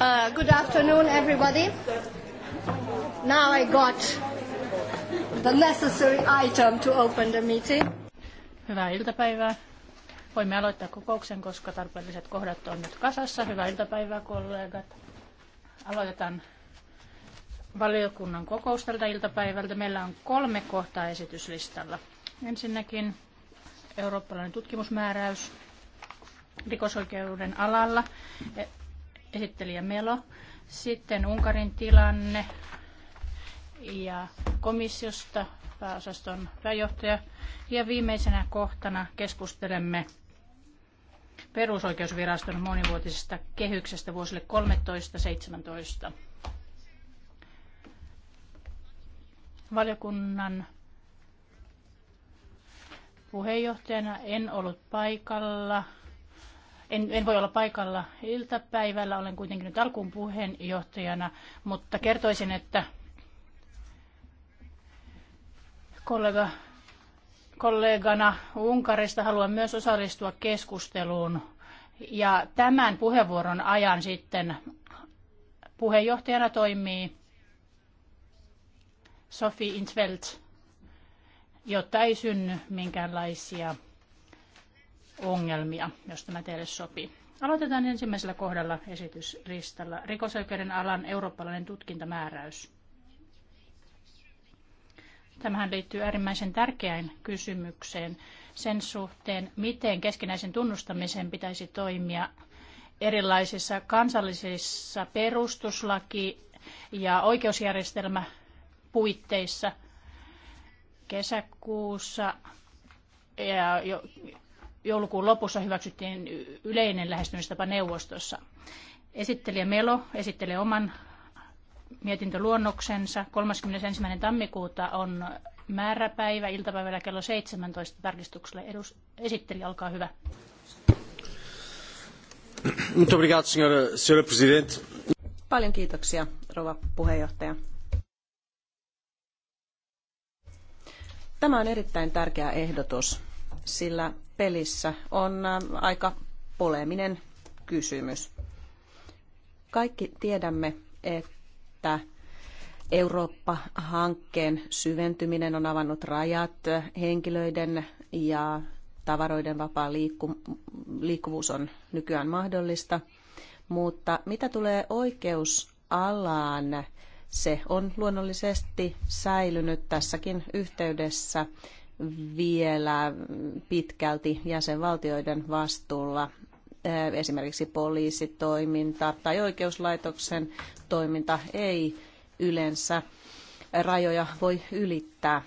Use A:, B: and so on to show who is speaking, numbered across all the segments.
A: Uh, good afternoon, everybody. Now I got the necessary item to open the
B: meeting. Hyvää iltapäivää. Voimme aloittaa kokouksen, koska tarpeelliset kohdat on nyt kasassa. Hyvää iltapäivää, kollegat. Aloitetaan valiokunnan kokous tältä iltapäivältä. Meillä on kolme kohtaa esityslistalla. Ensinnäkin eurooppalainen tutkimusmääräys rikosoikeuden alalla esittelijä Melo. Sitten Unkarin tilanne ja komissiosta pääosaston pääjohtaja. Ja viimeisenä kohtana keskustelemme perusoikeusviraston monivuotisesta kehyksestä vuosille 13-17. Valiokunnan puheenjohtajana en ollut paikalla en, en voi olla paikalla iltapäivällä, olen kuitenkin nyt alkuun puheenjohtajana, mutta kertoisin, että kollega, kollegana Unkarista haluan myös osallistua keskusteluun. Ja tämän puheenvuoron ajan sitten puheenjohtajana toimii Sofi Intveld, jotta ei synny minkäänlaisia ongelmia, jos tämä teille sopii. Aloitetaan ensimmäisellä kohdalla esityslistalla. Rikosoikeuden alan eurooppalainen tutkintamääräys. Tämähän liittyy äärimmäisen tärkeään kysymykseen sen suhteen, miten keskinäisen tunnustamisen pitäisi toimia erilaisissa kansallisissa perustuslaki- ja oikeusjärjestelmäpuitteissa. Kesäkuussa ja jo joulukuun lopussa hyväksyttiin yleinen lähestymistapa neuvostossa. Esittelijä Melo esittelee oman mietintöluonnoksensa. 31. tammikuuta on määräpäivä iltapäivällä kello 17 tarkistukselle. Edus, esittelijä, olkaa hyvä. Paljon kiitoksia, rouva
C: puheenjohtaja. Tämä on erittäin tärkeä ehdotus sillä pelissä on äh, aika poleminen kysymys. Kaikki tiedämme, että Eurooppa-hankkeen syventyminen on avannut rajat henkilöiden ja tavaroiden vapaa liikku- liikkuvuus on nykyään mahdollista. Mutta mitä tulee oikeusalaan, se on luonnollisesti säilynyt tässäkin yhteydessä vielä pitkälti jäsenvaltioiden vastuulla eh, esimerkiksi poliisitoiminta tai oikeuslaitoksen toiminta ei yleensä rajoja voi ylittää.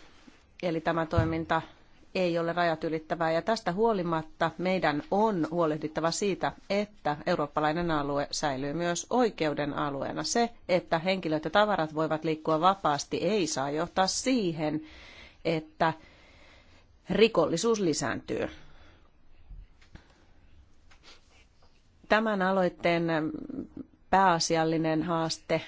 C: Eli tämä toiminta ei ole rajat ylittävää ja tästä huolimatta meidän on huolehdittava siitä, että eurooppalainen alue säilyy myös oikeuden alueena. Se, että henkilöt ja tavarat voivat liikkua vapaasti, ei saa johtaa siihen, että rikollisuus lisääntyy. Tämän aloitteen pääasiallinen haaste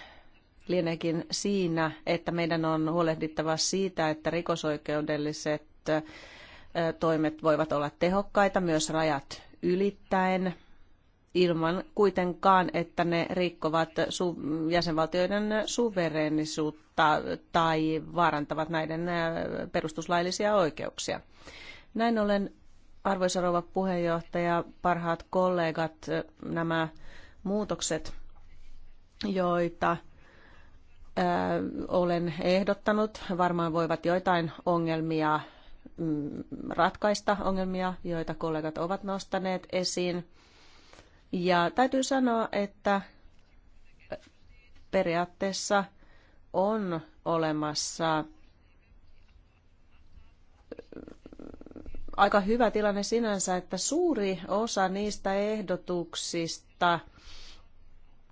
C: lieneekin siinä, että meidän on huolehdittava siitä, että rikosoikeudelliset toimet voivat olla tehokkaita myös rajat ylittäen ilman kuitenkaan, että ne rikkovat su- jäsenvaltioiden suvereenisuutta tai vaarantavat näiden äh, perustuslaillisia oikeuksia. Näin ollen, arvoisa rouva puheenjohtaja, parhaat kollegat, nämä muutokset, joita äh, olen ehdottanut, varmaan voivat joitain ongelmia mm, ratkaista, ongelmia, joita kollegat ovat nostaneet esiin ja täytyy sanoa, että periaatteessa on olemassa äh, aika hyvä tilanne sinänsä, että suuri osa niistä ehdotuksista,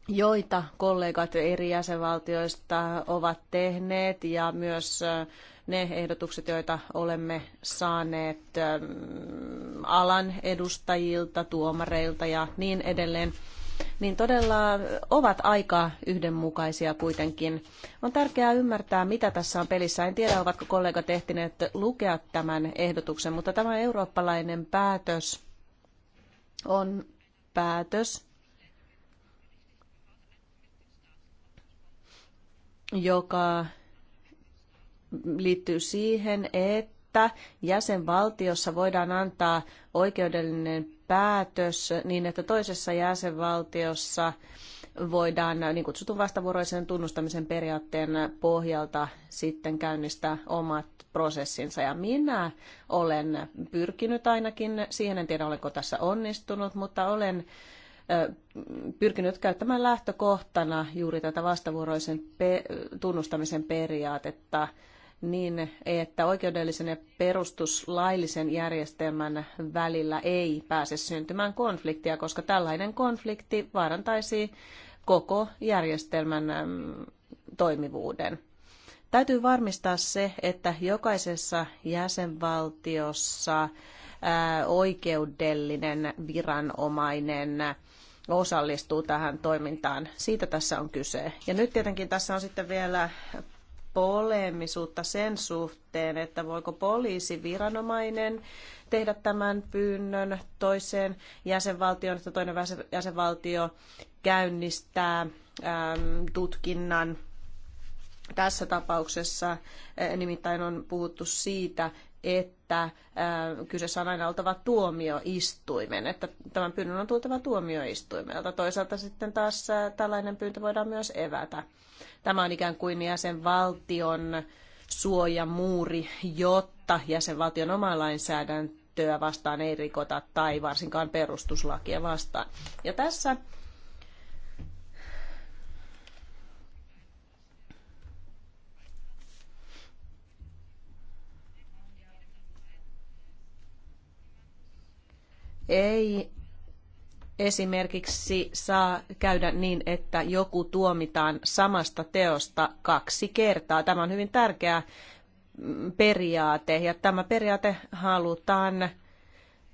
C: joita kollegat eri jäsenvaltioista ovat tehneet ja myös äh, ne ehdotukset, joita olemme saaneet ähm, alan edustajilta, tuomareilta ja niin edelleen, niin todella ovat aika yhdenmukaisia kuitenkin. On tärkeää ymmärtää, mitä tässä on pelissä. En tiedä, ovatko kollegat ehtineet lukea tämän ehdotuksen, mutta tämä eurooppalainen päätös on päätös, joka liittyy siihen, että jäsenvaltiossa voidaan antaa oikeudellinen päätös niin, että toisessa jäsenvaltiossa voidaan niin kutsutun vastavuoroisen tunnustamisen periaatteen pohjalta sitten käynnistää omat prosessinsa. Ja minä olen pyrkinyt ainakin, siihen en tiedä olenko tässä onnistunut, mutta olen pyrkinyt käyttämään lähtökohtana juuri tätä vastavuoroisen tunnustamisen periaatetta niin, että oikeudellisen ja perustuslaillisen järjestelmän välillä ei pääse syntymään konfliktia, koska tällainen konflikti vaarantaisi koko järjestelmän toimivuuden. Täytyy varmistaa se, että jokaisessa jäsenvaltiossa oikeudellinen viranomainen osallistuu tähän toimintaan. Siitä tässä on kyse. Ja nyt tietenkin tässä on sitten vielä poleemisuutta sen suhteen, että voiko poliisi viranomainen tehdä tämän pyynnön toiseen jäsenvaltioon, että toinen jäsenvaltio käynnistää tutkinnan. Tässä tapauksessa nimittäin on puhuttu siitä, että kyseessä on aina oltava tuomioistuimen, että tämän pyynnön on tultava tuomioistuimelta. Toisaalta sitten taas tällainen pyyntö voidaan myös evätä. Tämä on ikään kuin jäsenvaltion suojamuuri, jotta jäsenvaltion omaa lainsäädäntöä vastaan ei rikota tai varsinkaan perustuslakia vastaan. Ja tässä ei esimerkiksi saa käydä niin, että joku tuomitaan samasta teosta kaksi kertaa. Tämä on hyvin tärkeä mm, periaate ja tämä periaate halutaan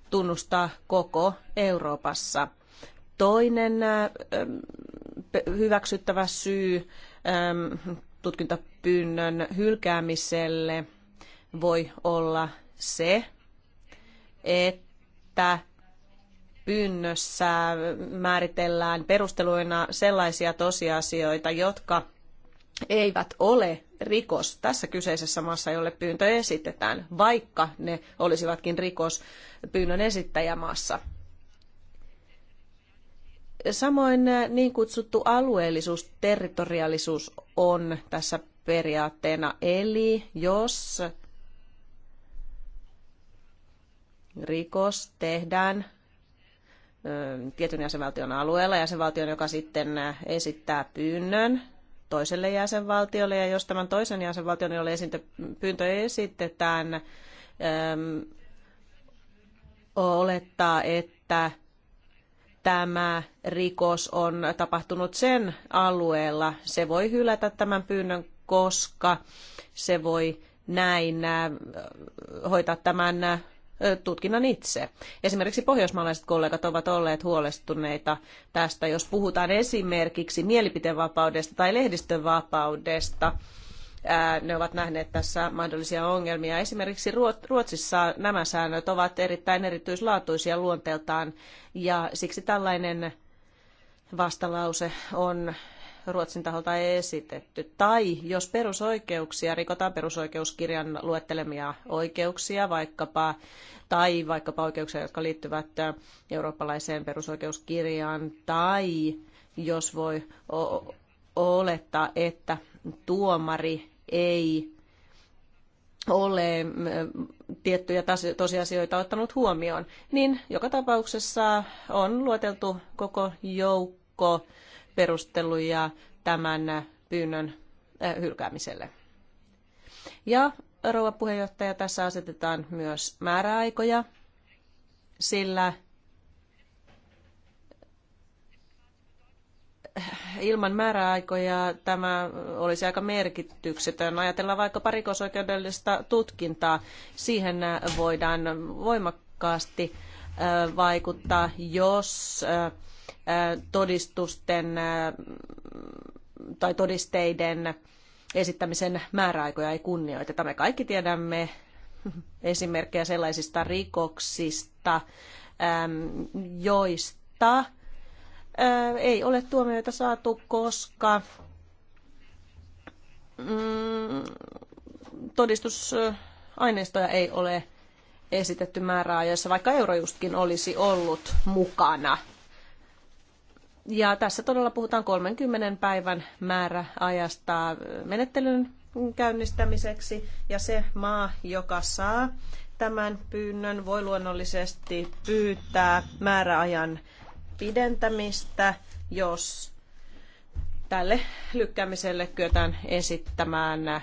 C: tunnustaa koko Euroopassa. Toinen hyväksyttävä syy tutkintapyynnön hylkäämiselle voi olla se, että pyynnössä määritellään perusteluina sellaisia tosiasioita, jotka eivät ole rikos tässä kyseisessä maassa, jolle pyyntö esitetään, vaikka ne olisivatkin rikos pyynnön esittäjämaassa. Samoin äh, niin kutsuttu alueellisuus, territoriaalisuus on tässä periaatteena. Eli jos rikos tehdään tietyn jäsenvaltion alueella, jäsenvaltion, joka sitten esittää pyynnön toiselle jäsenvaltiolle, ja jos tämän toisen jäsenvaltion, jolle esintä, pyyntö esitetään, olettaa, että tämä rikos on tapahtunut sen alueella, se voi hylätä tämän pyynnön, koska se voi näin hoitaa tämän tutkinnan itse. Esimerkiksi pohjoismaalaiset kollegat ovat olleet huolestuneita tästä, jos puhutaan esimerkiksi mielipiteenvapaudesta tai lehdistönvapaudesta. Ne ovat nähneet tässä mahdollisia ongelmia. Esimerkiksi Ruotsissa nämä säännöt ovat erittäin erityislaatuisia luonteeltaan ja siksi tällainen vastalause on Ruotsin taholta esitetty. Tai jos perusoikeuksia, rikotaan perusoikeuskirjan luettelemia oikeuksia vaikkapa, tai vaikkapa oikeuksia, jotka liittyvät äh, eurooppalaiseen perusoikeuskirjaan, tai jos voi olettaa, että tuomari ei ole äh, tiettyjä tosiasioita ottanut huomioon, niin joka tapauksessa on luoteltu koko joukko perusteluja tämän pyynnön äh, hylkäämiselle. Ja rouva puheenjohtaja, tässä asetetaan myös määräaikoja, sillä äh, ilman määräaikoja tämä olisi aika merkityksetön. Ajatellaan vaikka rikosoikeudellista tutkintaa. Siihen äh, voidaan voimakkaasti vaikuttaa, jos todistusten tai todisteiden esittämisen määräaikoja ei kunnioiteta. Me kaikki tiedämme esimerkkejä sellaisista rikoksista, joista ei ole tuomioita saatu, koska mm, todistusaineistoja ei ole esitetty määräajoissa, vaikka Eurojustkin olisi ollut mukana. Ja tässä todella puhutaan 30 päivän määräajasta menettelyn käynnistämiseksi ja se maa, joka saa tämän pyynnön, voi luonnollisesti pyytää määräajan pidentämistä, jos tälle lykkäämiselle kyetään esittämään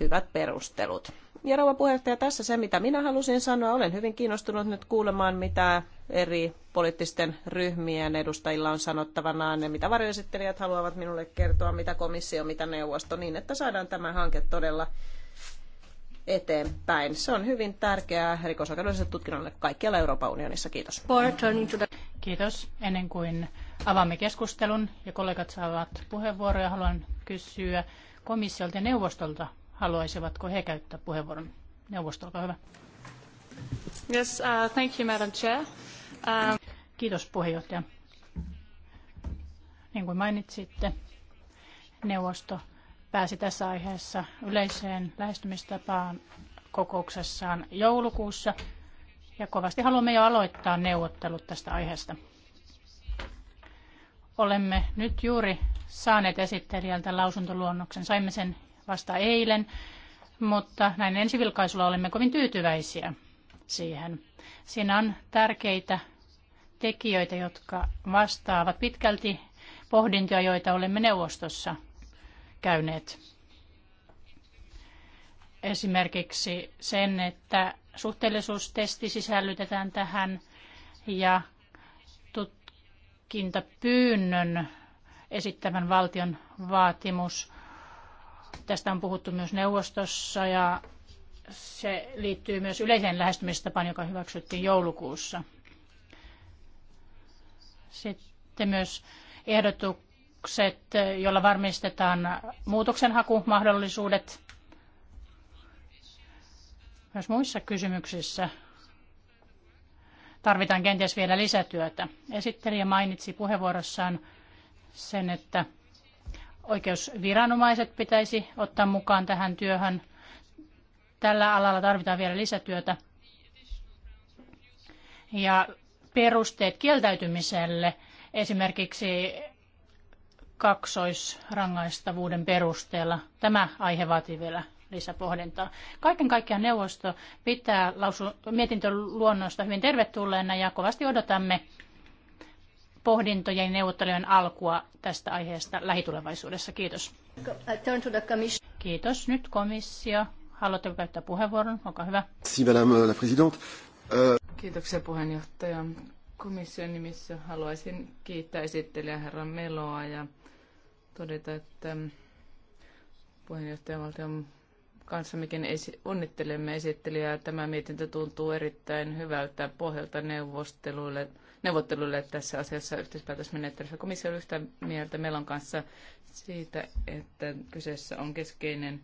C: hyvät perustelut. Ja rouva puheenjohtaja, tässä se, mitä minä halusin sanoa. Olen hyvin kiinnostunut nyt kuulemaan, mitä eri poliittisten ryhmien edustajilla on sanottavanaan ja mitä varjoesittelijät haluavat minulle kertoa, mitä komissio, mitä neuvosto, niin että saadaan tämä hanke todella eteenpäin. Se on hyvin tärkeää rikosoikeudelliselle tutkinnolle kaikkialla Euroopan unionissa. Kiitos.
B: Kiitos. Ennen kuin avaamme keskustelun ja kollegat saavat puheenvuoroja, haluan kysyä komissiolta ja neuvostolta Haluaisivatko he käyttää puheenvuoron? Neuvosto, olkaa hyvä. Yes, uh, thank you, Madam Chair. Uh... Kiitos puheenjohtaja. Niin kuin mainitsitte, neuvosto pääsi tässä aiheessa yleiseen lähestymistapaan kokouksessaan joulukuussa ja kovasti haluamme jo aloittaa neuvottelut tästä aiheesta. Olemme nyt juuri saaneet esittelijältä lausuntoluonnoksen. Saimme sen vasta eilen, mutta näin ensivilkaisulla olemme kovin tyytyväisiä siihen. Siinä on tärkeitä tekijöitä, jotka vastaavat pitkälti pohdintoja, joita olemme neuvostossa käyneet. Esimerkiksi sen, että suhteellisuustesti sisällytetään tähän ja tutkintapyynnön esittävän valtion vaatimus Tästä on puhuttu myös neuvostossa ja se liittyy myös yleiseen lähestymistapaan, joka hyväksyttiin joulukuussa. Sitten myös ehdotukset, joilla varmistetaan muutoksenhakumahdollisuudet myös muissa kysymyksissä tarvitaan kenties vielä lisätyötä. Esittelijä mainitsi puheenvuorossaan sen, että Oikeusviranomaiset pitäisi ottaa mukaan tähän työhön. Tällä alalla tarvitaan vielä lisätyötä. Ja perusteet kieltäytymiselle, esimerkiksi kaksoisrangaistavuuden perusteella. Tämä aihe vaatii vielä lisäpohdintaa. Kaiken kaikkiaan neuvosto pitää lausu- mietintöluonnosta hyvin tervetulleena ja kovasti odotamme pohdintojen ja neuvottelujen alkua tästä aiheesta lähitulevaisuudessa. Kiitos. Kiitos. Nyt komissio. Haluatteko käyttää puheenvuoron? Olkaa hyvä.
D: Euh,
B: Kiitoksia puheenjohtaja. Komission
E: nimissä haluaisin kiittää esittelijä herra Meloa ja todeta, että puheenjohtajavaltion kanssa mekin onnittelemme esittelijää. Tämä mietintö tuntuu erittäin hyvältä pohjalta neuvosteluille neuvotteluille tässä asiassa yhteispäätösmenettelyssä. Komissio on yhtä mieltä Melon kanssa siitä, että kyseessä on keskeinen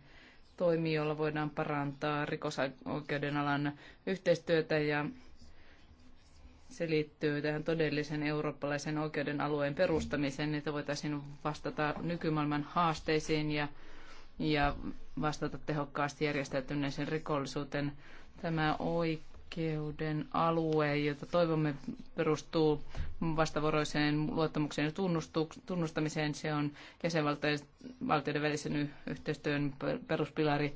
E: toimi, jolla voidaan parantaa rikosoikeuden alan yhteistyötä ja se liittyy tähän todellisen eurooppalaisen oikeuden alueen perustamiseen, että voitaisiin vastata nykymaailman haasteisiin ja, ja vastata tehokkaasti järjestäytyneeseen rikollisuuteen. Tämä oikeus oikeuden alue, jota toivomme perustuu vastavuoroiseen luottamukseen ja tunnustamiseen. Se on jäsenvaltioiden välisen yhteistyön peruspilari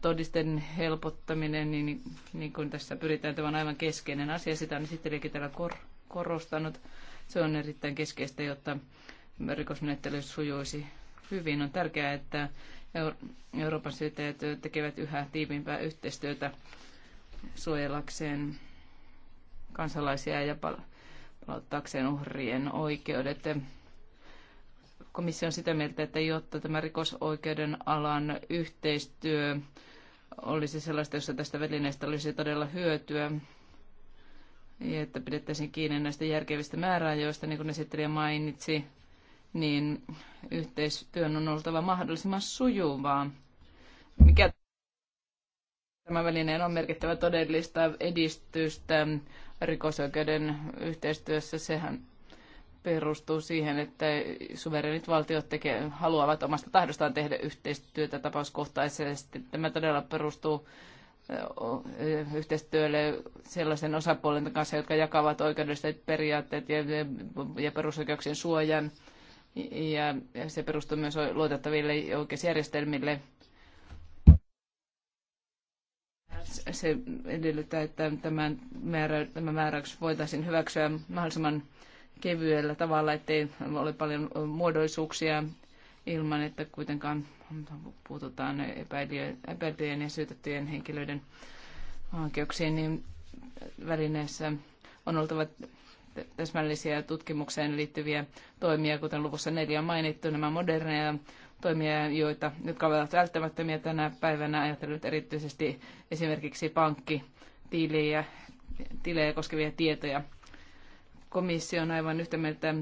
E: todisten helpottaminen, niin, niin kuin tässä pyritään, tämä on aivan keskeinen asia. Sitä on esittelijäkin täällä kor- korostanut. Se on erittäin keskeistä, jotta rikosmenettely sujuisi hyvin. On tärkeää, että Euroopan syyttäjät tekevät yhä tiiviimpää yhteistyötä suojelakseen kansalaisia ja palauttaakseen uhrien oikeudet. Komissio on sitä mieltä, että jotta tämä rikosoikeuden alan yhteistyö olisi sellaista, jossa tästä välineestä olisi todella hyötyä, ja että pidettäisiin kiinni näistä järkevistä määräajoista, niin kuin esittelijä mainitsi, niin yhteistyön on oltava mahdollisimman sujuvaa. Mikä Tämä välineen on merkittävä todellista edistystä rikosoikeuden yhteistyössä. Sehän perustuu siihen, että suverenit valtiot tekee, haluavat omasta tahdostaan tehdä yhteistyötä tapauskohtaisesti. Tämä todella perustuu yhteistyölle sellaisen osapuolen kanssa, jotka jakavat oikeudelliset periaatteet ja, ja perusoikeuksien suojan. Ja, ja se perustuu myös luotettaville oikeusjärjestelmille se edellyttää, että tämän määrä, tämä määräys voitaisiin hyväksyä mahdollisimman kevyellä tavalla, ettei ole paljon muodollisuuksia ilman, että kuitenkaan puututaan epäiltyjen ja syytettyjen henkilöiden oikeuksiin, niin välineessä on oltava täsmällisiä tutkimukseen liittyviä toimia, kuten luvussa neljä on mainittu, nämä moderneja toimia, joita, jotka ovat välttämättömiä tänä päivänä. ajatellut erityisesti esimerkiksi tiliä, tilejä koskevia tietoja. Komissio on aivan yhtä mieltä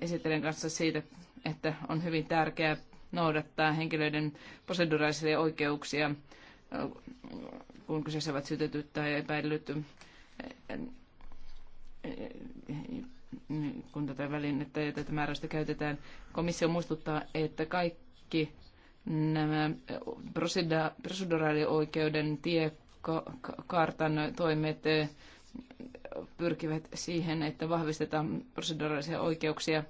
E: esittelen kanssa siitä, että on hyvin tärkeää noudattaa henkilöiden proseduraalisia oikeuksia, kun kyseessä ovat sytetyt tai epäillyt kun tätä välinettä ja tätä määräystä käytetään. Komissio muistuttaa, että kaikki kaikki nämä proseduraalioikeuden tiekartan toimet eh, pyrkivät siihen, että vahvistetaan proseduraalisia oikeuksia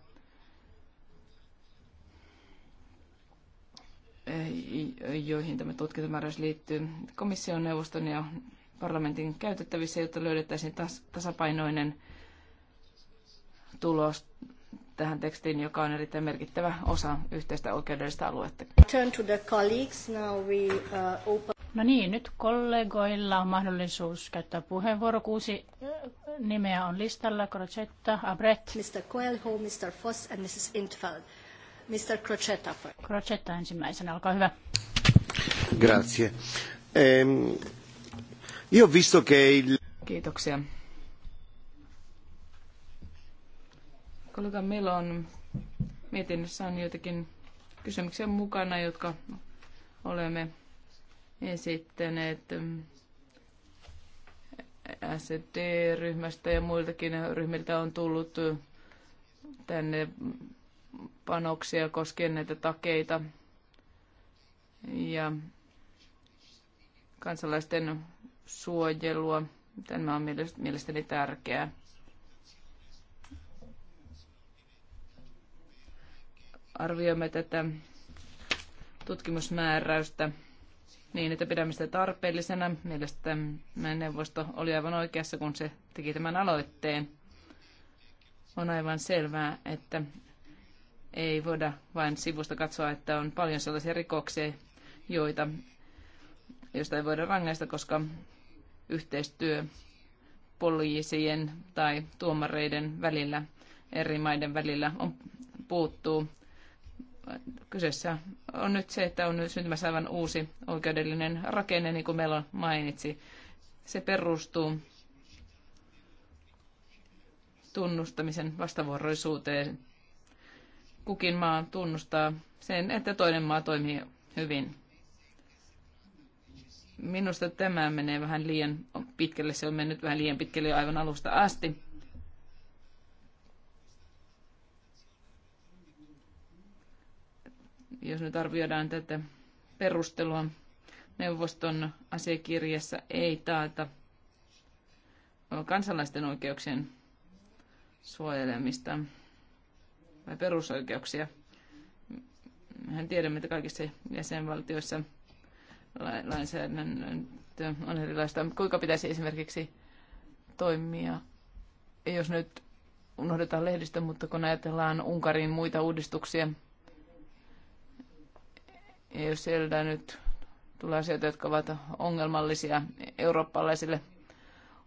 E: eh, joihin tämä tutkintamääräys liittyy komission, neuvoston ja parlamentin käytettävissä, jotta löydettäisiin tasapainoinen tulos tähän tekstiin, joka on erittäin merkittävä osa yhteistä oikeudellista
A: aluetta. Turn to the colleagues. Now we, uh, open...
B: No niin, nyt kollegoilla on mahdollisuus käyttää puheenvuoro. Kuusi äh, nimeä on listalla. Crocetta, Abret. Mr. Coelho, Mr. Foss and Mrs. Intfeld. Mr. Crocetta. Crocetta ensimmäisenä, olkaa hyvä.
D: Grazie. Ehm,
E: io visto che il... Kiitoksia. Kollega Melon mietinnössä on joitakin kysymyksiä mukana, jotka olemme esittäneet mm, SD-ryhmästä ja muiltakin ryhmiltä on tullut tänne panoksia koskien näitä takeita ja kansalaisten suojelua. Tämä on mielestäni tärkeää. arvioimme tätä tutkimusmääräystä niin, että pidämme sitä tarpeellisena. Mielestäni neuvosto oli aivan oikeassa, kun se teki tämän aloitteen. On aivan selvää, että ei voida vain sivusta katsoa, että on paljon sellaisia rikoksia, joita, joista ei voida rangaista, koska yhteistyö poliisien tai tuomareiden välillä, eri maiden välillä on, puuttuu kyseessä on nyt se, että on syntymässä aivan uusi oikeudellinen rakenne, niin kuin Melo mainitsi. Se perustuu tunnustamisen vastavuoroisuuteen. Kukin maa tunnustaa sen, että toinen maa toimii hyvin. Minusta tämä menee vähän liian pitkälle, se on mennyt vähän liian pitkälle jo aivan alusta asti. Jos nyt arvioidaan tätä perustelua, neuvoston asiakirjassa ei taata kansalaisten oikeuksien suojelemista vai perusoikeuksia. Mehän tiedämme, että kaikissa jäsenvaltioissa lainsäädäntö on erilaista. Kuinka pitäisi esimerkiksi toimia, jos nyt unohdetaan lehdistä, mutta kun ajatellaan Unkarin muita uudistuksia, ja jos sieltä nyt tulee asioita, jotka ovat ongelmallisia eurooppalaisille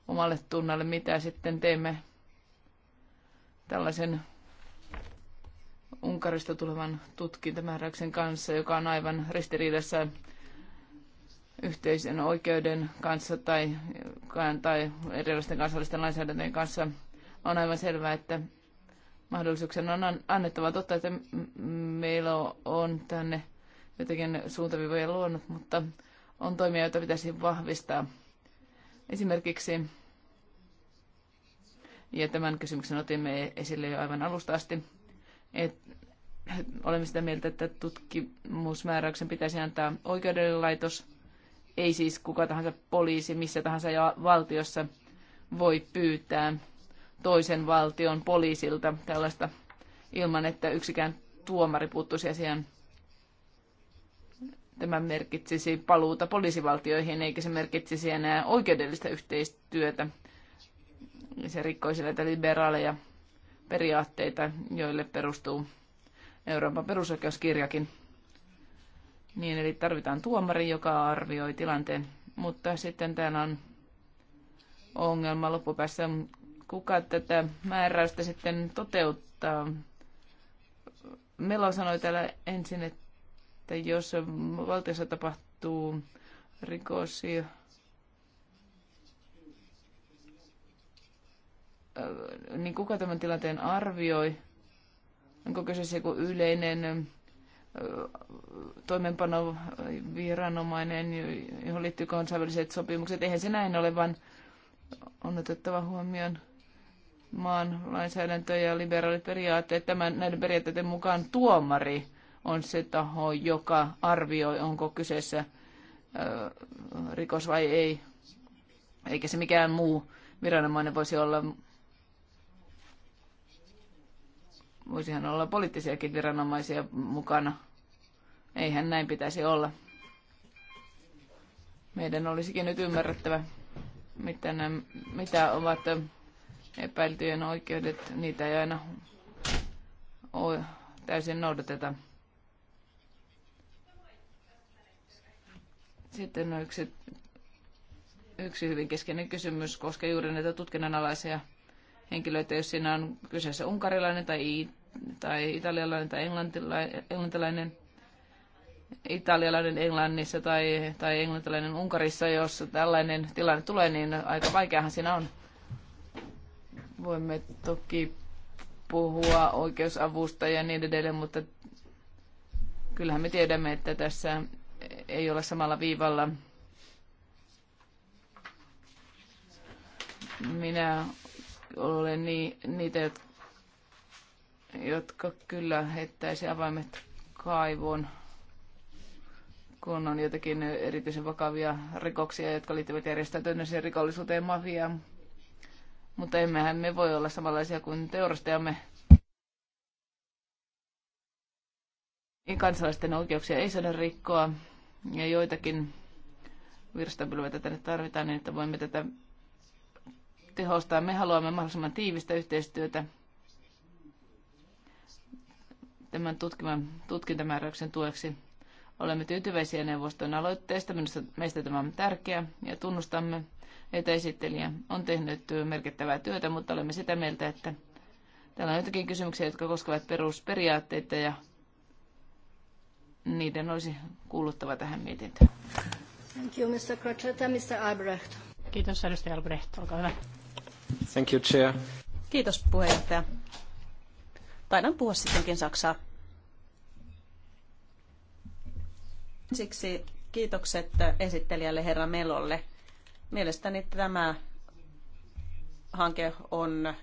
E: omalle tunnalle, mitä sitten teemme tällaisen Unkarista tulevan tutkintamääräyksen kanssa, joka on aivan ristiriidassa yhteisen oikeuden kanssa tai, tai erilaisten kansallisten lainsäädäntöjen kanssa. On aivan selvää, että mahdollisuuksien on annettava totta, että meillä on tänne jotenkin suuntaviivoja luonut, mutta on toimia, joita pitäisi vahvistaa. Esimerkiksi, ja tämän kysymyksen otimme esille jo aivan alusta asti, että olemme sitä mieltä, että tutkimusmääräyksen pitäisi antaa laitos, ei siis kuka tahansa poliisi missä tahansa ja valtiossa voi pyytää toisen valtion poliisilta tällaista ilman, että yksikään tuomari puuttuisi asiaan. Tämä merkitsisi paluuta poliisivaltioihin, eikä se merkitsisi enää oikeudellista yhteistyötä. Se rikkoisi näitä liberaaleja periaatteita, joille perustuu Euroopan perusoikeuskirjakin. Niin, eli tarvitaan tuomari, joka arvioi tilanteen. Mutta sitten täällä on ongelma loppupäässä, kuka tätä määräystä sitten toteuttaa. Melo sanoi täällä ensin, että että jos valtiossa tapahtuu rikos, äh, niin kuka tämän tilanteen arvioi? Onko kyseessä joku yleinen äh, viranomainen, johon liittyy kansainväliset sopimukset? Eihän se näin ole, vaan on otettava huomioon maan lainsäädäntö ja liberaaliperiaatteet Tämän, näiden periaatteiden mukaan tuomari on se taho, joka arvioi, onko kyseessä rikos vai ei. Eikä se mikään muu viranomainen voisi olla. Voisihan olla poliittisiakin viranomaisia mukana. Eihän näin pitäisi olla. Meidän olisikin nyt ymmärrettävä, mitä, nämä, mitä ovat epäiltyjen oikeudet. Niitä ei aina täysin noudateta. Sitten on yksi, yksi hyvin keskeinen kysymys koskee juuri näitä tutkinnanalaisia henkilöitä, jos siinä on kyseessä unkarilainen tai, tai italialainen tai englantilainen, englantilainen italialainen Englannissa tai, tai englantilainen Unkarissa, jos tällainen tilanne tulee, niin aika vaikeahan siinä on. Voimme toki puhua oikeusavusta ja niin edelleen, mutta kyllähän me tiedämme, että tässä ei ole samalla viivalla. Minä olen ni, niitä, jotka kyllä heittäisi avaimet kaivoon, kun on jotakin erityisen vakavia rikoksia, jotka liittyvät järjestäytyneeseen rikollisuuteen mafiaan. Mutta emmehän me voi olla samanlaisia kuin teurastajamme. kansalaisten oikeuksia ei saada rikkoa ja joitakin virstanpylväitä tänne tarvitaan niin, että voimme tätä tehostaa. Me haluamme mahdollisimman tiivistä yhteistyötä tämän tutkiman, tutkintamääräyksen tueksi. Olemme tyytyväisiä neuvoston aloitteesta. Minusta meistä tämä on tärkeä ja tunnustamme, että esittelijä on tehnyt merkittävää työtä, mutta olemme sitä mieltä, että täällä on jotakin kysymyksiä, jotka koskevat perusperiaatteita ja niiden olisi kuuluttava tähän mietintöön.
A: Thank you, Mr. Crocetta. Mr. Albrecht. Kiitos, edustaja Albrecht. Olkaa hyvä. Thank you, Chair. Kiitos, puheenjohtaja.
C: Taidan puhua sittenkin Saksaa. Siksi kiitokset esittelijälle herra Melolle. Mielestäni tämä hanke on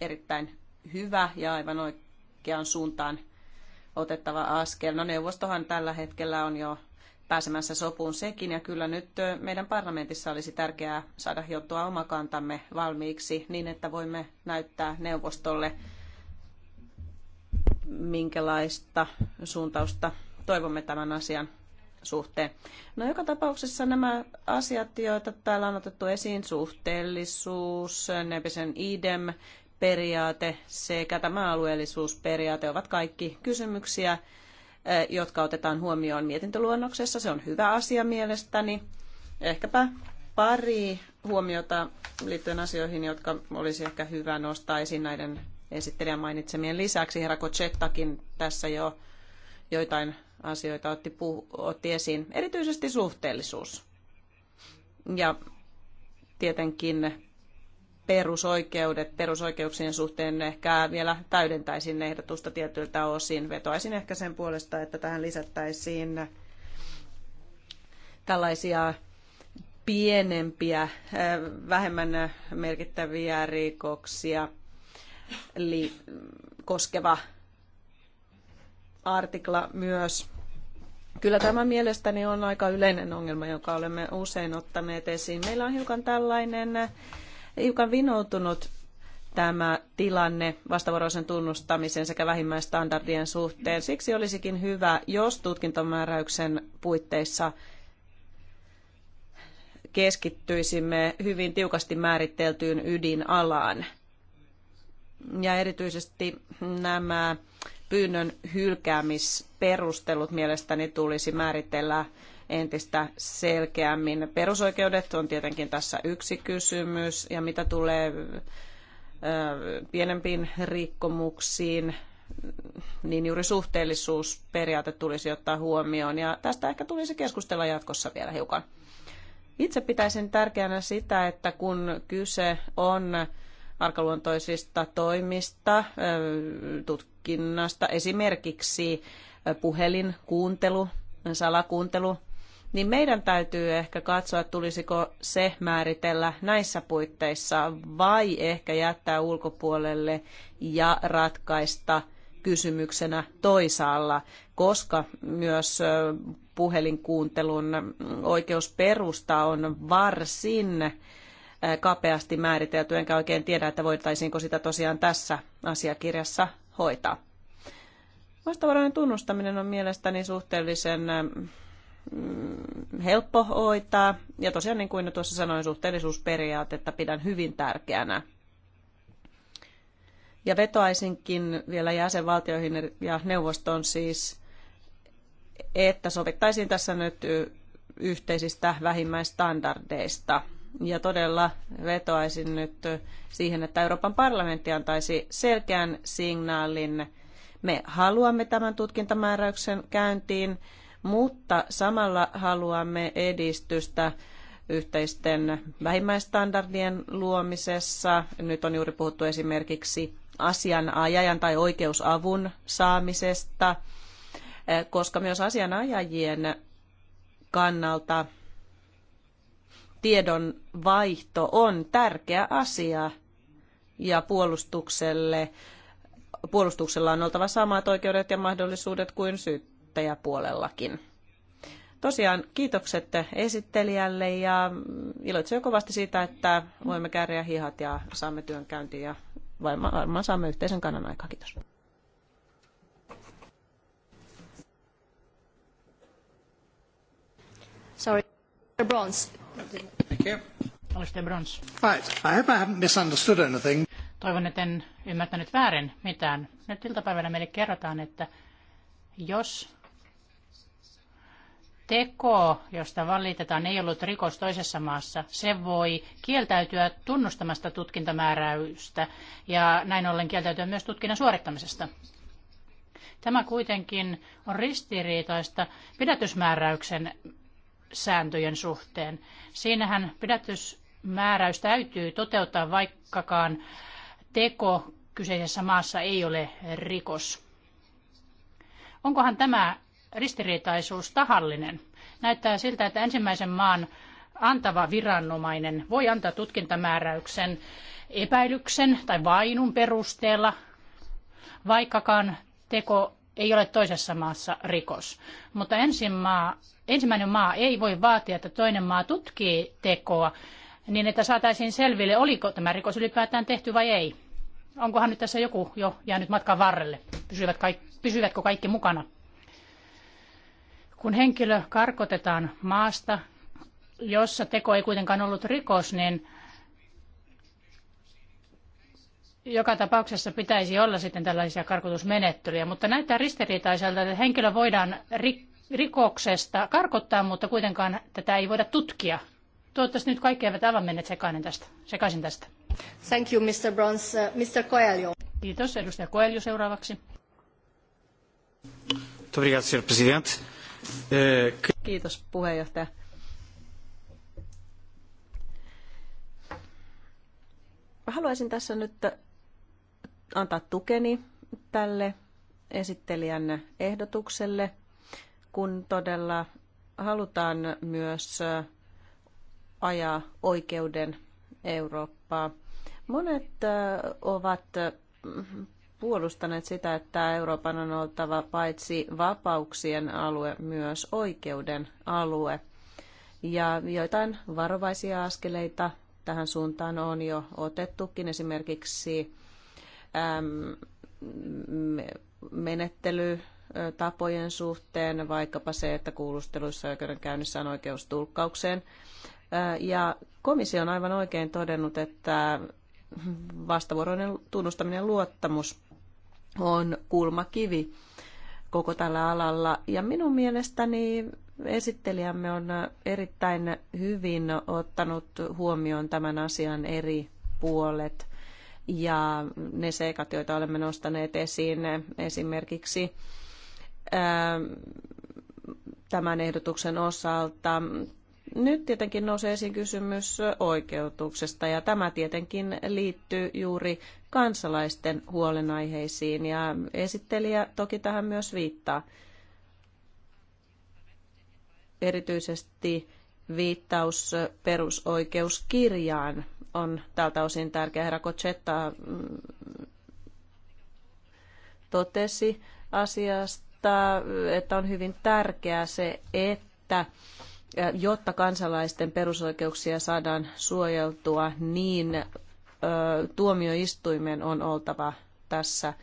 C: erittäin hyvä ja aivan oikeaan suuntaan otettava askel. No neuvostohan tällä hetkellä on jo pääsemässä sopuun sekin, ja kyllä nyt meidän parlamentissa olisi tärkeää saada hiottua oma kantamme valmiiksi niin, että voimme näyttää neuvostolle, minkälaista suuntausta toivomme tämän asian suhteen. No joka tapauksessa nämä asiat, joita täällä on otettu esiin, suhteellisuus, Nepisen idem, periaate sekä tämä alueellisuusperiaate ovat kaikki kysymyksiä, eh, jotka otetaan huomioon mietintöluonnoksessa. Se on hyvä asia mielestäni. Ehkäpä pari huomiota liittyen asioihin, jotka olisi ehkä hyvä nostaa esiin näiden esittelijän mainitsemien lisäksi. Herra Kocettakin tässä jo joitain asioita otti, puhu, otti esiin, erityisesti suhteellisuus. Ja tietenkin perusoikeudet perusoikeuksien suhteen ehkä vielä täydentäisin ehdotusta tietyiltä osin. Vetoaisin ehkä sen puolesta, että tähän lisättäisiin tällaisia pienempiä, vähemmän merkittäviä rikoksia koskeva artikla myös. Kyllä tämä mielestäni on aika yleinen ongelma, jonka olemme usein ottaneet esiin. Meillä on hiukan tällainen hiukan vinoutunut tämä tilanne vastavuoroisen tunnustamisen sekä vähimmäistandardien suhteen. Siksi olisikin hyvä, jos tutkintomääräyksen puitteissa keskittyisimme hyvin tiukasti määriteltyyn ydinalaan. Ja erityisesti nämä pyynnön hylkäämisperustelut mielestäni tulisi määritellä entistä selkeämmin. Perusoikeudet on tietenkin tässä yksi kysymys ja mitä tulee pienempiin rikkomuksiin, niin juuri suhteellisuusperiaate tulisi ottaa huomioon ja tästä ehkä tulisi keskustella jatkossa vielä hiukan. Itse pitäisin tärkeänä sitä, että kun kyse on arkaluontoisista toimista, tutkinnasta, esimerkiksi puhelin, kuuntelu, salakuuntelu, niin meidän täytyy ehkä katsoa, tulisiko se määritellä näissä puitteissa vai ehkä jättää ulkopuolelle ja ratkaista kysymyksenä toisaalla, koska myös puhelinkuuntelun oikeusperusta on varsin kapeasti määritelty, enkä oikein tiedä, että voitaisiinko sitä tosiaan tässä asiakirjassa hoitaa. Vastavarainen tunnustaminen on mielestäni suhteellisen Mm, helppo hoitaa. Ja tosiaan niin kuin tuossa sanoin, suhteellisuusperiaatetta pidän hyvin tärkeänä. Ja vetoaisinkin vielä jäsenvaltioihin ja neuvostoon siis, että sovittaisiin tässä nyt yhteisistä vähimmäistandardeista. Ja todella vetoaisin nyt siihen, että Euroopan parlamentti antaisi selkeän signaalin. Me haluamme tämän tutkintamääräyksen käyntiin mutta samalla haluamme edistystä yhteisten vähimmäistandardien luomisessa. Nyt on juuri puhuttu esimerkiksi asianajajan tai oikeusavun saamisesta, eh, koska myös asianajajien kannalta tiedon vaihto on tärkeä asia ja puolustukselle puolustuksella on oltava samat oikeudet ja mahdollisuudet kuin syyt kuluttajapuolellakin. Tosiaan kiitokset esittelijälle ja iloitsen kovasti siitä, että voimme kääriä hihat ja saamme työn käyntiin ja varmaan saamme yhteisen kannan
A: aikaa. Kiitos.
B: Sorry, Bronze. Thank you. Mr. Bronze. Right. I hope I haven't misunderstood anything. Toivon, että en ymmärtänyt väärin mitään. Nyt iltapäivällä meille kerrotaan, että jos teko, josta valitetaan, ei ollut rikos toisessa maassa, se voi kieltäytyä tunnustamasta tutkintamääräystä ja näin ollen kieltäytyä myös tutkinnan suorittamisesta. Tämä kuitenkin on ristiriitaista pidätysmääräyksen sääntöjen suhteen. Siinähän pidätysmääräys täytyy toteuttaa, vaikkakaan teko kyseisessä maassa ei ole rikos. Onkohan tämä ristiriitaisuus tahallinen. Näyttää siltä, että ensimmäisen maan antava viranomainen voi antaa tutkintamääräyksen epäilyksen tai vainun perusteella, vaikkakaan teko ei ole toisessa maassa rikos. Mutta ensin maa, ensimmäinen maa ei voi vaatia, että toinen maa tutkii tekoa niin, että saataisiin selville, oliko tämä rikos ylipäätään tehty vai ei. Onkohan nyt tässä joku jo jäänyt matkan varrelle? Pysyvät kaikki, pysyvätkö kaikki mukana? Kun henkilö karkotetaan maasta, jossa teko ei kuitenkaan ollut rikos, niin joka tapauksessa pitäisi olla sitten tällaisia karkotusmenettelyjä, mutta näyttää ristiriitaiselta, että henkilö voidaan rikoksesta karkottaa, mutta kuitenkaan tätä ei voida tutkia. Toivottavasti nyt kaikki eivät aivan menneet sekaisin tästä. Sekaisin tästä. Thank you, Mr. Bruns. Uh, Mr. Coelho. Kiitos. Edustaja Coelho seuraavaksi.
D: Presidente. Eh,
C: Kiitos puheenjohtaja. Haluaisin tässä nyt antaa tukeni tälle esittelijän ehdotukselle, kun todella halutaan myös ajaa oikeuden Eurooppaa. Monet ovat puolustaneet sitä, että Euroopan on oltava paitsi vapauksien alue, myös oikeuden alue. Ja joitain varovaisia askeleita tähän suuntaan on jo otettukin, esimerkiksi äm, menettelytapojen suhteen, vaikkapa se, että kuulusteluissa ja oikeudenkäynnissä on oikeus tulkkaukseen. Ja komissio on aivan oikein todennut, että vastavuoroinen tunnustaminen ja luottamus on kulmakivi koko tällä alalla. Ja minun mielestäni esittelijämme on erittäin hyvin ottanut huomioon tämän asian eri puolet ja ne seikat, joita olemme nostaneet esiin esimerkiksi tämän ehdotuksen osalta nyt tietenkin nousee esiin kysymys oikeutuksesta ja tämä tietenkin liittyy juuri kansalaisten huolenaiheisiin ja esittelijä toki tähän myös viittaa. Erityisesti viittaus perusoikeuskirjaan on tältä osin tärkeä. Herra Kocetta mm, totesi asiasta, että on hyvin tärkeää se, että jotta kansalaisten perusoikeuksia saadaan suojeltua, niin tuomioistuimen on oltava tässä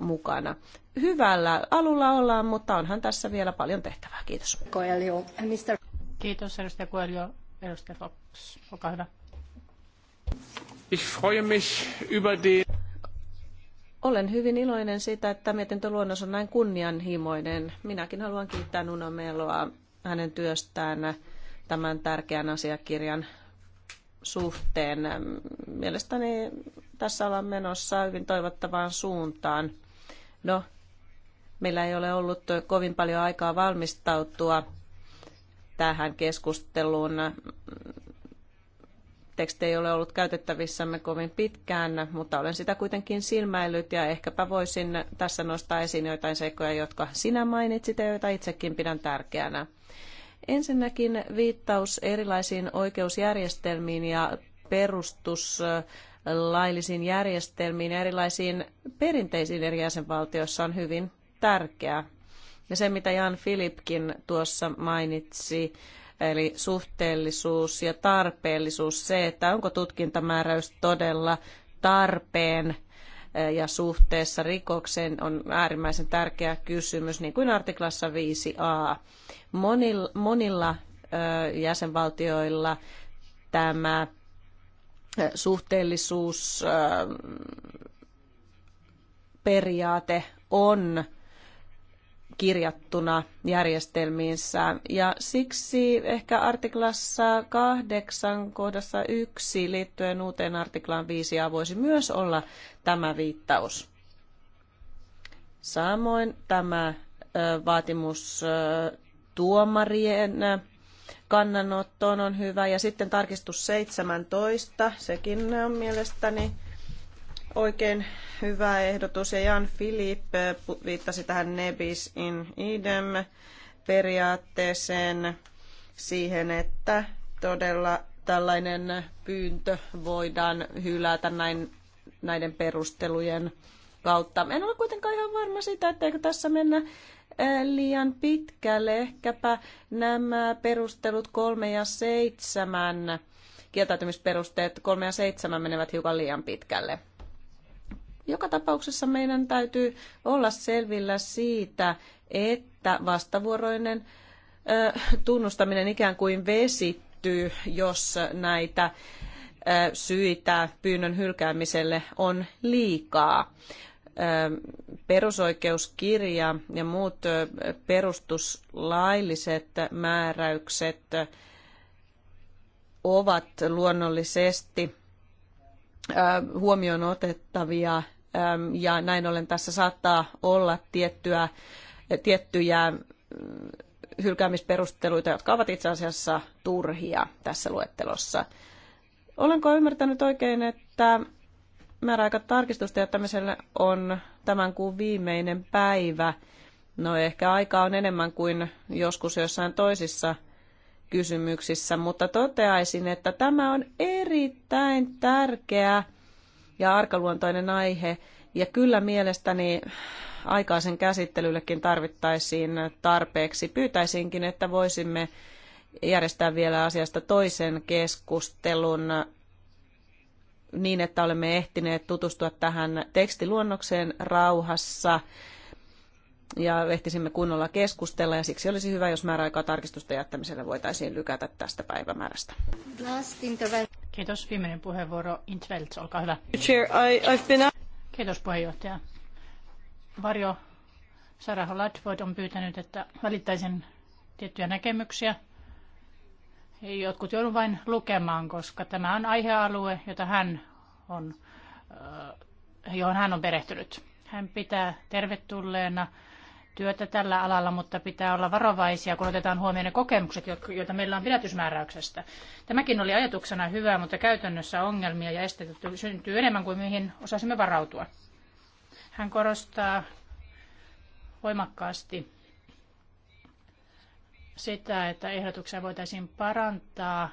C: mukana. Hyvällä alulla ollaan, mutta onhan tässä vielä paljon tehtävää.
B: Kiitos. Koelio. Mr. Kiitos, edustaja Koelio. Edustaja Fox, olkaa hyvä.
C: Ich freue mich über die... Olen hyvin iloinen siitä, että mietintöluonnos on näin kunnianhimoinen. Minäkin haluan kiittää Nuno Meloa hänen työstään tämän tärkeän asiakirjan suhteen. Mielestäni tässä ollaan menossa hyvin toivottavaan suuntaan. No, meillä ei ole ollut kovin paljon aikaa valmistautua tähän keskusteluun teksti ei ole ollut käytettävissämme kovin pitkään, mutta olen sitä kuitenkin silmäillyt ja ehkäpä voisin tässä nostaa esiin joitain seikkoja, jotka sinä mainitsit ja joita itsekin pidän tärkeänä. Ensinnäkin viittaus erilaisiin oikeusjärjestelmiin ja perustuslaillisiin järjestelmiin ja erilaisiin perinteisiin eri jäsenvaltioissa on hyvin tärkeää. Ja se, mitä Jan Filipkin tuossa mainitsi, eli suhteellisuus ja tarpeellisuus, se, että onko tutkintamääräys todella tarpeen e, ja suhteessa rikokseen on äärimmäisen tärkeä kysymys, niin kuin artiklassa 5a. Monilla, monilla e, jäsenvaltioilla tämä e, suhteellisuusperiaate on kirjattuna järjestelmiinsä. Ja siksi ehkä artiklassa 8 kohdassa 1 liittyen uuteen artiklaan 5 voisi myös olla tämä viittaus. Samoin tämä vaatimus tuomarien kannanottoon on hyvä. Ja sitten tarkistus 17, sekin on mielestäni Oikein hyvä ehdotus. Ja Jan Philippe eh, viittasi tähän nebis in idem periaatteeseen siihen, että todella tällainen pyyntö voidaan hylätä näin, näiden perustelujen kautta. En ole kuitenkaan ihan varma siitä, etteikö tässä mennä eh, liian pitkälle. Ehkäpä nämä perustelut kolme ja seitsemän, kieltäytymisperusteet kolme ja seitsemän menevät hiukan liian pitkälle. Joka tapauksessa meidän täytyy olla selvillä siitä, että vastavuoroinen tunnustaminen ikään kuin vesittyy, jos näitä syitä pyynnön hylkäämiselle on liikaa. Perusoikeuskirja ja muut perustuslailliset määräykset ovat luonnollisesti huomioon otettavia Ähm, ja näin ollen tässä saattaa olla tiettyä, tiettyjä mm, hylkäämisperusteluita, jotka ovat itse asiassa turhia tässä luettelossa. Olenko ymmärtänyt oikein, että määräaika tarkistusta jättämiselle on tämän kuun viimeinen päivä? No ehkä aika on enemmän kuin joskus jossain toisissa kysymyksissä, mutta toteaisin, että tämä on erittäin tärkeä ja arkaluontoinen aihe. Ja kyllä mielestäni aikaisen käsittelyllekin tarvittaisiin tarpeeksi. Pyytäisinkin, että voisimme järjestää vielä asiasta toisen keskustelun niin, että olemme ehtineet tutustua tähän tekstiluonnokseen rauhassa ja ehtisimme kunnolla keskustella ja siksi olisi hyvä, jos määräaikaa tarkistusta jättämiselle voitaisiin lykätä tästä päivämäärästä.
B: Kiitos. Viimeinen puheenvuoro Intveld, olkaa hyvä. Chair, I, I've been... Kiitos puheenjohtaja. Varjo Sarah Ladford on pyytänyt, että välittäisin tiettyjä näkemyksiä. Jotkut joudun vain lukemaan, koska tämä on aihealue, jota hän on, äh, johon hän on perehtynyt. Hän pitää tervetulleena työtä tällä alalla, mutta pitää olla varovaisia, kun otetaan huomioon ne kokemukset, joita meillä on pidätysmääräyksestä. Tämäkin oli ajatuksena hyvä, mutta käytännössä ongelmia ja esteitä syntyy enemmän kuin mihin osasimme varautua. Hän korostaa voimakkaasti sitä, että ehdotuksia voitaisiin parantaa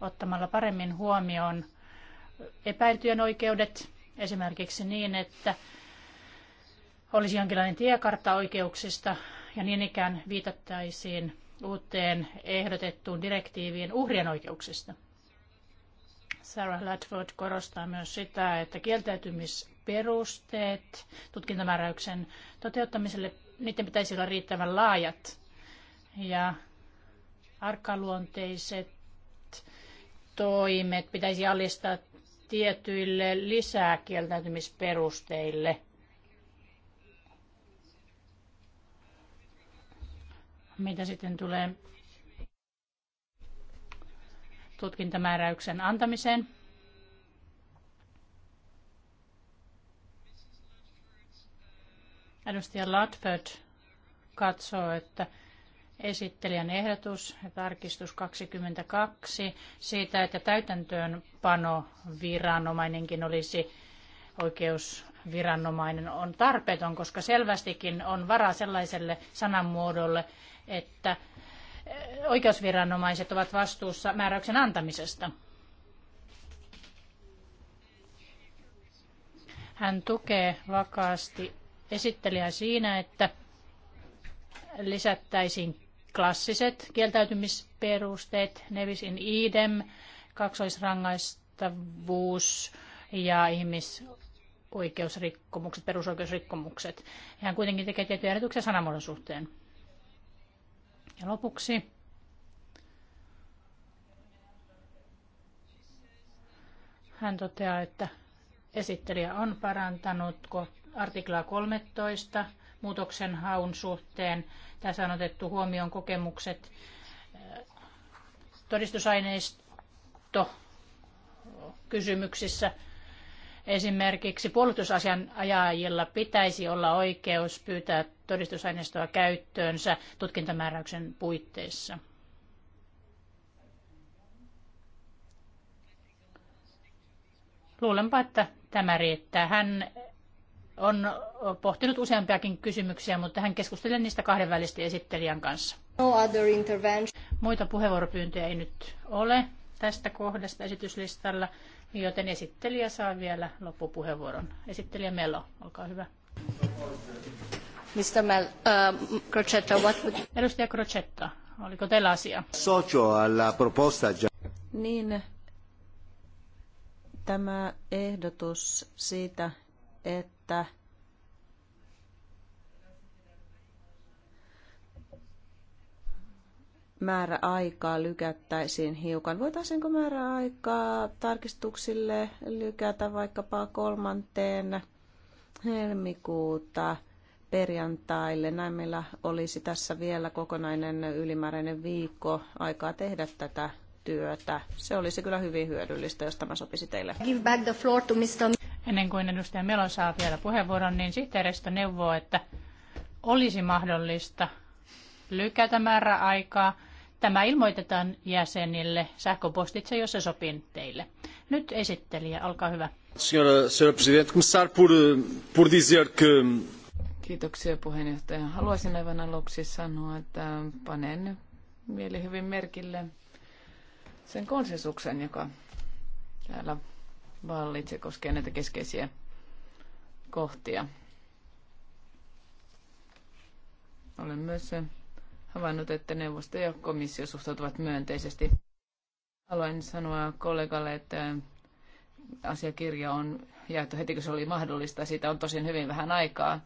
B: ottamalla paremmin huomioon epäiltyjen oikeudet, esimerkiksi niin, että olisi jonkinlainen tiekartta oikeuksista ja niin ikään viitattaisiin uuteen ehdotettuun direktiiviin uhrien oikeuksista. Sarah Ladford korostaa myös sitä, että kieltäytymisperusteet tutkintamääräyksen toteuttamiselle, niiden pitäisi olla riittävän laajat ja arkaluonteiset toimet pitäisi alistaa tietyille lisäkieltäytymisperusteille – mitä sitten tulee tutkintamääräyksen antamiseen. Edustaja Latford katsoo, että esittelijän ehdotus ja tarkistus 22 siitä, että täytäntöönpano viranomainenkin olisi oikeusviranomainen on tarpeeton, koska selvästikin on varaa sellaiselle sananmuodolle, että eh, oikeusviranomaiset ovat vastuussa määräyksen antamisesta. Hän tukee vakaasti esittelijää siinä, että lisättäisiin klassiset kieltäytymisperusteet, nevis in idem, kaksoisrangaistavuus ja ihmis oikeusrikkomukset, perusoikeusrikkomukset. Hän kuitenkin tekee tiettyjä erityksiä sanamuodon suhteen. Ja lopuksi hän toteaa, että esittelijä on parantanut artiklaa 13 muutoksen haun suhteen. Tässä on otettu huomioon kokemukset todistusaineisto kysymyksissä – Esimerkiksi puolustusasianajajilla pitäisi olla oikeus pyytää todistusaineistoa käyttöönsä tutkintamääräyksen puitteissa. Luulenpa, että tämä riittää. Hän on pohtinut useampiakin kysymyksiä, mutta hän keskustelee niistä kahdenvälisesti esittelijän kanssa. No other intervention. Muita puheenvuoropyyntöjä ei nyt ole tästä kohdasta esityslistalla joten esittelijä saa vielä loppupuheenvuoron. Esittelijä Melo, olkaa hyvä. Mr. Mel, uh, Crocetta, what would... Edustaja Crocetta, oliko teillä asia?
D: Socio alla proposta
B: Niin,
C: tämä ehdotus siitä, että Määrä aikaa lykättäisiin hiukan. Voitaisiinko aikaa tarkistuksille lykätä vaikkapa kolmanteen helmikuuta perjantaille? Näin meillä olisi tässä vielä kokonainen ylimääräinen viikko aikaa tehdä tätä työtä. Se olisi kyllä hyvin hyödyllistä, jos tämä sopisi teille.
B: Give back the floor to Mr. Ennen kuin edustaja Melo saa vielä puheenvuoron, niin sihteeristö neuvoo, että olisi mahdollista lykätä määräaikaa Tämä ilmoitetaan jäsenille sähköpostitse, jos se sopii teille. Nyt esittelijä, olkaa hyvä.
D: Senhora, senhora Presidente, começar por, por dizer que...
E: Kiitoksia puheenjohtaja. Haluaisin aivan aluksi sanoa, että panen mieli hyvin merkille sen konsensuksen, joka täällä vallitse koskee näitä keskeisiä kohtia. Olen myös havainnut, että neuvosto ja komissio suhtautuvat myönteisesti. Haluan sanoa kollegalle, että asiakirja on jaettu heti, kun se oli mahdollista. Siitä on tosin hyvin vähän aikaa.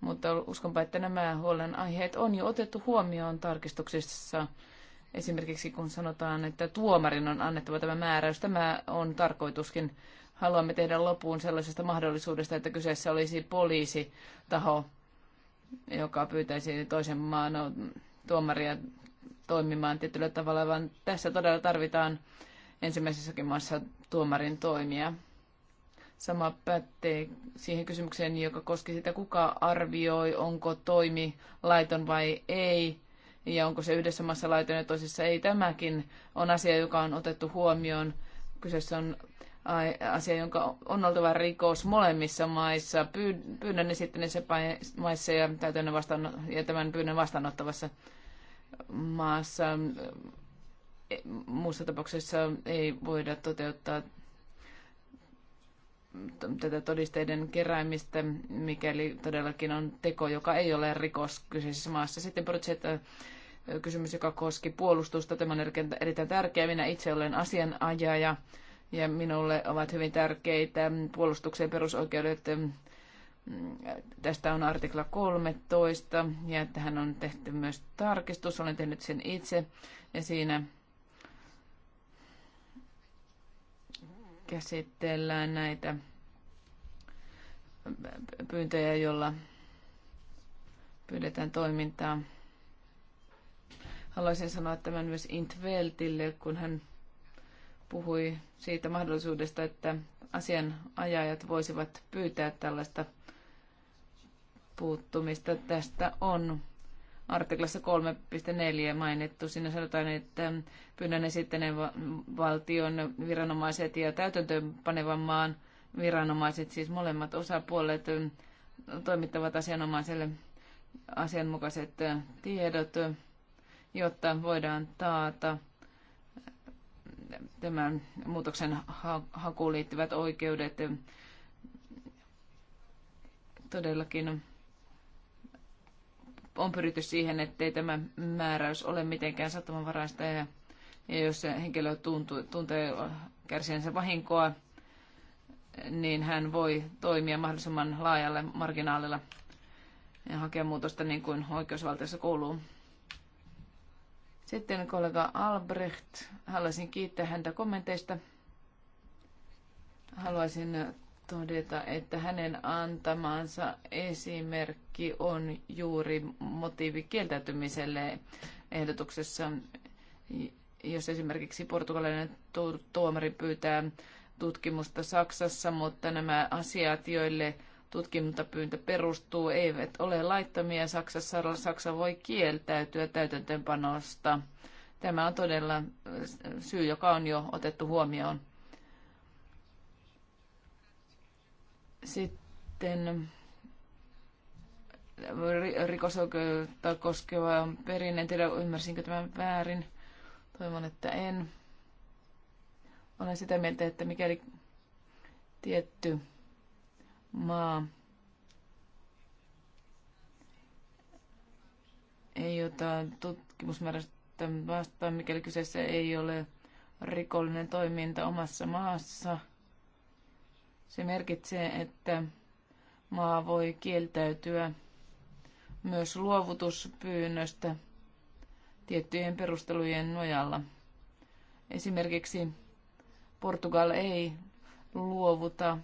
E: Mutta uskonpa, että nämä huolenaiheet on jo otettu huomioon tarkistuksissa. Esimerkiksi kun sanotaan, että tuomarin on annettava tämä määräys, tämä on tarkoituskin. Haluamme tehdä lopuun sellaisesta mahdollisuudesta, että kyseessä olisi poliisitaho, joka pyytäisi toisen maan tuomaria toimimaan tietyllä tavalla, vaan tässä todella tarvitaan ensimmäisessäkin maassa tuomarin toimia. Sama pätee siihen kysymykseen, joka koski sitä, kuka arvioi, onko toimi laiton vai ei, ja onko se yhdessä maassa laiton ja toisessa ei. Tämäkin on asia, joka on otettu huomioon. Kyseessä on asia, jonka on oltava rikos molemmissa maissa. Pyydän sitten niissä maissa ja, täytän vastaan, ja tämän pyynnön vastaanottavassa maassa. E, muussa tapauksessa ei voida toteuttaa tätä todisteiden keräämistä, mikäli todellakin on teko, joka ei ole rikos kyseisessä maassa. Sitten Projecta kysymys, joka koski puolustusta. Tämä on erittäin tärkeä. Minä itse olen asianajaja ja minulle ovat hyvin tärkeitä puolustuksen perusoikeudet. Tästä on artikla 13 ja tähän on tehty myös tarkistus. Olen tehnyt sen itse ja siinä käsitellään näitä pyyntöjä, joilla pyydetään toimintaa. Haluaisin sanoa tämän myös Intveltille, kun hän puhui siitä mahdollisuudesta, että asianajajat voisivat pyytää tällaista puuttumista. Tästä on artiklassa 3.4 mainittu. Siinä sanotaan, että pyynnön esittäneen valtion viranomaiset ja täytäntöönpanevan maan viranomaiset, siis molemmat osapuolet, toimittavat asianomaiselle asianmukaiset tiedot, jotta voidaan taata – tämän muutoksen hakuun liittyvät oikeudet todellakin on pyritty siihen, ettei tämä määräys ole mitenkään sattumanvaraista ja, ja jos henkilö tuntuu, tuntee kärsiensä vahinkoa, niin hän voi toimia mahdollisimman laajalle marginaalilla ja hakea muutosta niin kuin oikeusvaltiossa kuuluu. Sitten kollega Albrecht, haluaisin kiittää häntä kommenteista. Haluaisin todeta, että hänen antamansa esimerkki on juuri motiivi kieltäytymiselle ehdotuksessa. Jos esimerkiksi portugalainen tuomari pyytää tutkimusta Saksassa, mutta nämä asiat, joille tutkintapyyntö perustuu, eivät ole laittomia. Saksassa Saksa voi kieltäytyä täytäntöönpanosta. Tämä on todella äh, syy, joka on jo otettu huomioon. Sitten äh, rikosoikeutta koskeva perinne. En tiedä, ymmärsinkö tämän väärin. Toivon, että en. Olen sitä mieltä, että mikäli tietty maa, ei jota tutkimusmäärästä vastaan, mikäli kyseessä ei ole rikollinen toiminta omassa maassa. Se merkitsee, että maa voi kieltäytyä myös luovutuspyynnöstä tiettyjen perustelujen nojalla. Esimerkiksi Portugal ei luovuta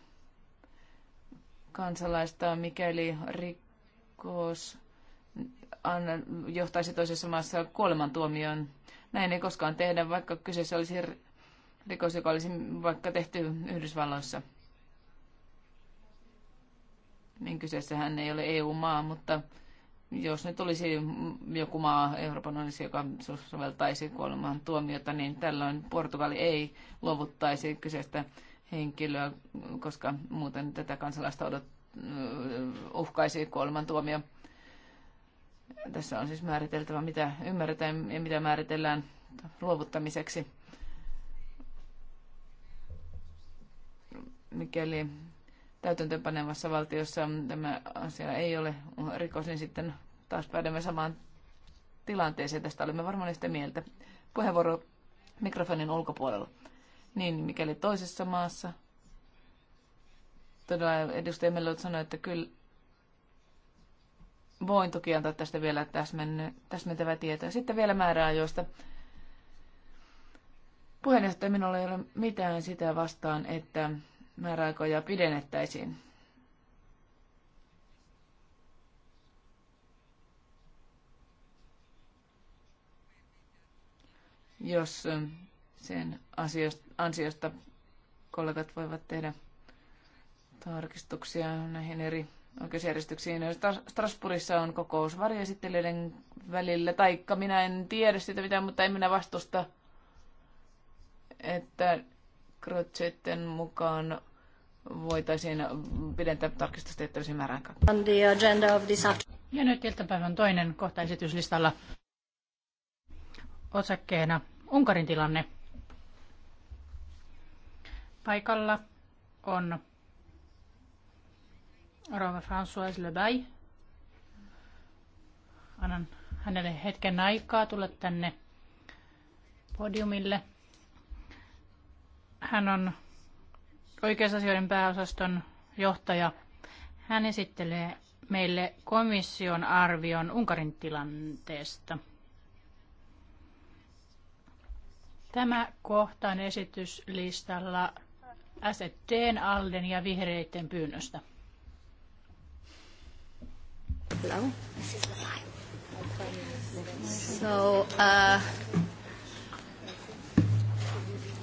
E: kansalaista, mikäli rikos johtaisi toisessa maassa kuolemantuomioon. Näin ei koskaan tehdä, vaikka kyseessä olisi rikos, joka olisi vaikka tehty Yhdysvalloissa. Niin kyseessähän ei ole EU-maa, mutta jos nyt olisi joku maa Euroopan unionissa, joka soveltaisi kuolemaan tuomiota, niin tällöin Portugali ei luovuttaisi kyseistä henkilöä, koska muuten tätä kansalaista odot, uhkaisi kuolemantuomio. Tässä on siis määriteltävä, mitä ymmärretään ja mitä määritellään luovuttamiseksi. Mikäli täytäntöönpanevassa valtiossa tämä asia ei ole rikos, niin sitten taas päädymme samaan tilanteeseen. Tästä olemme varmaan sitä mieltä. Puheenvuoro mikrofonin ulkopuolella niin mikäli toisessa maassa. Todella edustaja Mellot sanoi, että kyllä voin toki antaa tästä vielä täsmentävää tietoa. Sitten vielä määräajoista. Puheenjohtaja, minulla ei ole mitään sitä vastaan, että määräaikoja pidennettäisiin. Jos sen asiasta ansiosta kollegat voivat tehdä tarkistuksia näihin eri oikeusjärjestyksiin. Strasbourgissa on kokous varjoesittelijöiden välillä, taikka minä en tiedä sitä mitään, mutta en minä vastusta, että Crotchetten mukaan voitaisiin pidentää tarkistustehtävisiin määrään
B: On the agenda of this ja nyt iltapäivän toinen kohta esityslistalla. Osakkeena Unkarin tilanne. Paikalla on rouva François Bay. Annan hänelle hetken aikaa tulla tänne podiumille. Hän on oikeusasioiden pääosaston johtaja. Hän esittelee meille komission arvion Unkarin tilanteesta. Tämä kohta on esityslistalla Asetteen Alden ja vihreiden pyynnöstä. Hello. So,
A: uh,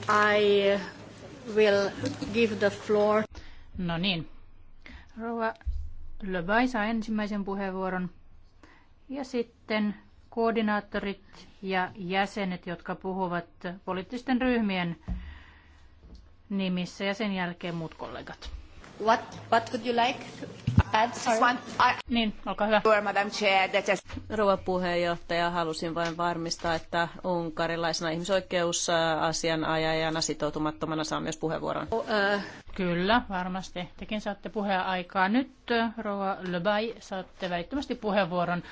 A: I
B: will give the floor. No niin. Rouva Löbai saa ensimmäisen puheenvuoron. Ja sitten koordinaattorit ja jäsenet, jotka puhuvat poliittisten ryhmien nimissä ja sen jälkeen muut kollegat.
A: What, what would you like to add?
C: Sorry. I... Niin, olkaa hyvä. Madam Chair, just... Rouva puheenjohtaja, halusin vain varmistaa, että unkarilaisena ihmisoikeusasianajajana sitoutumattomana saa myös puheenvuoron.
B: Oh, uh... Kyllä, varmasti. Tekin saatte puheen aikaa. Nyt, äh, Rouva Löbai, saatte välittömästi puheenvuoron,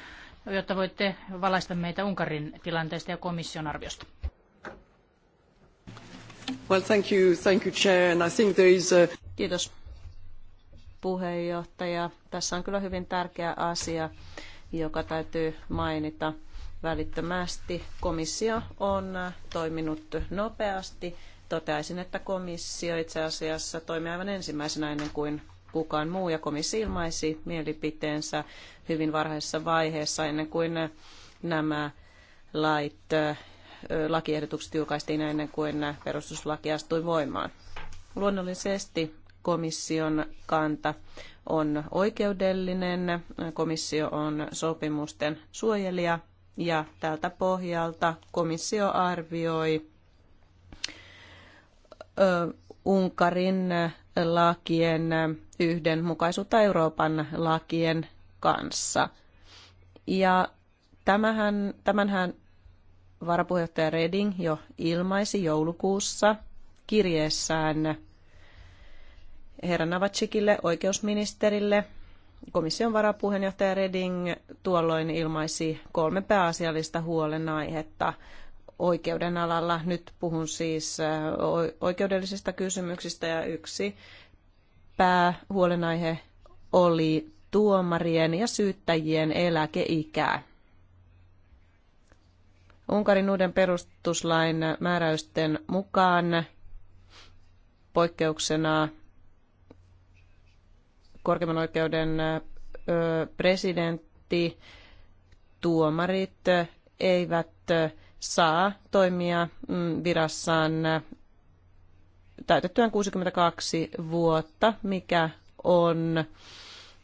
B: jotta voitte valaista meitä Unkarin tilanteesta ja komission arviosta.
C: Kiitos puheenjohtaja. Tässä on kyllä hyvin tärkeä asia, joka täytyy mainita välittömästi. Komissio on toiminut nopeasti. Toteaisin, että komissio itse asiassa toimi aivan ensimmäisenä ennen kuin kukaan muu ja komissio ilmaisi mielipiteensä hyvin varhaisessa vaiheessa ennen kuin nämä lait lakiehdotukset julkaistiin ennen kuin perustuslaki astui voimaan. Luonnollisesti komission kanta on oikeudellinen, komissio on sopimusten suojelija ja tältä pohjalta komissio arvioi Unkarin lakien yhdenmukaisuutta Euroopan lakien kanssa. Ja tämähän, tämänhän varapuheenjohtaja Reding jo ilmaisi joulukuussa kirjeessään herra Navacikille, oikeusministerille. Komission varapuheenjohtaja Reding tuolloin ilmaisi kolme pääasiallista huolenaihetta oikeuden alalla. Nyt puhun siis oikeudellisista kysymyksistä ja yksi päähuolenaihe oli tuomarien ja syyttäjien eläkeikää. Unkarin uuden perustuslain määräysten mukaan poikkeuksena korkeimman oikeuden presidentti, tuomarit eivät saa toimia mm, virassaan täytettyään 62 vuotta, mikä on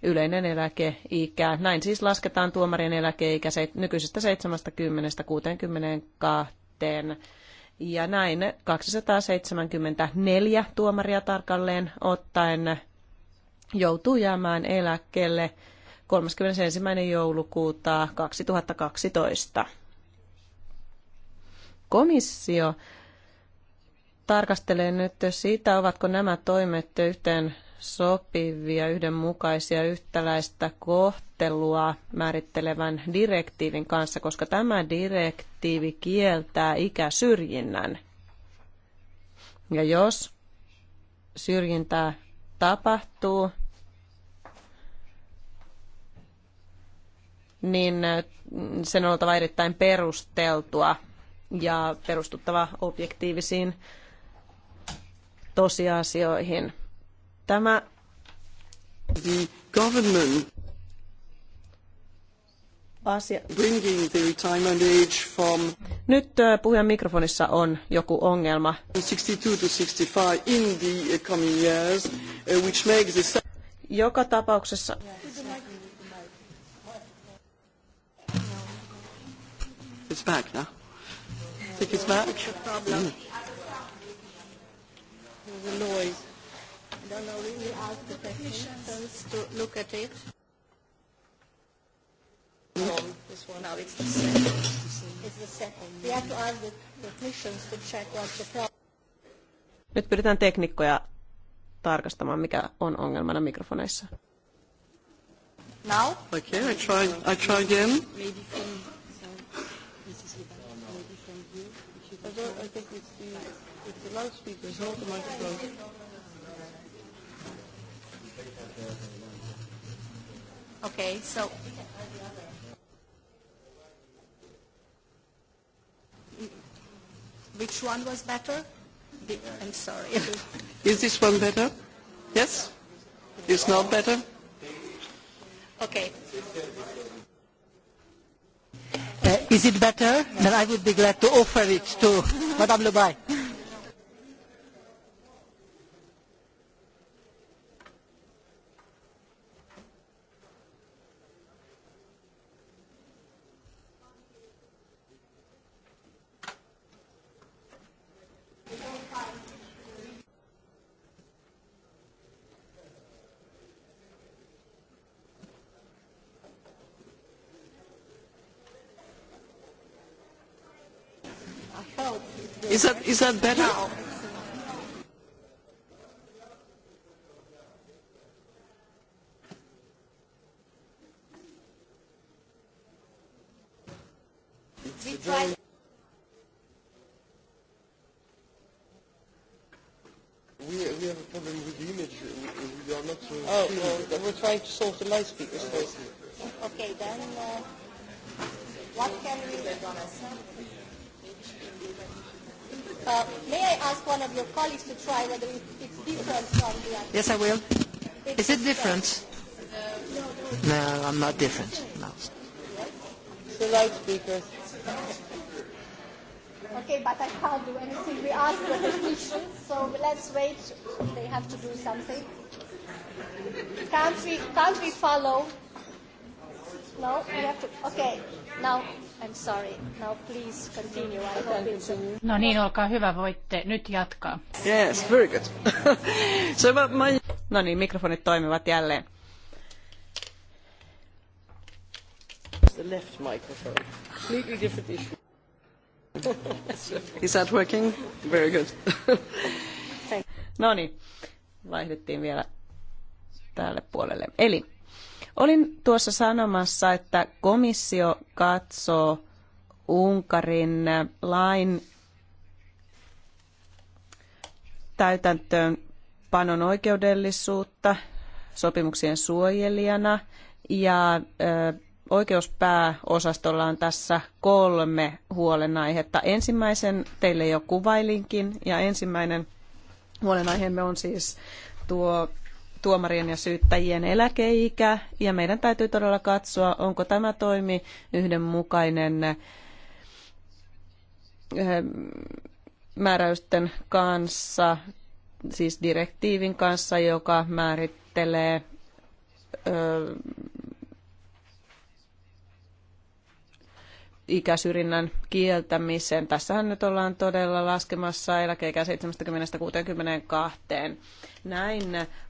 C: yleinen eläkeikä. Näin siis lasketaan tuomarin eläkeikä nykyisestä 70-62. Ja näin 274 tuomaria tarkalleen ottaen joutuu jäämään eläkkeelle 31. joulukuuta 2012. Komissio tarkastelee nyt sitä, ovatko nämä toimet yhteen sopivia, yhdenmukaisia, yhtäläistä kohtelua määrittelevän direktiivin kanssa, koska tämä direktiivi kieltää ikäsyrjinnän. Ja jos syrjintää tapahtuu, niin sen on oltava erittäin perusteltua ja perustuttava objektiivisiin tosiasioihin. Tämä the government asia. Bringing the retirement age from Nyt puhujan mikrofonissa on joku ongelma. 62 to 65 in the uh, coming years, uh, which makes the... Joka tapauksessa... It's back
D: now.
A: Think it's back? Mm. The noise don't know, ask the technicians to look at it. this one. it's the second. It's the second. We have to ask the technicians to check the problem.
C: Nyt pyritään teknikkoja tarkastamaan, mikä on ongelmana mikrofoneissa.
A: Now? Okay, I try, I try again. Maybe from, uh, Mrs. maybe from here. I, don't, I think it's the, it's the loudspeakers, not the microphone. Okay, so which one was better? The, I'm sorry. Is this one better? Yes? It's not better? Okay. Uh, is it better?
D: Then I would be glad to offer it to Madame Lebray. Is that better? We try. We, we have a problem with the image. We, we are not. Uh, oh, well, we're trying to solve the loudspeakers
A: first. Okay, then uh, what can we? We're gonna send. Uh, may I ask one of your colleagues to try whether it, it's different from the other? Yes, I will. It's Is it different? Uh, no, I'm not different. No. It's the loudspeaker. Okay, but I can't do anything. We asked the technicians, so let's wait. They have to do something. Can't we, can't we follow? No, we have to. Okay, now
B: No niin, olkaa hyvä, voitte nyt jatkaa. Yes, very good.
C: so my... No niin, mikrofonit toimivat jälleen.
E: The left microphone. Completely different issue. Is that working? Very good.
C: no niin, vaihdettiin vielä tälle puolelle. Eli Olin tuossa sanomassa, että komissio katsoo Unkarin lain täytäntöönpanon oikeudellisuutta sopimuksien suojelijana ja oikeuspääosastolla on tässä kolme huolenaihetta. Ensimmäisen teille jo kuvailinkin ja ensimmäinen huolenaiheemme on siis tuo tuomarien ja syyttäjien eläkeikä, ja meidän täytyy todella katsoa, onko tämä toimi yhdenmukainen ehm, määräysten kanssa, siis direktiivin kanssa, joka määrittelee ikäsyrjinnän kieltämiseen. Tässähän nyt ollaan todella laskemassa eläkeikä 70-62. Näin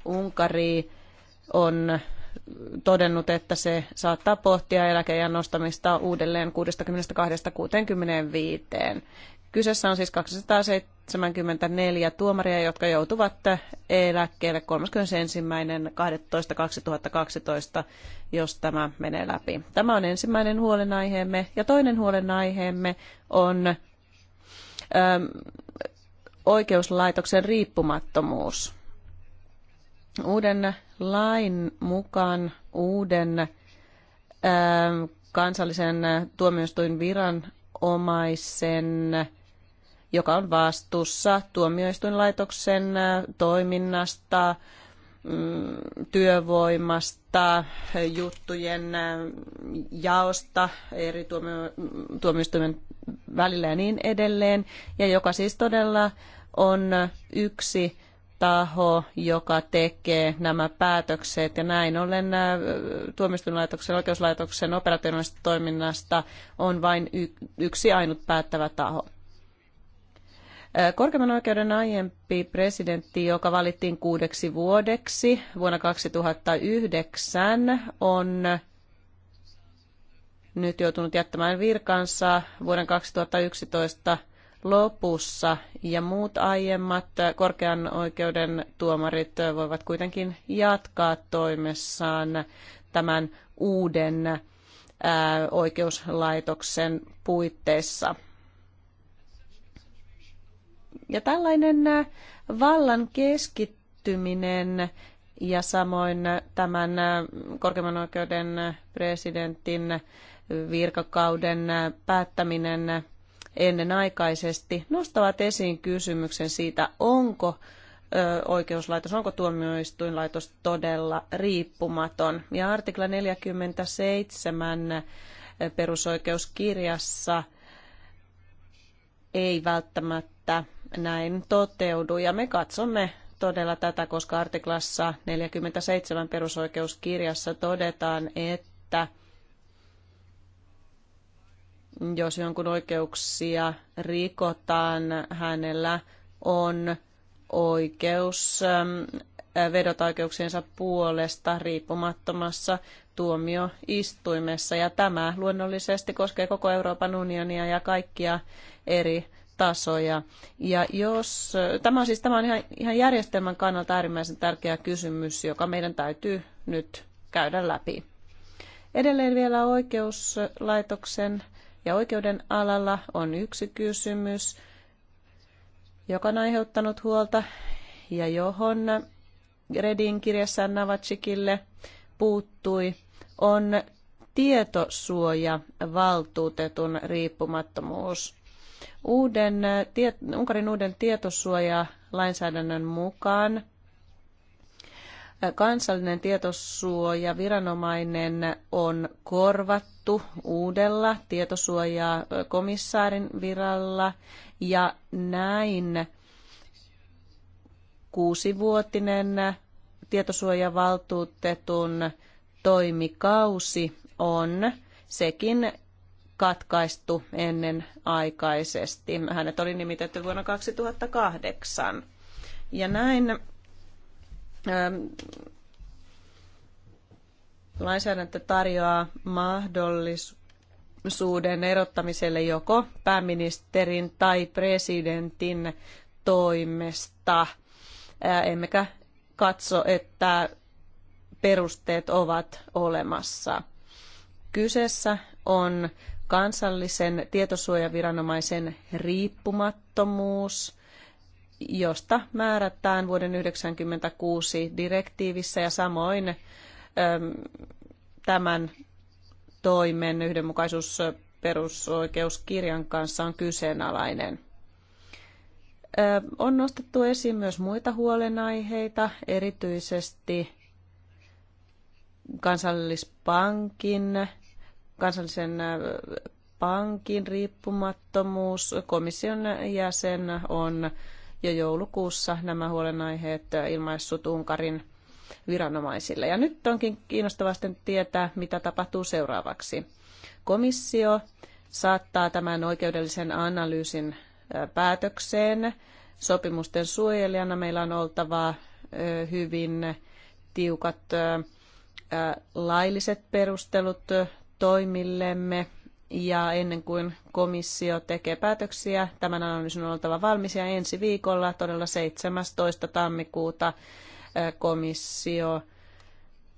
C: Unkari on todennut, että se saattaa pohtia eläkeijän nostamista uudelleen 62-65. Kyseessä on siis 274 tuomaria, jotka joutuvat eläkkeelle 31.12.2012, jos tämä menee läpi. Tämä on ensimmäinen huolenaiheemme. Ja toinen huolenaiheemme on ö, ähm, oikeuslaitoksen riippumattomuus. Uuden lain mukaan uuden ö, ähm, kansallisen tuomioistuinviranomaisen joka on vastuussa tuomioistuinlaitoksen äh, toiminnasta, mm, työvoimasta, juttujen äh, jaosta eri tuomio, tuomioistuimen välillä ja niin edelleen, ja joka siis todella on yksi taho, joka tekee nämä päätökset. Ja näin ollen äh, tuomioistuinlaitoksen, oikeuslaitoksen operatiivisesta toiminnasta on vain yksi ainut päättävä taho. Korkeimman oikeuden aiempi presidentti, joka valittiin kuudeksi vuodeksi vuonna 2009, on nyt joutunut jättämään virkansa vuoden 2011 lopussa ja muut aiemmat korkean oikeuden tuomarit voivat kuitenkin jatkaa toimessaan tämän uuden oikeuslaitoksen puitteissa. Ja tällainen äh, vallan keskittyminen ja samoin äh, tämän äh, korkeimman oikeuden presidentin virkakauden päättäminen ennenaikaisesti nostavat esiin kysymyksen siitä, onko oikeuslaitos, onko tuomioistuinlaitos todella riippumaton. Ja artikla 47 perusoikeuskirjassa ei välttämättä näin toteudu. Ja me katsomme todella tätä, koska artiklassa 47 perusoikeuskirjassa todetaan, että jos jonkun oikeuksia rikotaan, hänellä on oikeus vedota oikeuksiensa puolesta riippumattomassa tuomioistuimessa. Ja tämä luonnollisesti koskee koko Euroopan unionia ja kaikkia eri tasoja. Ja jos, tämä on siis tämä on ihan, ihan järjestelmän kannalta äärimmäisen tärkeä kysymys, joka meidän täytyy nyt käydä läpi. Edelleen vielä oikeuslaitoksen ja oikeuden alalla on yksi kysymys, joka on aiheuttanut huolta ja johon Redin kirjassa Navacikille puuttui, on tietosuojavaltuutetun riippumattomuus. Uuden, äh, Unkarin uuden tietosuojalainsäädännön mukaan äh, kansallinen tietosuojaviranomainen on korvattu uudella tietosuojaa komissaarin viralla ja näin kuusivuotinen tietosuojavaltuutetun toimikausi on sekin katkaistu ennen aikaisesti. Hänet oli nimitetty vuonna 2008. Ja näin ähm, lainsäädäntö tarjoaa mahdollisuuden erottamiselle joko pääministerin tai presidentin toimesta. Emmekä katso, että perusteet ovat olemassa. Kyseessä on kansallisen tietosuojaviranomaisen riippumattomuus, josta määrätään vuoden 1996 direktiivissä ja samoin ähm, tämän toimen yhdenmukaisuus perusoikeuskirjan kanssa on kyseenalainen. Ähm, on nostettu esiin myös muita huolenaiheita, erityisesti kansallispankin kansallisen äh, pankin riippumattomuus. Komission jäsen on jo joulukuussa nämä huolenaiheet äh, ilmaissut Unkarin viranomaisille. Ja nyt onkin kiinnostavasti tietää, mitä tapahtuu seuraavaksi. Komissio saattaa tämän oikeudellisen analyysin äh, päätökseen. Sopimusten suojelijana meillä on oltava hyvin tiukat lailliset perustelut toimillemme ja ennen kuin komissio tekee päätöksiä, tämän analyysin on oltava valmis ja ensi viikolla todella 17. tammikuuta komissio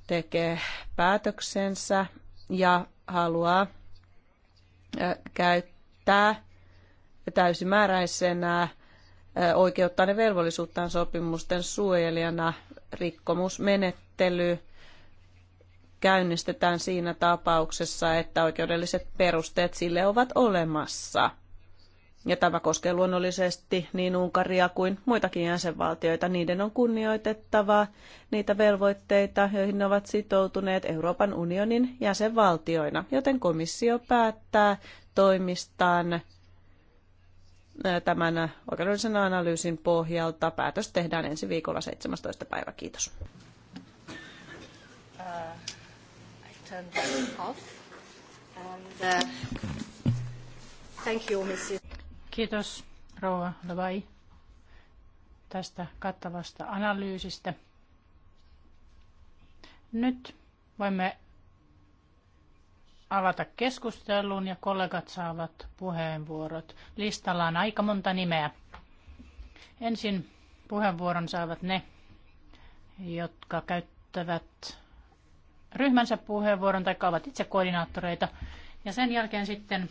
C: tekee päätöksensä ja haluaa käyttää täysimääräisenä oikeuttaan ja velvollisuuttaan sopimusten suojelijana rikkomusmenettely käynnistetään siinä tapauksessa, että oikeudelliset perusteet sille ovat olemassa. Ja tämä koskee luonnollisesti niin Unkaria kuin muitakin jäsenvaltioita. Niiden on kunnioitettava niitä velvoitteita, joihin ne ovat sitoutuneet Euroopan unionin jäsenvaltioina, joten komissio päättää toimistaan tämän oikeudellisen analyysin pohjalta. Päätös tehdään ensi viikolla 17. päivä. Kiitos
A: turned off. And, uh, thank you, Mrs.
B: Kiitos, Rouva Lavai, tästä kattavasta analyysistä. Nyt voimme avata keskustelun ja kollegat saavat puheenvuorot. Listalla on aika monta nimeä. Ensin puheenvuoron saavat ne, jotka käyttävät ryhmänsä puheenvuoron tai ovat itse koordinaattoreita. Ja sen jälkeen sitten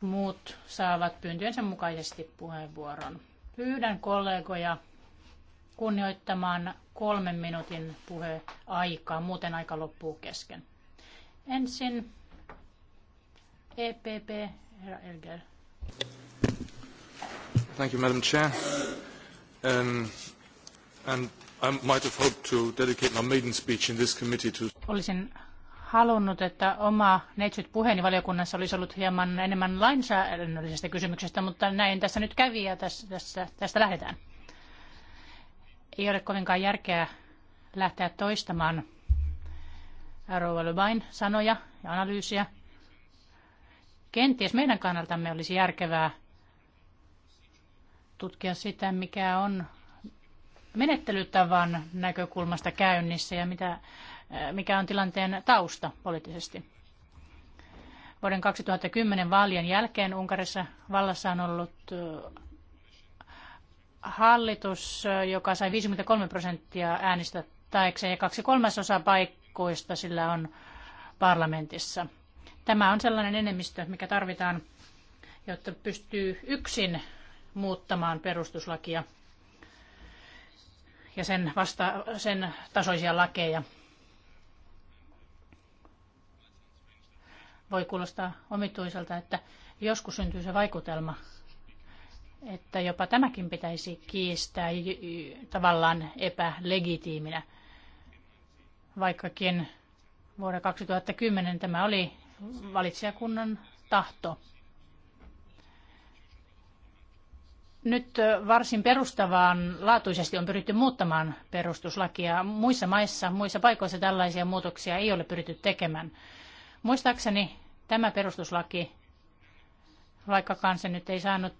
B: muut saavat pyyntöjensä mukaisesti puheenvuoron. Pyydän kollegoja kunnioittamaan kolmen minuutin puheaikaa, muuten aika loppuu kesken. Ensin EPP, herra Elger.
D: Thank you, Madam Chair. Um, and
B: Olisin halunnut, että oma neitsyt puheeni valiokunnassa olisi ollut hieman enemmän lainsäädännöllisestä kysymyksestä, mutta näin tässä nyt kävi ja tässä, tässä, tästä lähdetään. Ei ole kovinkaan järkeä lähteä toistamaan Rouva Lubain sanoja ja analyysiä. Kenties meidän kannaltamme olisi järkevää tutkia sitä, mikä on menettelytavan näkökulmasta käynnissä ja mitä, äh, mikä on tilanteen tausta poliittisesti? Vuoden 2010 vaalien jälkeen Unkarissa vallassa on ollut äh, hallitus, äh, joka sai 53 prosenttia äänistä taikseen ja kaksi kolmasosaa paikkoista sillä on parlamentissa. Tämä on sellainen enemmistö, mikä tarvitaan, jotta pystyy yksin muuttamaan perustuslakia ja sen, vasta, sen tasoisia lakeja. Voi kuulostaa omituiselta, että joskus syntyy se vaikutelma, että jopa tämäkin pitäisi kiistää tavallaan epälegitiiminä, vaikkakin vuoden 2010 tämä oli valitsijakunnan tahto. Nyt varsin perustavaan laatuisesti on pyritty muuttamaan perustuslakia. Muissa maissa, muissa paikoissa tällaisia muutoksia ei ole pyritty tekemään. Muistaakseni tämä perustuslaki, vaikkakaan se nyt ei saanut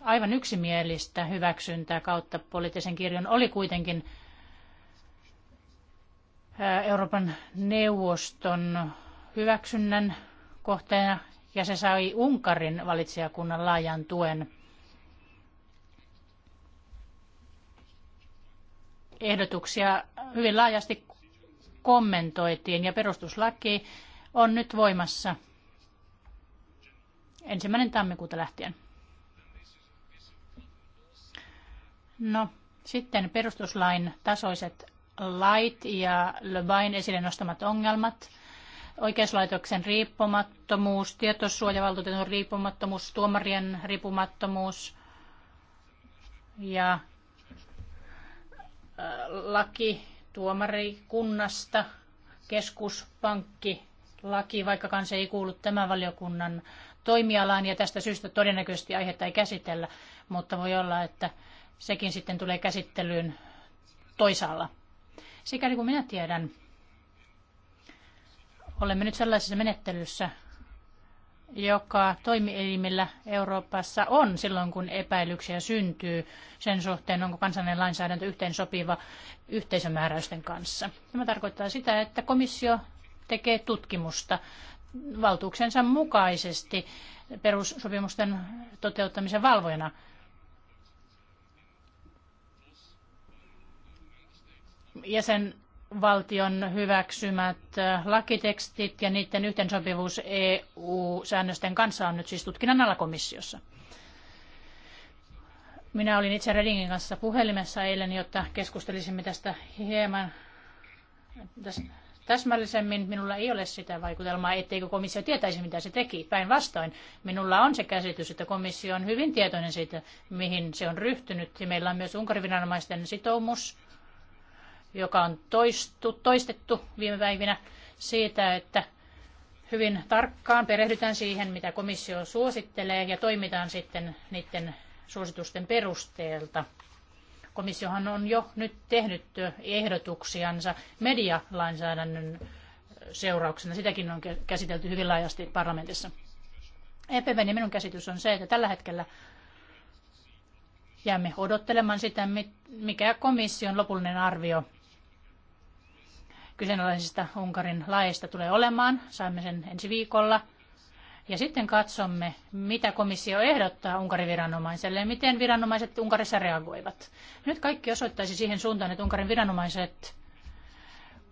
B: aivan yksimielistä hyväksyntää kautta poliittisen kirjon, oli kuitenkin Euroopan neuvoston hyväksynnän kohteena ja se sai Unkarin valitsijakunnan laajan tuen ehdotuksia hyvin laajasti kommentoitiin ja perustuslaki on nyt voimassa ensimmäinen tammikuuta lähtien. No, sitten perustuslain tasoiset lait ja Lebain esille nostamat ongelmat, oikeuslaitoksen riippumattomuus, tietosuojavaltuutetun riippumattomuus, tuomarien riippumattomuus ja laki tuomarikunnasta, keskuspankki, laki, vaikkakaan se ei kuulu tämän valiokunnan toimialaan ja tästä syystä todennäköisesti aihetta ei käsitellä, mutta voi olla, että sekin sitten tulee käsittelyyn toisaalla. Sikäli kuin minä tiedän, olemme nyt sellaisessa menettelyssä, joka toimielimillä Euroopassa on silloin, kun epäilyksiä syntyy sen suhteen, onko kansallinen lainsäädäntö yhteensopiva yhteisömääräysten kanssa. Tämä tarkoittaa sitä, että komissio tekee tutkimusta valtuuksensa mukaisesti perussopimusten toteuttamisen valvojana. Jäsen valtion hyväksymät äh, lakitekstit ja niiden yhteensopivuus EU-säännösten kanssa on nyt siis tutkinnan alla komissiossa. Minä olin itse Redingin kanssa puhelimessa eilen, jotta keskustelisimme tästä hieman täsmällisemmin. Minulla ei ole sitä vaikutelmaa, etteikö komissio tietäisi, mitä se teki. Päinvastoin, minulla on se käsitys, että komissio on hyvin tietoinen siitä, mihin se on ryhtynyt. Ja meillä on myös Unkarin viranomaisten sitoumus joka on toistu, toistettu viime päivinä siitä, että hyvin tarkkaan perehdytään siihen, mitä komissio suosittelee ja toimitaan sitten niiden suositusten perusteelta. Komissiohan on jo nyt tehnyt ehdotuksiansa medialainsäädännön seurauksena. Sitäkin on käsitelty hyvin laajasti parlamentissa. EPVn ja minun käsitys on se, että tällä hetkellä jäämme odottelemaan sitä, mikä komission lopullinen arvio kyseenalaisista Unkarin laeista tulee olemaan. saamme sen ensi viikolla. Ja sitten katsomme, mitä komissio ehdottaa Unkarin viranomaiselle ja miten viranomaiset Unkarissa reagoivat. Nyt kaikki osoittaisi siihen suuntaan, että Unkarin viranomaiset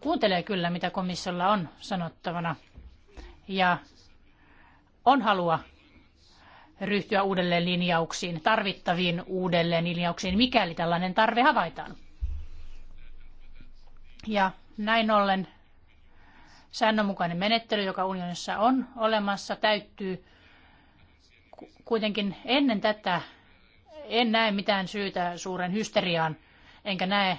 B: kuuntelee kyllä, mitä komissiolla on sanottavana. Ja on halua ryhtyä uudelleen linjauksiin, tarvittaviin uudelleen linjauksiin, mikäli tällainen tarve havaitaan. Ja näin ollen säännönmukainen menettely, joka unionissa on olemassa, täyttyy kuitenkin ennen tätä. En näe mitään syytä suuren hysteriaan, enkä näe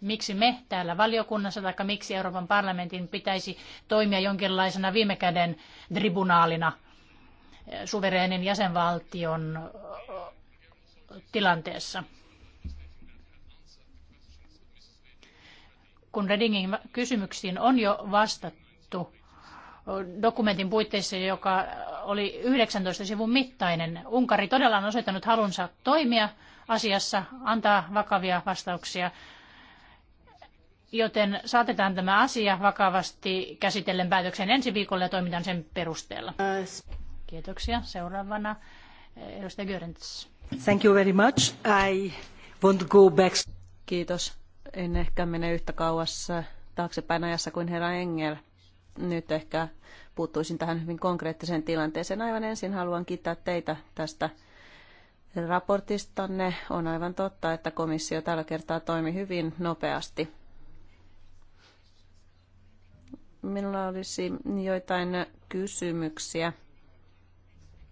B: miksi me täällä valiokunnassa tai miksi Euroopan parlamentin pitäisi toimia jonkinlaisena viime käden tribunaalina eh, suvereenin jäsenvaltion eh, tilanteessa. kun Redingin kysymyksiin on jo vastattu dokumentin puitteissa, joka oli 19 sivun mittainen. Unkari todella on osoittanut halunsa toimia asiassa, antaa vakavia vastauksia, joten saatetaan tämä asia vakavasti käsitellen päätöksen ensi viikolla ja toimitaan sen perusteella. Kiitoksia. Seuraavana eh, edustaja Görens.
A: Thank you very much. I want to go
C: back. Kiitos. En ehkä mene yhtä kauas taaksepäin ajassa kuin herra Engel. Nyt ehkä puuttuisin tähän hyvin konkreettiseen tilanteeseen. Aivan ensin haluan kiittää teitä tästä raportistanne. On aivan totta, että komissio tällä kertaa toimi hyvin nopeasti. Minulla olisi joitain kysymyksiä.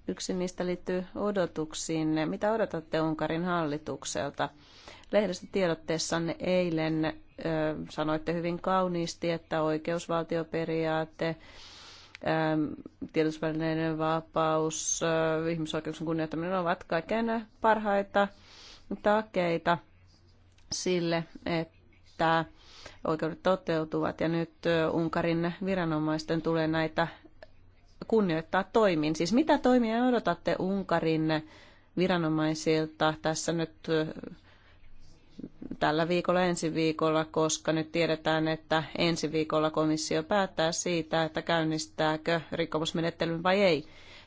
C: Yksi niistä liittyy odotuksiin. Mitä odotatte Unkarin hallitukselta? lehdistötiedotteessanne eilen ö, sanoitte hyvin kauniisti, että oikeusvaltioperiaate, tiedotusvälineiden vapaus, ihmisoikeuksien kunnioittaminen ovat kaikkein parhaita takeita sille, että oikeudet toteutuvat. Ja nyt Unkarin viranomaisten tulee näitä kunnioittaa toimin. Siis mitä toimia odotatte Unkarin viranomaisilta tässä nyt tällä viikolla ensi viikolla, koska nyt tiedetään, että ensi viikolla komissio päättää siitä, että käynnistääkö rikkomusmenettelyn vai ei.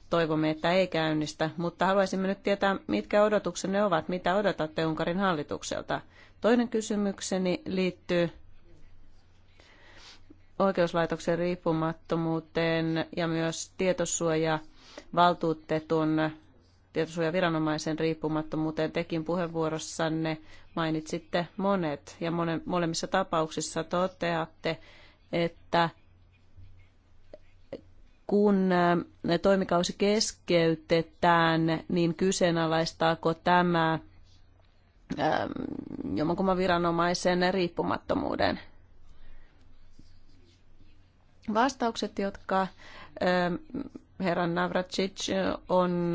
C: Toivomme, että ei käynnistä, mutta haluaisimme nyt tietää, mitkä odotuksenne ovat, mitä odotatte Unkarin hallitukselta. Toinen kysymykseni liittyy oikeuslaitoksen riippumattomuuteen ja myös tietosuoja valtuutetun tietosuojaviranomaisen riippumattomuuteen. Tekin puheenvuorossanne mainitsitte monet ja monen, molemmissa tapauksissa toteatte, että kun toimikausi keskeytetään, niin kyseenalaistaako tämä jommankumman viranomaisen riippumattomuuden? Vastaukset, jotka herran Navracic on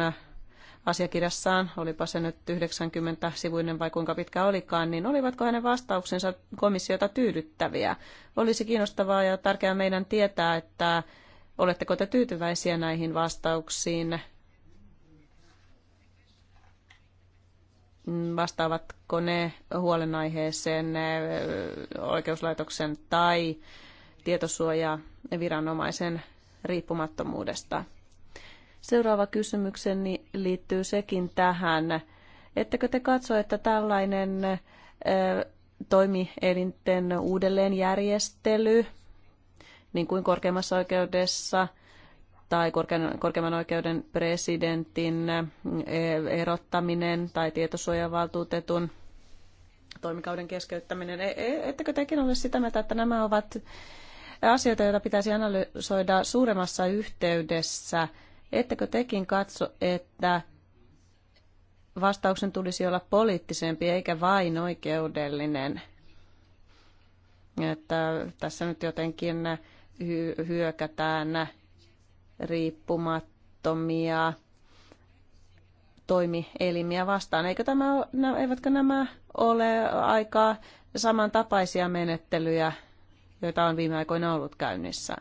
C: asiakirjassaan, olipa se nyt 90-sivuinen vai kuinka pitkä olikaan, niin olivatko hänen vastauksensa komissiota tyydyttäviä? Olisi kiinnostavaa ja tärkeää meidän tietää, että oletteko te tyytyväisiä näihin vastauksiin? Vastaavatko ne huolenaiheeseen oikeuslaitoksen tai tietosuojaviranomaisen riippumattomuudesta? Seuraava kysymykseni liittyy sekin tähän. Ettekö te katso, että tällainen toimielinten uudelleenjärjestely, niin kuin korkeimmassa oikeudessa tai korkeimman oikeuden presidentin erottaminen tai tietosuojavaltuutetun toimikauden keskeyttäminen. E, e, ettekö tekin ole sitä mieltä, että nämä ovat asioita, joita pitäisi analysoida suuremmassa yhteydessä – Ettekö tekin katso, että vastauksen tulisi olla poliittisempi eikä vain oikeudellinen? Että tässä nyt jotenkin hyökätään riippumattomia toimielimiä vastaan. Eikö tämä, eivätkö nämä ole aika samantapaisia menettelyjä, joita on viime aikoina ollut käynnissä?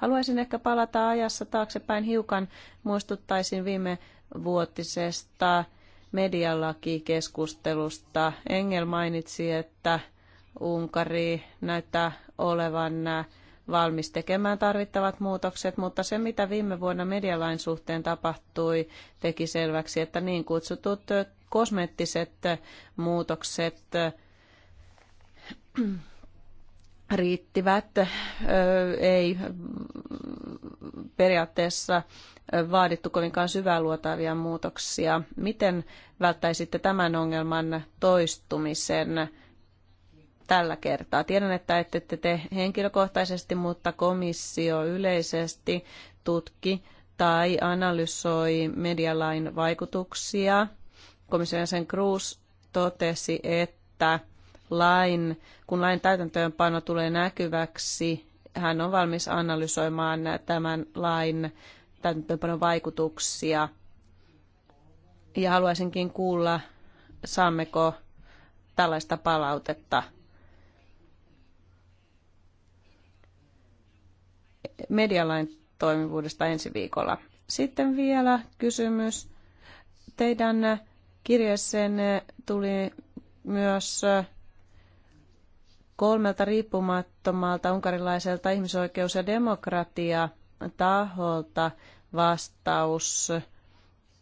C: Haluaisin ehkä palata ajassa taaksepäin hiukan. Muistuttaisin viime vuotisesta medialakikeskustelusta. Engel mainitsi, että Unkari näyttää olevan valmis tekemään tarvittavat muutokset, mutta se mitä viime vuonna medialain suhteen tapahtui, teki selväksi, että niin kutsutut kosmeettiset muutokset riittivät, ei periaatteessa vaadittu kovinkaan syvää muutoksia. Miten välttäisitte tämän ongelman toistumisen tällä kertaa? Tiedän, että ette te henkilökohtaisesti, mutta komissio yleisesti tutki tai analysoi medialain vaikutuksia. Komission sen Cruz totesi, että lain, kun lain täytäntöönpano tulee näkyväksi, hän on valmis analysoimaan tämän lain täytäntöönpanon vaikutuksia. Ja haluaisinkin kuulla, saammeko tällaista palautetta. medialain toimivuudesta ensi viikolla. Sitten vielä kysymys. Teidän kirjeeseen tuli myös kolmelta riippumattomalta unkarilaiselta ihmisoikeus- ja demokratia-taholta vastaus.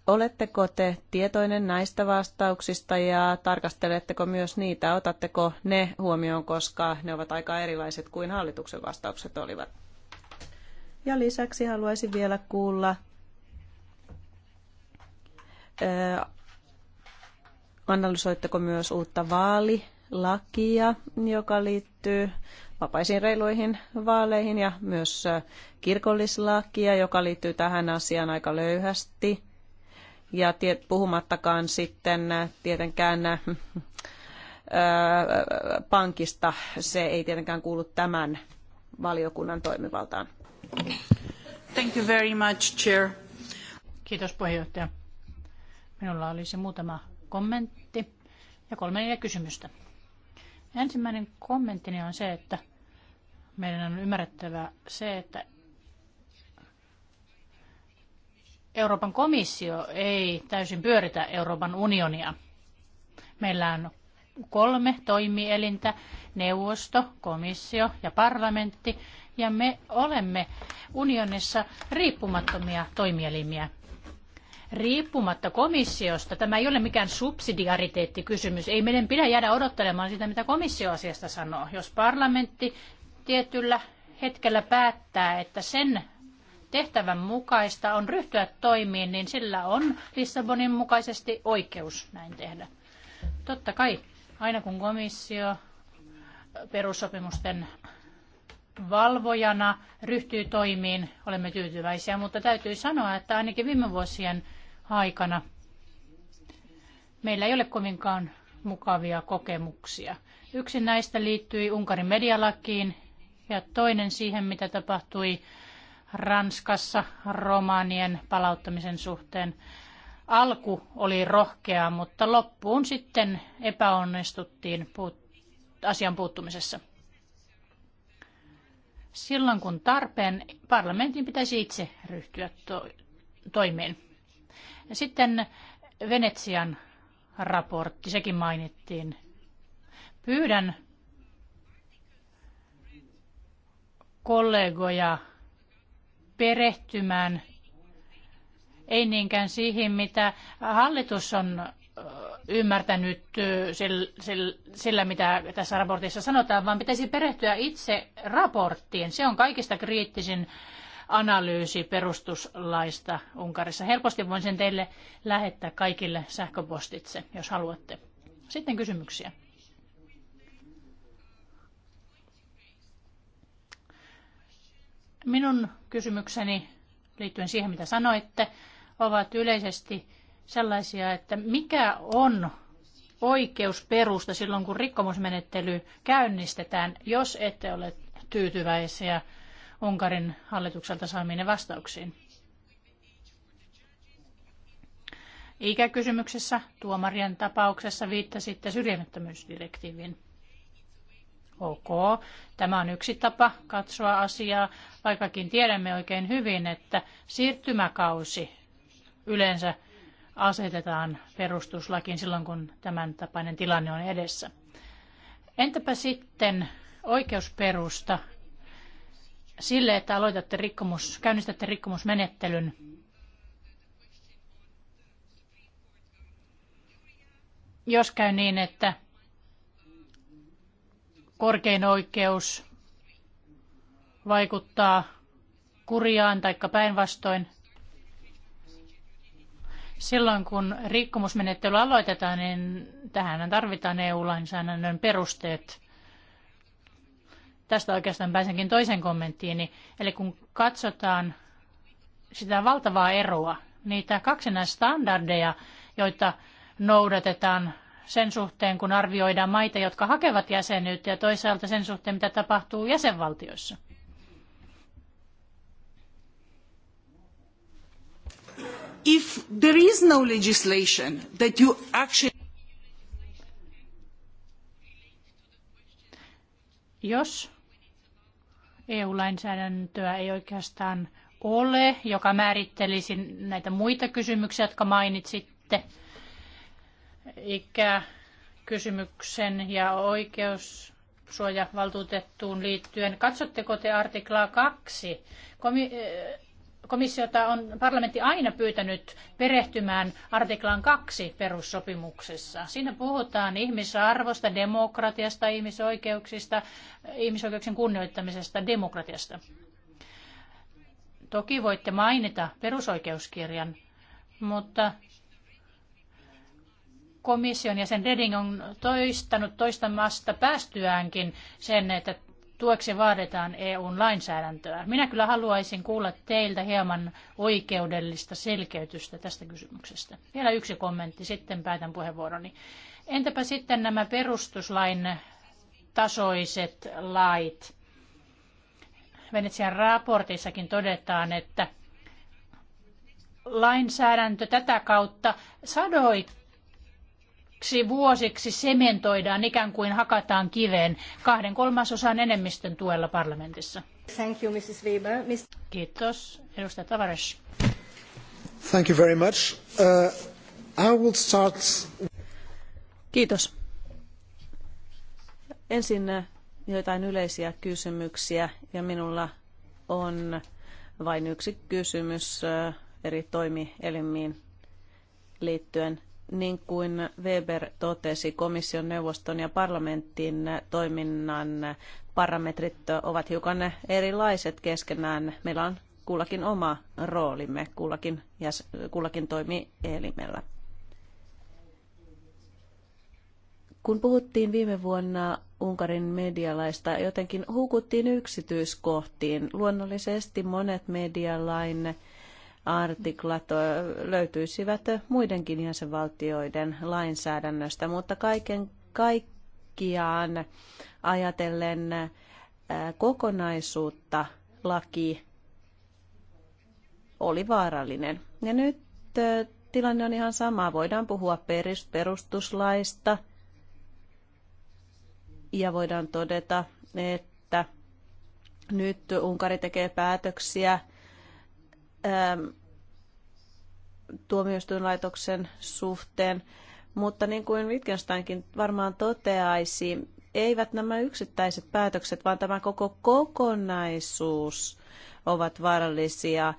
C: Oletteko te tietoinen näistä vastauksista ja tarkasteletteko myös niitä? Otatteko ne huomioon, koska ne ovat aika erilaiset kuin hallituksen vastaukset olivat? Ja lisäksi haluaisin vielä kuulla analysoitteko myös uutta vaali lakia, joka liittyy vapaisiin reiluihin vaaleihin ja myös kirkollislakia, joka liittyy tähän asiaan aika löyhästi. Ja tiet, puhumattakaan sitten tietenkään pankista, se ei tietenkään kuulu tämän valiokunnan
B: toimivaltaan. Thank you very much, Chair. Kiitos puheenjohtaja. Minulla olisi muutama kommentti ja kolme neljä kysymystä. Ensimmäinen kommenttini on se, että meidän on ymmärrettävä se, että Euroopan komissio ei täysin pyöritä Euroopan unionia. Meillä on kolme toimielintä, neuvosto, komissio ja parlamentti, ja me olemme unionissa riippumattomia toimielimiä riippumatta komissiosta. Tämä ei ole mikään subsidiariteettikysymys. Ei meidän pidä jäädä odottelemaan sitä, mitä komissio asiasta sanoo. Jos parlamentti tietyllä hetkellä päättää, että sen tehtävän mukaista on ryhtyä toimiin, niin sillä on Lissabonin mukaisesti oikeus näin tehdä. Totta kai, aina kun komissio perussopimusten valvojana ryhtyy toimiin, olemme tyytyväisiä, mutta täytyy sanoa, että ainakin viime vuosien aikana meillä ei ole kovinkaan mukavia kokemuksia. Yksi näistä liittyi Unkarin medialakiin ja toinen siihen, mitä tapahtui Ranskassa romaanien palauttamisen suhteen. Alku oli rohkea, mutta loppuun sitten epäonnistuttiin puut- asian puuttumisessa. Silloin kun tarpeen, parlamentin pitäisi itse ryhtyä to- toimeen. Sitten Venetsian raportti, sekin mainittiin. Pyydän kollegoja perehtymään ei niinkään siihen, mitä hallitus on ymmärtänyt sillä, mitä tässä raportissa sanotaan, vaan pitäisi perehtyä itse raporttiin. Se on kaikista kriittisin analyysi perustuslaista Unkarissa. Helposti voin sen teille lähettää kaikille sähköpostitse, jos haluatte. Sitten kysymyksiä. Minun kysymykseni liittyen siihen, mitä sanoitte, ovat yleisesti sellaisia, että mikä on oikeusperusta silloin, kun rikkomusmenettely käynnistetään, jos ette ole tyytyväisiä Unkarin hallitukselta saamiin vastauksiin. Ikäkysymyksessä tuomarien tapauksessa viittasitte syrjimättömyysdirektiiviin. Ok, tämä on yksi tapa katsoa asiaa, vaikkakin tiedämme oikein hyvin, että siirtymäkausi yleensä asetetaan perustuslakiin silloin, kun tämän tapainen tilanne on edessä. Entäpä sitten oikeusperusta sille, että aloitatte rikkomus, käynnistätte rikkomusmenettelyn. Jos käy niin, että korkein oikeus vaikuttaa kurjaan tai päinvastoin, silloin kun rikkomusmenettely aloitetaan, niin tähän tarvitaan EU-lainsäädännön perusteet – Tästä oikeastaan pääsenkin toisen kommenttiin. Eli kun katsotaan sitä valtavaa eroa, niitä kaksinaistandardeja, joita noudatetaan sen suhteen, kun arvioidaan maita, jotka hakevat jäsenyyttä, ja toisaalta sen suhteen, mitä tapahtuu jäsenvaltioissa? If there is no legislation that you actually... Jos EU-lainsäädäntöä ei oikeastaan ole, joka määrittelisi näitä muita kysymyksiä, jotka mainitsitte. Ikäkysymyksen kysymyksen ja oikeus liittyen. Katsotteko te artiklaa 2? komissiota on parlamentti aina pyytänyt perehtymään artiklaan kaksi perussopimuksessa. Siinä puhutaan ihmisarvosta, demokratiasta, ihmisoikeuksista, ihmisoikeuksien kunnioittamisesta, demokratiasta. Toki voitte mainita perusoikeuskirjan, mutta komission ja sen Reding on toistanut toistamasta päästyäänkin sen, että tueksi vaaditaan EUn lainsäädäntöä. Minä kyllä haluaisin kuulla teiltä hieman oikeudellista selkeytystä tästä kysymyksestä. Vielä yksi kommentti, sitten päätän puheenvuoroni. Entäpä sitten nämä perustuslain tasoiset lait? Venetsian raportissakin todetaan, että lainsäädäntö tätä kautta sadoit, uusiksi vuosiksi sementoidaan, ikään kuin hakataan kiveen kahden kolmasosan enemmistön tuella parlamentissa. Thank you, Mrs. Weber. Mis- Kiitos, edustaja Tavares.
C: Thank you very much. Uh, I will start... Kiitos. Ensin uh, joitain yleisiä kysymyksiä ja minulla on vain yksi kysymys uh, eri toimielimiin liittyen niin kuin Weber totesi, komission neuvoston ja parlamentin toiminnan parametrit ovat hiukan erilaiset keskenään. Meillä on kullakin oma roolimme, kullakin, jäs, kullakin toimielimellä. Kun puhuttiin viime vuonna Unkarin medialaista, jotenkin hukuttiin yksityiskohtiin. Luonnollisesti monet medialain artiklat löytyisivät muidenkin jäsenvaltioiden lainsäädännöstä, mutta kaiken kaikkiaan ajatellen kokonaisuutta laki oli vaarallinen. Ja nyt tilanne on ihan sama. Voidaan puhua perustuslaista ja voidaan todeta, että nyt Unkari tekee päätöksiä Ähm, tuomioistuinlaitoksen suhteen, mutta niin kuin Wittgensteinkin varmaan toteaisi, eivät nämä yksittäiset päätökset, vaan tämä koko kokonaisuus ovat vaarallisia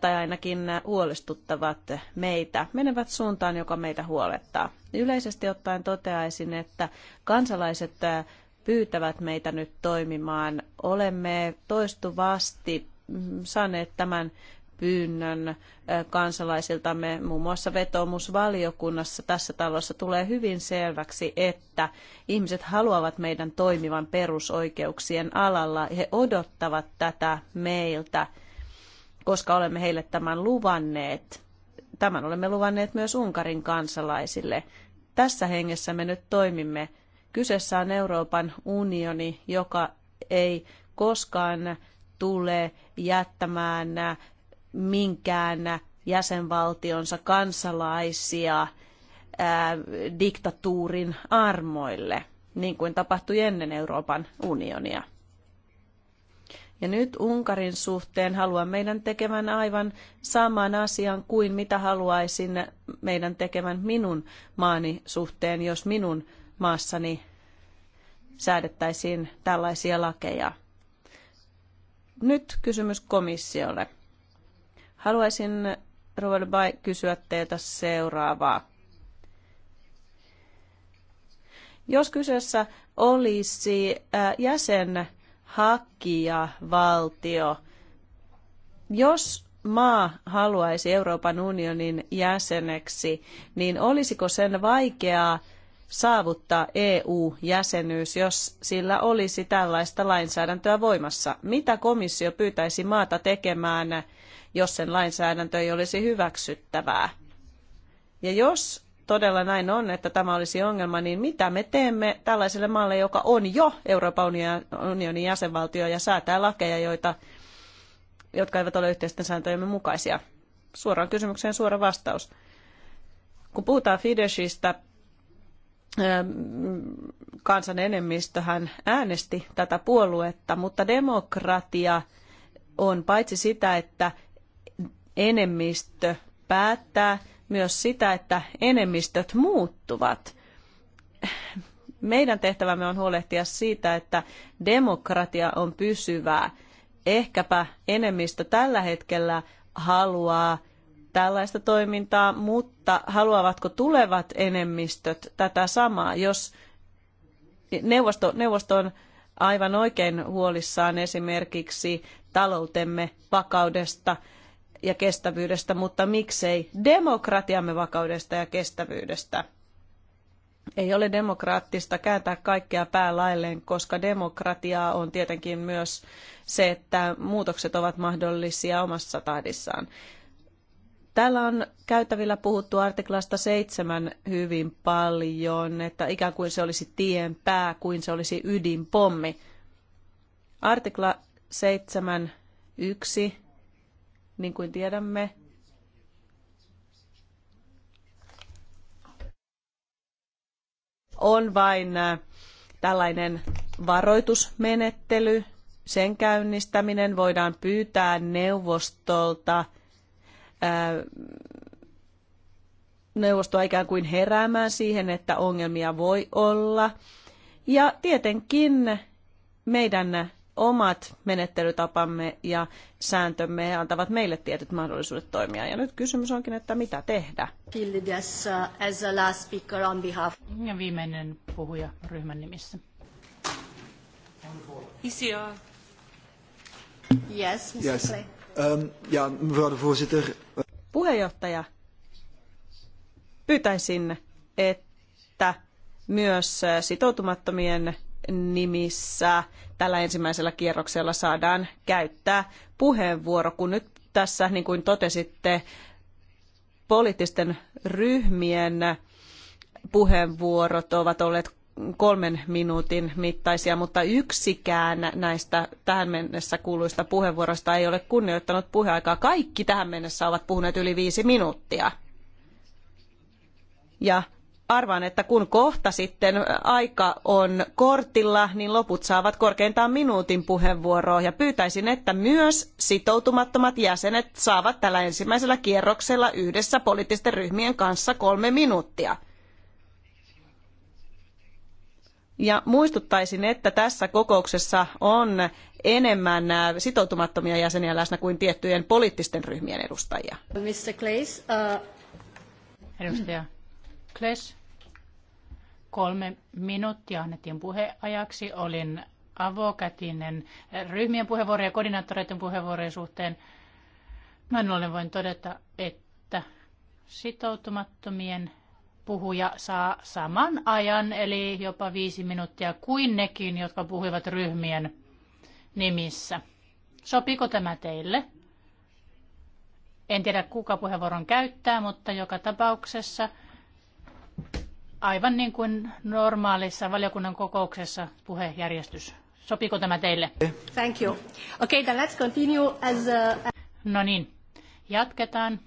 C: tai ainakin huolestuttavat meitä, menevät suuntaan, joka meitä huolettaa. Yleisesti ottaen toteaisin, että kansalaiset äh, pyytävät meitä nyt toimimaan. Olemme toistuvasti mm, saaneet tämän pyynnön kansalaisiltamme, muun muassa vetoomusvaliokunnassa tässä talossa tulee hyvin selväksi, että ihmiset haluavat meidän toimivan perusoikeuksien alalla. He odottavat tätä meiltä, koska olemme heille tämän luvanneet. Tämän olemme luvanneet myös Unkarin kansalaisille. Tässä hengessä me nyt toimimme. Kyseessä on Euroopan unioni, joka ei koskaan tule jättämään minkään jäsenvaltionsa kansalaisia ää, diktatuurin armoille, niin kuin tapahtui ennen Euroopan unionia. Ja nyt Unkarin suhteen haluan meidän tekevän aivan saman asian kuin mitä haluaisin meidän tekevän minun maani suhteen, jos minun maassani säädettäisiin tällaisia lakeja. Nyt kysymys komissiolle. Haluaisin Robert Bay kysyä teiltä seuraavaa. Jos kyseessä olisi äh, jäsenhakija valtio, jos maa haluaisi Euroopan unionin jäseneksi, niin olisiko sen vaikeaa saavuttaa EU-jäsenyys, jos sillä olisi tällaista lainsäädäntöä voimassa? Mitä komissio pyytäisi maata tekemään jos sen lainsäädäntö ei olisi hyväksyttävää. Ja jos todella näin on, että tämä olisi ongelma, niin mitä me teemme tällaiselle maalle, joka on jo Euroopan unionin jäsenvaltio ja säätää lakeja, joita, jotka eivät ole yhteisten sääntöjemme mukaisia? Suoraan kysymykseen suora vastaus. Kun puhutaan Fideshistä, ähm, kansan enemmistöhän äänesti tätä puoluetta, mutta demokratia on paitsi sitä, että enemmistö päättää myös sitä, että enemmistöt muuttuvat. Meidän tehtävämme on huolehtia siitä, että demokratia on pysyvää. Ehkäpä enemmistö tällä hetkellä haluaa tällaista toimintaa, mutta haluavatko tulevat enemmistöt tätä samaa? Jos neuvosto, neuvosto on aivan oikein huolissaan esimerkiksi taloutemme vakaudesta, ja kestävyydestä, mutta miksei demokratiamme vakaudesta ja kestävyydestä. Ei ole demokraattista kääntää kaikkea päälailleen, koska demokratiaa on tietenkin myös se, että muutokset ovat mahdollisia omassa tahdissaan. Täällä on käytävillä puhuttu artiklasta seitsemän hyvin paljon, että ikään kuin se olisi tien pää, kuin se olisi ydinpommi. Artikla seitsemän yksi niin kuin tiedämme, on vain äh, tällainen varoitusmenettely, sen käynnistäminen voidaan pyytää neuvostolta äh, neuvostoa ikään kuin heräämään siihen, että ongelmia voi olla. Ja tietenkin meidän omat menettelytapamme ja sääntömme antavat meille tietyt mahdollisuudet toimia. Ja nyt kysymys onkin, että mitä tehdä?
A: Uh, as a last speaker on behalf. Ja viimeinen puhuja ryhmän nimissä. Isia. Yes, Mr.
C: yes.
D: Um, ja, mevrouw de voorzitter. Eh,
C: Puheenjohtaja, pyytäisin, että myös eh, sitoutumattomien nimissä tällä ensimmäisellä kierroksella saadaan käyttää puheenvuoro, kun nyt tässä, niin kuin totesitte, poliittisten ryhmien puheenvuorot ovat olleet kolmen minuutin mittaisia, mutta yksikään näistä tähän mennessä kuuluista puheenvuoroista ei ole kunnioittanut puheaikaa. Kaikki tähän mennessä ovat puhuneet yli viisi minuuttia. Ja arvaan, että kun kohta sitten aika on kortilla, niin loput saavat korkeintaan minuutin puheenvuoroa. Ja pyytäisin, että myös sitoutumattomat jäsenet saavat tällä ensimmäisellä kierroksella yhdessä poliittisten ryhmien kanssa kolme minuuttia. Ja muistuttaisin, että tässä kokouksessa on enemmän sitoutumattomia jäseniä läsnä kuin tiettyjen poliittisten ryhmien edustajia.
B: Mr. Claes, uh... Edustaja Kles. Kolme minuuttia annettiin puheajaksi. Olin avokätinen ryhmien puheenvuorojen ja koordinaattoreiden puheenvuorojen suhteen. Näin ollen voin todeta, että sitoutumattomien puhuja saa saman ajan, eli jopa viisi minuuttia kuin nekin, jotka puhuivat ryhmien nimissä. Sopiko tämä teille? En tiedä, kuka puheenvuoron käyttää, mutta joka tapauksessa – aivan niin kuin normaalissa valiokunnan kokouksessa puhejärjestys. Sopiiko tämä teille? Thank you. Okay, then let's continue as a... No niin, jatketaan.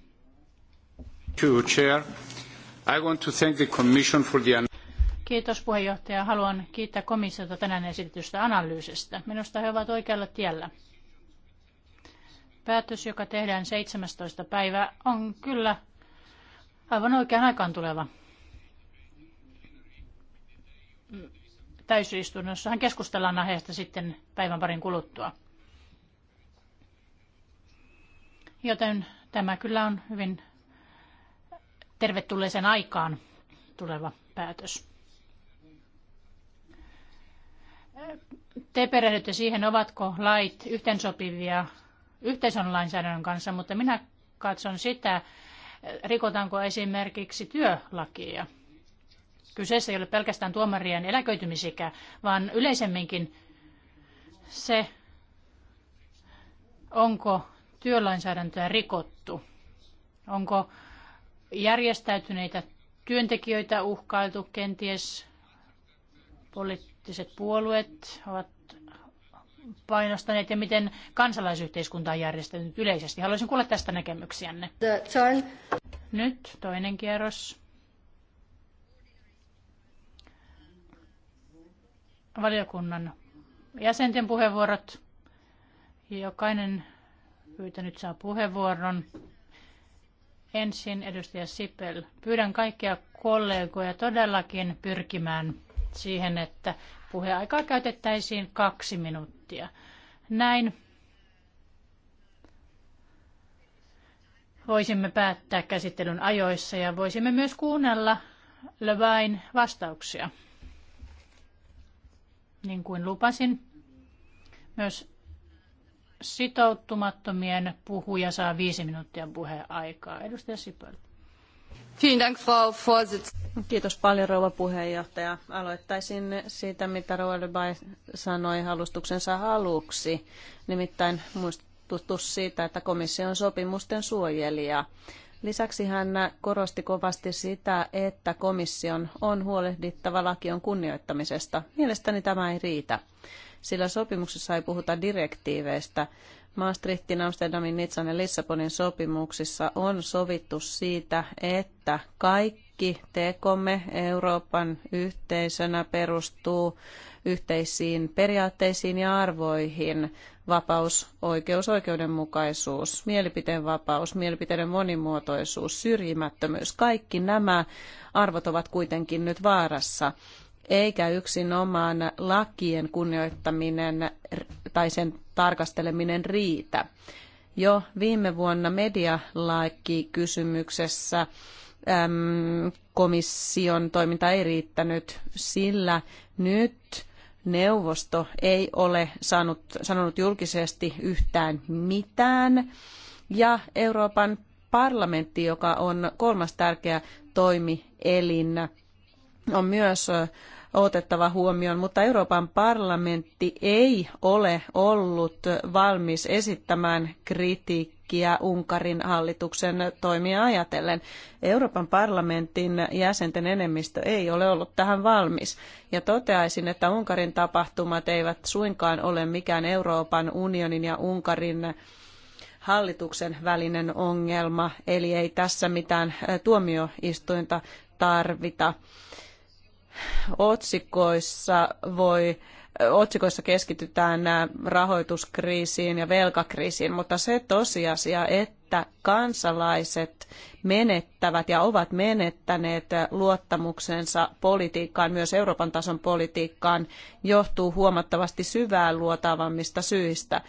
B: Kiitos puheenjohtaja. Haluan kiittää komissiota tänään esitetystä analyysistä. Minusta he ovat oikealla tiellä. Päätös, joka tehdään 17. päivä, on kyllä aivan oikean aikaan tuleva täysistunnossahan keskustellaan aiheesta sitten päivän parin kuluttua. Joten tämä kyllä on hyvin tervetulleeseen aikaan tuleva päätös. Te perehdytte siihen, ovatko lait yhteensopivia yhteisön lainsäädännön kanssa, mutta minä katson sitä, rikotaanko esimerkiksi työlakia – Kyseessä ei ole pelkästään tuomarien eläköitymisikä, vaan yleisemminkin se, onko työlainsäädäntöä rikottu, onko järjestäytyneitä työntekijöitä uhkailtu, kenties poliittiset puolueet ovat painostaneet ja miten kansalaisyhteiskunta on järjestänyt yleisesti. Haluaisin kuulla tästä näkemyksiänne. Nyt toinen kierros. valiokunnan jäsenten puheenvuorot. Jokainen pyytänyt saa puheenvuoron. Ensin edustaja Sipel. Pyydän kaikkia kollegoja todellakin pyrkimään siihen, että puheaikaa käytettäisiin kaksi minuuttia. Näin voisimme päättää käsittelyn ajoissa ja voisimme myös kuunnella Levain vastauksia niin kuin lupasin. Myös sitoutumattomien puhuja saa viisi minuuttia puheaikaa. Edustaja Sipöl.
C: Kiitos paljon rouva puheenjohtaja. Aloittaisin siitä, mitä Rouva Dubai sanoi alustuksensa aluksi, nimittäin muistutus siitä, että komissio on sopimusten suojelija. Lisäksi hän korosti kovasti sitä, että komission on huolehdittava lakion kunnioittamisesta. Mielestäni tämä ei riitä, sillä sopimuksessa ei puhuta direktiiveistä. Maastrichtin, Amsterdamin, Nitsan ja Lissabonin sopimuksissa on sovittu siitä, että kaikki kaikki tekomme Euroopan yhteisönä perustuu yhteisiin periaatteisiin ja arvoihin. Vapaus, oikeus, oikeudenmukaisuus, mielipiteen vapaus, mielipiteiden monimuotoisuus, syrjimättömyys, kaikki nämä arvot ovat kuitenkin nyt vaarassa eikä yksin omaan lakien kunnioittaminen tai sen tarkasteleminen riitä. Jo viime vuonna medialaki kysymyksessä Ähm, komission toiminta ei riittänyt, sillä nyt neuvosto ei ole saanut, sanonut julkisesti yhtään mitään. Ja Euroopan parlamentti, joka on kolmas tärkeä toimielin, on myös otettava huomioon, mutta Euroopan parlamentti ei ole ollut valmis esittämään kritiikkiä Unkarin hallituksen toimia ajatellen. Euroopan parlamentin jäsenten enemmistö ei ole ollut tähän valmis. Ja toteaisin, että Unkarin tapahtumat eivät suinkaan ole mikään Euroopan unionin ja Unkarin hallituksen välinen ongelma, eli ei tässä mitään tuomioistuinta tarvita otsikoissa voi otsikoissa keskitytään äh, rahoituskriisiin ja velkakriisiin, mutta se tosiasia, että kansalaiset menettävät ja ovat menettäneet äh, luottamuksensa politiikkaan, myös Euroopan tason politiikkaan, johtuu huomattavasti syvään luotavammista syistä.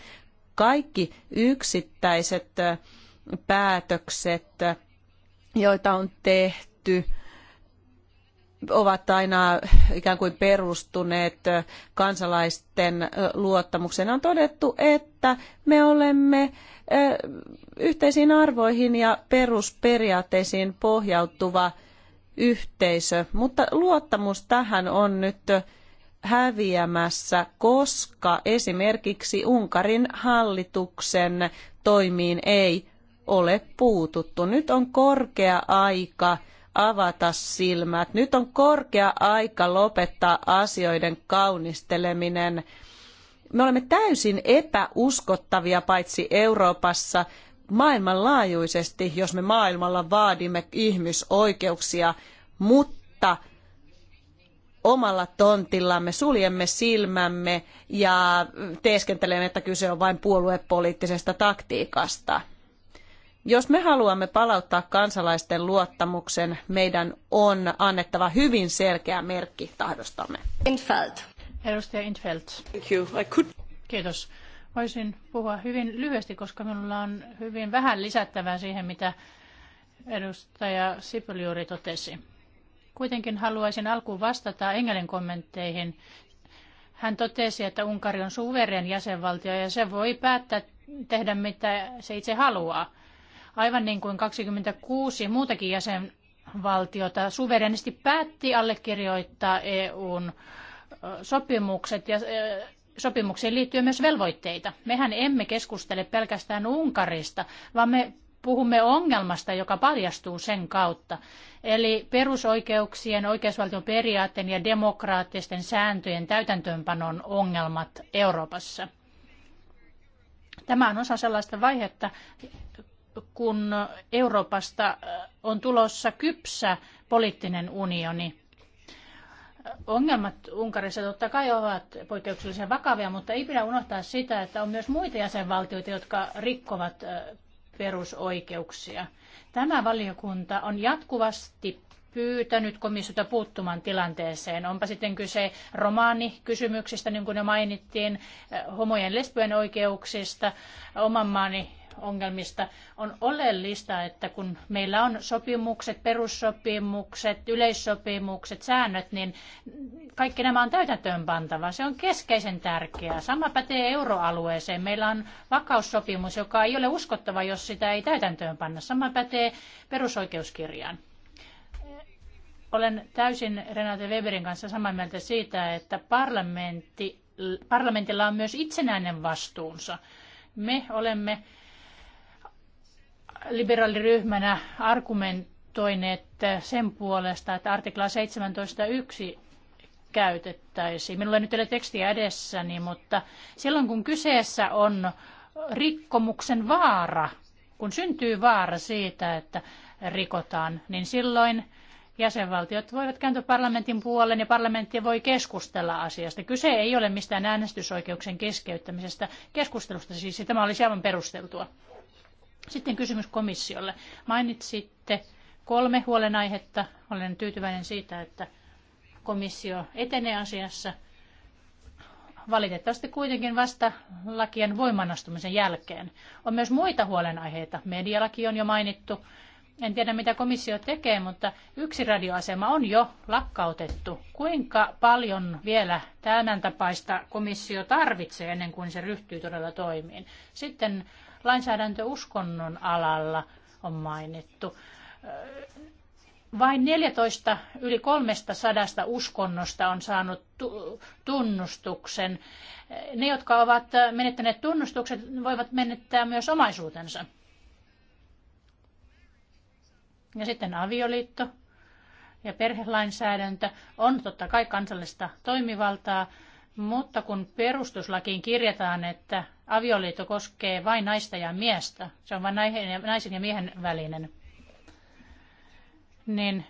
C: Kaikki yksittäiset äh, päätökset, joita on tehty, ovat aina ikään kuin perustuneet kansalaisten luottamukseen. On todettu, että me olemme yhteisiin arvoihin ja perusperiaatteisiin pohjautuva yhteisö, mutta luottamus tähän on nyt häviämässä, koska esimerkiksi Unkarin hallituksen toimiin ei ole puututtu. Nyt on korkea aika avata silmät. Nyt on korkea aika lopettaa asioiden kaunisteleminen. Me olemme täysin epäuskottavia paitsi Euroopassa, maailmanlaajuisesti, jos me maailmalla vaadimme ihmisoikeuksia, mutta omalla tontillamme suljemme silmämme ja teeskentelemme, että kyse on vain puoluepoliittisesta taktiikasta. Jos me haluamme palauttaa kansalaisten luottamuksen, meidän on annettava hyvin selkeä merkki tahdostamme.
B: Infeld. Edustaja Infeld. Thank you. I could... Kiitos. Voisin puhua hyvin lyhyesti, koska minulla on hyvin vähän lisättävää siihen, mitä edustaja Sipuli juuri totesi. Kuitenkin haluaisin alkuun vastata Engelin kommentteihin. Hän totesi, että Unkari on suveren jäsenvaltio ja se voi päättää tehdä mitä se itse haluaa aivan niin kuin 26 muutakin jäsenvaltiota suverenisti päätti allekirjoittaa EUn sopimukset ja sopimuksiin liittyy myös velvoitteita. Mehän emme keskustele pelkästään Unkarista, vaan me puhumme ongelmasta, joka paljastuu sen kautta. Eli perusoikeuksien, oikeusvaltion periaatteen ja demokraattisten sääntöjen täytäntöönpanon ongelmat Euroopassa. Tämä on osa sellaista vaihetta, kun Euroopasta äh, on tulossa kypsä poliittinen unioni. Ongelmat Unkarissa totta kai ovat poikkeuksellisen vakavia, mutta ei pidä unohtaa sitä, että on myös muita jäsenvaltioita, jotka rikkovat äh, perusoikeuksia. Tämä valiokunta on jatkuvasti pyytänyt komissiota puuttumaan tilanteeseen. Onpa sitten kyse romaanikysymyksistä, niin kuin ne mainittiin, äh, homojen lesbojen oikeuksista, oman maani ongelmista. On oleellista, että kun meillä on sopimukset, perussopimukset, yleissopimukset, säännöt, niin kaikki nämä on täytäntöönpantava. Se on keskeisen tärkeää. Sama pätee euroalueeseen. Meillä on vakaussopimus, joka ei ole uskottava, jos sitä ei täytäntöönpanna. Sama pätee perusoikeuskirjaan olen täysin Renate Weberin kanssa samaa mieltä siitä, että parlamentti, parlamentilla on myös itsenäinen vastuunsa. Me olemme liberaaliryhmänä argumentoineet sen puolesta, että artikla 17.1 käytettäisiin. Minulla ei nyt ole tekstiä edessäni, mutta silloin kun kyseessä on rikkomuksen vaara, kun syntyy vaara siitä, että rikotaan, niin silloin jäsenvaltiot voivat kääntyä parlamentin puoleen ja parlamentti voi keskustella asiasta. Kyse ei ole mistään äänestysoikeuksen keskeyttämisestä keskustelusta, siis tämä olisi aivan perusteltua. Sitten kysymys komissiolle. Mainitsitte kolme huolenaihetta. Olen tyytyväinen siitä, että komissio etenee asiassa. Valitettavasti kuitenkin vasta lakien voimanastumisen jälkeen. On myös muita huolenaiheita. Medialaki on jo mainittu. En tiedä, mitä komissio tekee, mutta yksi radioasema on jo lakkautettu. Kuinka paljon vielä tämän tapaista komissio tarvitsee ennen kuin se ryhtyy todella toimiin? Sitten lainsäädäntö uskonnon alalla on mainittu. Vain 14 yli 300 uskonnosta on saanut tunnustuksen. Ne, jotka ovat menettäneet tunnustuksen, voivat menettää myös omaisuutensa. Ja sitten avioliitto ja perhelainsäädäntö on totta kai kansallista toimivaltaa, mutta kun perustuslakiin kirjataan, että avioliitto koskee vain naista ja miestä, se on vain naisen ja miehen välinen, niin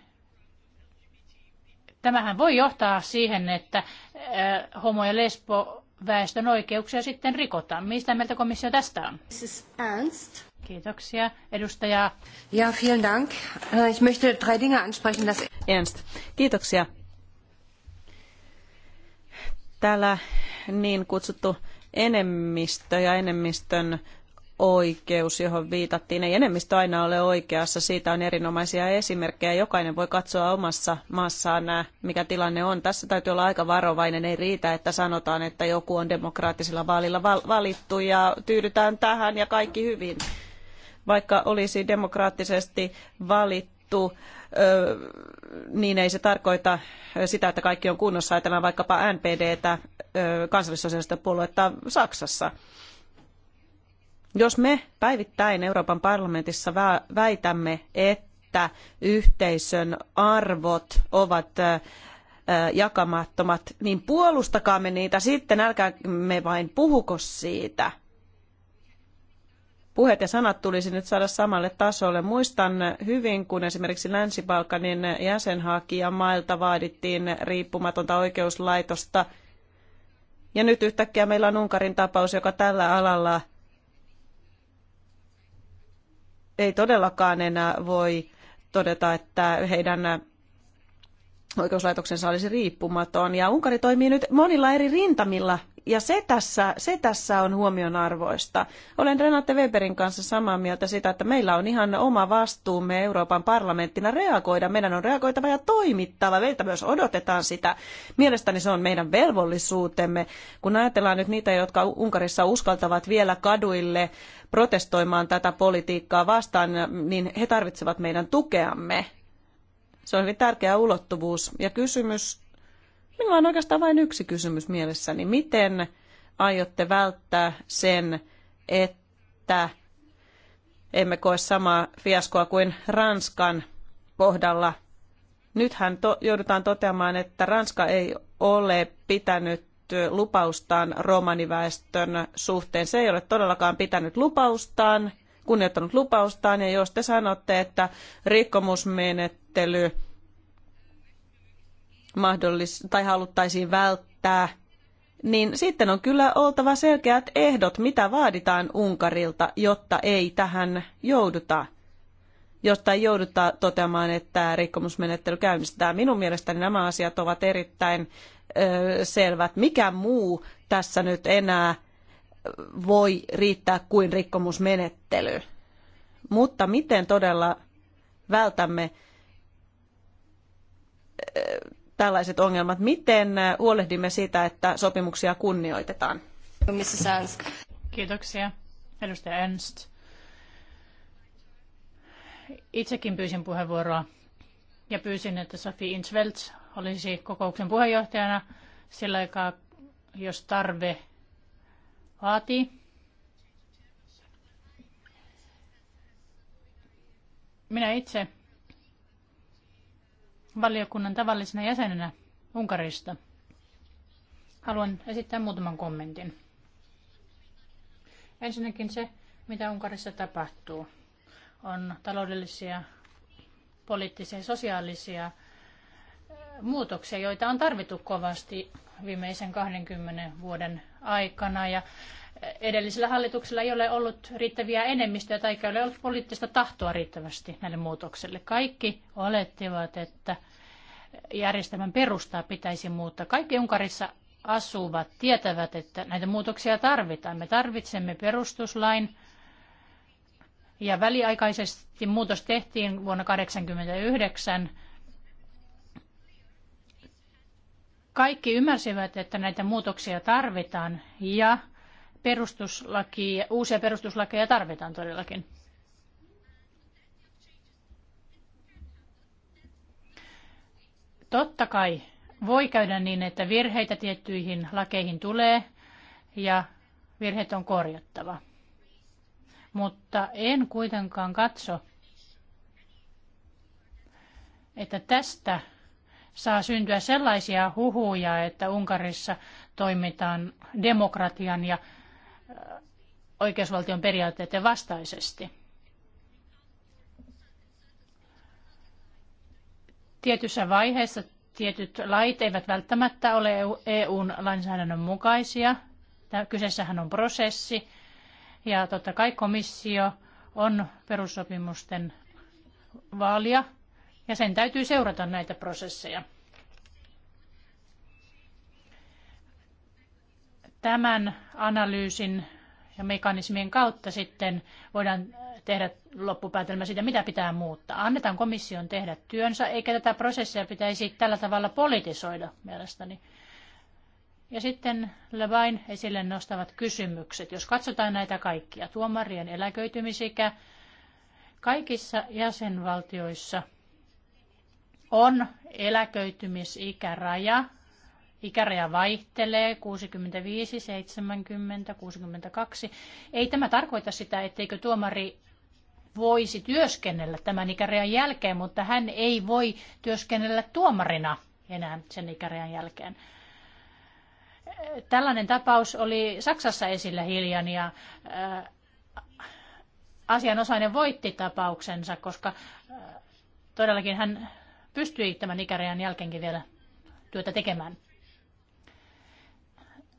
B: tämähän voi johtaa siihen, että eh, homo- ja väestön oikeuksia sitten rikotaan. Mistä mieltä komissio tästä on? Ernst. Kiitoksia. Edustaja. Ja, vielen Dank. Äh, ich möchte drei Dinge ansprechen. Das... Ernst. Kiitoksia.
C: Täällä niin kutsuttu enemmistö ja enemmistön oikeus, johon viitattiin. Ei enemmistö aina ole oikeassa. Siitä on erinomaisia esimerkkejä. Jokainen voi katsoa omassa maassaan, äh, mikä tilanne on. Tässä täytyy olla aika varovainen. Ei riitä, että sanotaan, että joku on demokraattisilla vaalilla valittu ja tyydytään tähän ja kaikki hyvin. Vaikka olisi demokraattisesti valittu, valittu, niin ei se tarkoita sitä, että kaikki on kunnossa. Ajatellaan vaikkapa NPDtä, kansallissosiaalista puoluetta Saksassa. Jos me päivittäin Euroopan parlamentissa väitämme, että yhteisön arvot ovat jakamattomat, niin puolustakaamme niitä sitten, älkää me vain puhuko siitä puheet ja sanat tulisi nyt saada samalle tasolle. Muistan hyvin, kun esimerkiksi Länsi-Balkanin jäsenhakijamailta vaadittiin riippumatonta oikeuslaitosta. Ja nyt yhtäkkiä meillä on Unkarin tapaus, joka tällä alalla ei todellakaan enää voi todeta, että heidän oikeuslaitoksensa olisi riippumaton. Ja Unkari toimii nyt monilla eri rintamilla ja se tässä, se tässä on huomionarvoista. Olen Renate Weberin kanssa samaa mieltä sitä, että meillä on ihan oma vastuumme Euroopan parlamenttina reagoida. Meidän on reagoitava ja toimittava. Meiltä myös odotetaan sitä. Mielestäni se on meidän velvollisuutemme. Kun ajatellaan nyt niitä, jotka Unkarissa uskaltavat vielä kaduille protestoimaan tätä politiikkaa vastaan, niin he tarvitsevat meidän tukeamme. Se on hyvin tärkeä ulottuvuus. Ja kysymys Minulla on oikeastaan vain yksi kysymys mielessäni. Miten aiotte välttää sen, että emme koe samaa fiaskoa kuin Ranskan kohdalla? Nythän to- joudutaan toteamaan, että Ranska ei ole pitänyt lupaustaan romaniväestön suhteen. Se ei ole todellakaan pitänyt lupaustaan, kunnioittanut lupaustaan, ja jos te sanotte, että rikkomusmenettely mahdollis- tai haluttaisiin välttää, niin sitten on kyllä oltava selkeät ehdot, mitä vaaditaan Unkarilta, jotta ei tähän jouduta. Jotta ei jouduta toteamaan, että rikkomusmenettely käynnistetään. Minun mielestäni nämä asiat ovat erittäin ö, selvät. Mikä muu tässä nyt enää voi riittää kuin rikkomusmenettely? Mutta miten todella vältämme tällaiset ongelmat. Miten äh, huolehdimme siitä, että
B: sopimuksia kunnioitetaan? Kiitoksia. Edustaja Ernst. Itsekin pyysin puheenvuoroa ja pyysin, että Safi Intveld olisi kokouksen puheenjohtajana sillä aikaa, jos tarve vaatii. Minä itse valiokunnan tavallisena jäsenenä Unkarista. Haluan esittää muutaman kommentin. Ensinnäkin se, mitä Unkarissa tapahtuu, on taloudellisia, poliittisia ja sosiaalisia muutoksia, joita on tarvittu kovasti viimeisen 20 vuoden aikana. Ja edellisellä hallituksella ei ole ollut riittäviä enemmistöjä tai ei ole ollut poliittista tahtoa riittävästi näille muutoksille. Kaikki olettivat, että järjestelmän perustaa pitäisi muuttaa. Kaikki Unkarissa asuvat tietävät, että näitä muutoksia tarvitaan. Me tarvitsemme perustuslain ja väliaikaisesti muutos tehtiin vuonna 1989 Kaikki ymmärsivät, että näitä muutoksia tarvitaan ja perustuslaki, uusia perustuslakeja tarvitaan todellakin. Totta kai voi käydä niin, että virheitä tiettyihin lakeihin tulee ja virheet on korjattava. Mutta en kuitenkaan katso, että tästä saa syntyä sellaisia huhuja, että Unkarissa toimitaan demokratian ja äh, oikeusvaltion periaatteiden vastaisesti. Tietyssä vaiheessa tietyt lait eivät välttämättä ole eu lainsäädännön mukaisia. Kyseessähän on prosessi ja totta kai komissio on perussopimusten vaalia – ja sen täytyy seurata näitä prosesseja. Tämän analyysin ja mekanismien kautta sitten voidaan tehdä loppupäätelmä siitä, mitä pitää muuttaa. Annetaan komission tehdä työnsä, eikä tätä prosessia pitäisi tällä tavalla politisoida mielestäni. Ja sitten Levain esille nostavat kysymykset. Jos katsotaan näitä kaikkia, tuomarien eläköitymisikä, kaikissa jäsenvaltioissa – on eläköitymisikäraja. Ikäraja vaihtelee 65, 70, 62. Ei tämä tarkoita sitä, etteikö tuomari voisi työskennellä tämän ikärajan jälkeen, mutta hän ei voi työskennellä tuomarina enää sen ikärajan jälkeen. Tällainen tapaus oli Saksassa esillä hiljan ja äh, asianosainen voitti tapauksensa, koska äh, todellakin hän pystyi tämän ikärajan jälkeenkin vielä työtä tekemään.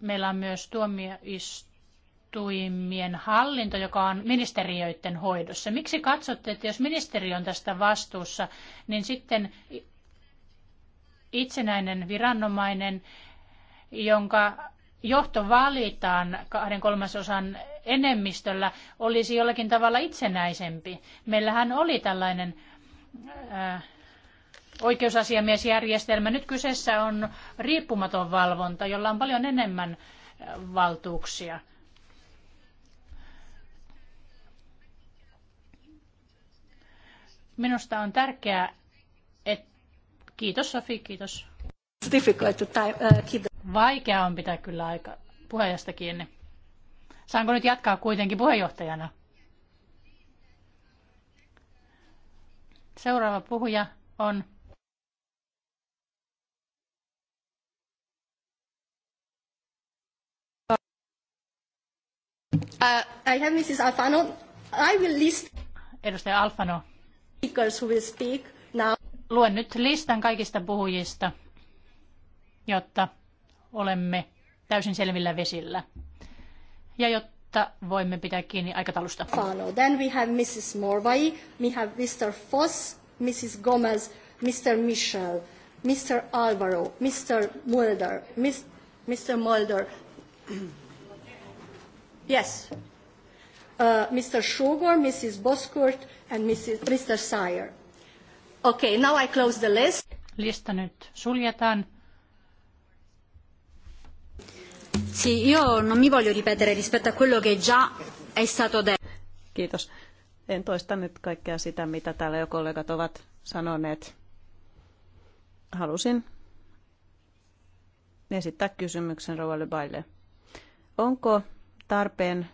B: Meillä on myös tuomioistuimien hallinto, joka on ministeriöiden hoidossa. Miksi katsotte, että jos ministeriö on tästä vastuussa, niin sitten itsenäinen viranomainen, jonka johto valitaan kahden kolmasosan enemmistöllä, olisi jollakin tavalla itsenäisempi. Meillähän oli tällainen äh, oikeusasiamiesjärjestelmä. Nyt kyseessä on riippumaton valvonta, jolla on paljon enemmän äh, valtuuksia. Minusta on tärkeää, että... Kiitos Sofi, kiitos. Uh, Vaikea on pitää kyllä aika puheenjohtajasta kiinni. Saanko nyt jatkaa kuitenkin puheenjohtajana? Seuraava puhuja on
A: Uh, I have Mrs. Alfano.
B: I will list... Edustaja Alfano. Speakers who will speak now. Luen nyt listan kaikista puhujista, jotta olemme täysin selvillä vesillä. Ja jotta voimme pitää kiinni aikataulusta. Alfano.
A: Then we have Mrs. Morvai, we have Mr. Foss, Mrs. Gomez, Mr. Michel, Mr. Alvaro, Mr. Mulder, Mr. Mulder, Yes. Uh, Mr. Sugar, Mrs. Boskurt and Mrs. Mr. Sire. Okay, now I close the
B: list. Lista nyt suljetaan. Sì, io non mi voglio ripetere rispetto a quello che già è stato detto. Kiitos.
C: En toista nyt kaikkea sitä, mitä täällä jo kollegat ovat sanoneet. Halusin esittää kysymyksen Rovalle Baille. Onko tarpeen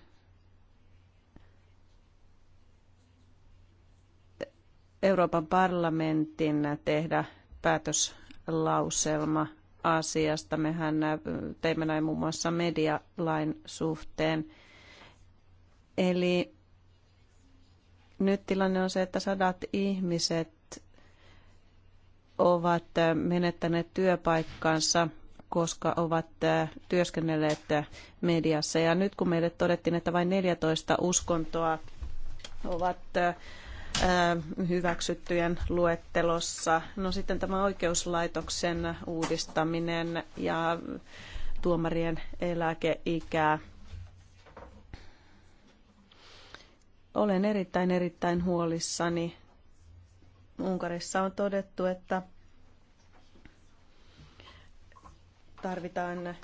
C: Euroopan parlamentin tehdä päätöslauselma asiasta. Mehän teimme näin muun muassa medialain suhteen. Eli nyt tilanne on se, että sadat ihmiset ovat menettäneet työpaikkansa koska ovat työskennelleet mediassa. Ja nyt kun meille todettiin, että vain 14 uskontoa ovat hyväksyttyjen luettelossa. No sitten tämä oikeuslaitoksen uudistaminen ja tuomarien eläkeikää. Olen erittäin erittäin huolissani. Unkarissa on todettu, että tarvitaan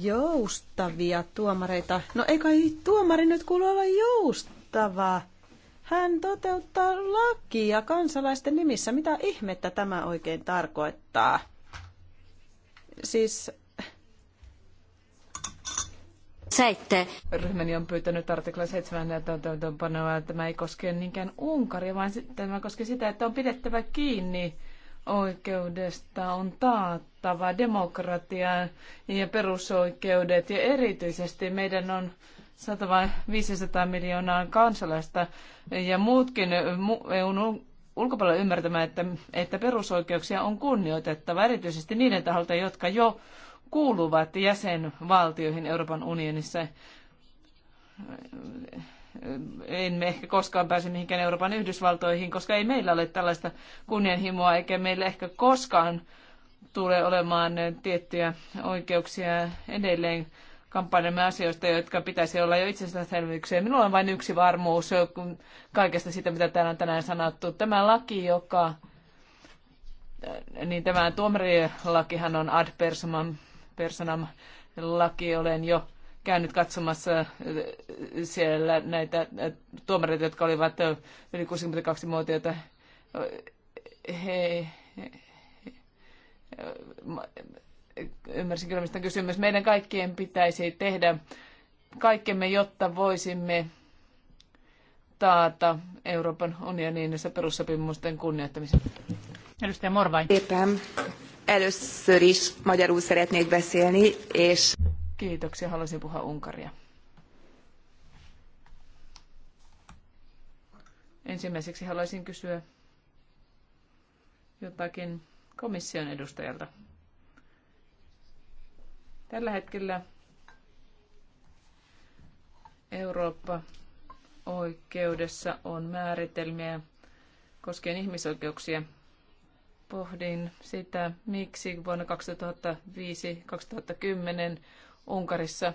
C: joustavia tuomareita. No ei kai tuomari nyt kuulu olla joustava. Hän toteuttaa lakia kansalaisten nimissä. Mitä ihmettä tämä oikein tarkoittaa? Siis... Seitte. Ryhmäni on pyytänyt
E: artikla 7 toimeenpanoa, että tämä ei koske niinkään Unkaria, vaan tämä koskee sitä, että on pidettävä kiinni oikeudesta on taattava demokratia ja perusoikeudet ja erityisesti meidän on saatava 500 miljoonaa kansalaista ja muutkin EUn ulkopuolella ymmärtämään, että, että perusoikeuksia on kunnioitettava erityisesti niiden taholta, jotka jo kuuluvat jäsenvaltioihin Euroopan unionissa emme ehkä koskaan pääse mihinkään Euroopan Yhdysvaltoihin, koska ei meillä ole tällaista kunnianhimoa, eikä meillä ehkä koskaan tule olemaan tiettyjä oikeuksia edelleen kampanjamme asioista, jotka pitäisi olla jo itsestäänselvyyksiä. Minulla on vain yksi varmuus kaikesta siitä, mitä täällä on tänään sanottu. Tämä laki, joka... Niin tämä tuomarilakihan on ad personam, personam laki. Olen jo käynyt katsomassa äh, siellä näitä äh, tuomareita, jotka olivat äh, yli 62-vuotiaita. He, ymmärsin kyllä, mistä kysymys. Meidän kaikkien pitäisi tehdä kaikkemme, jotta voisimme taata Euroopan unionin ja perussopimusten kunnioittamisen. Edustaja Morvai.
C: először is magyarul szeretnék
E: beszélni, és... Kiitoksia. Haluaisin puhua Unkaria. Ensimmäiseksi haluaisin kysyä jotakin komission edustajalta. Tällä hetkellä Eurooppa-oikeudessa on määritelmiä koskien ihmisoikeuksia. Pohdin sitä, miksi vuonna 2005-2010 Unkarissa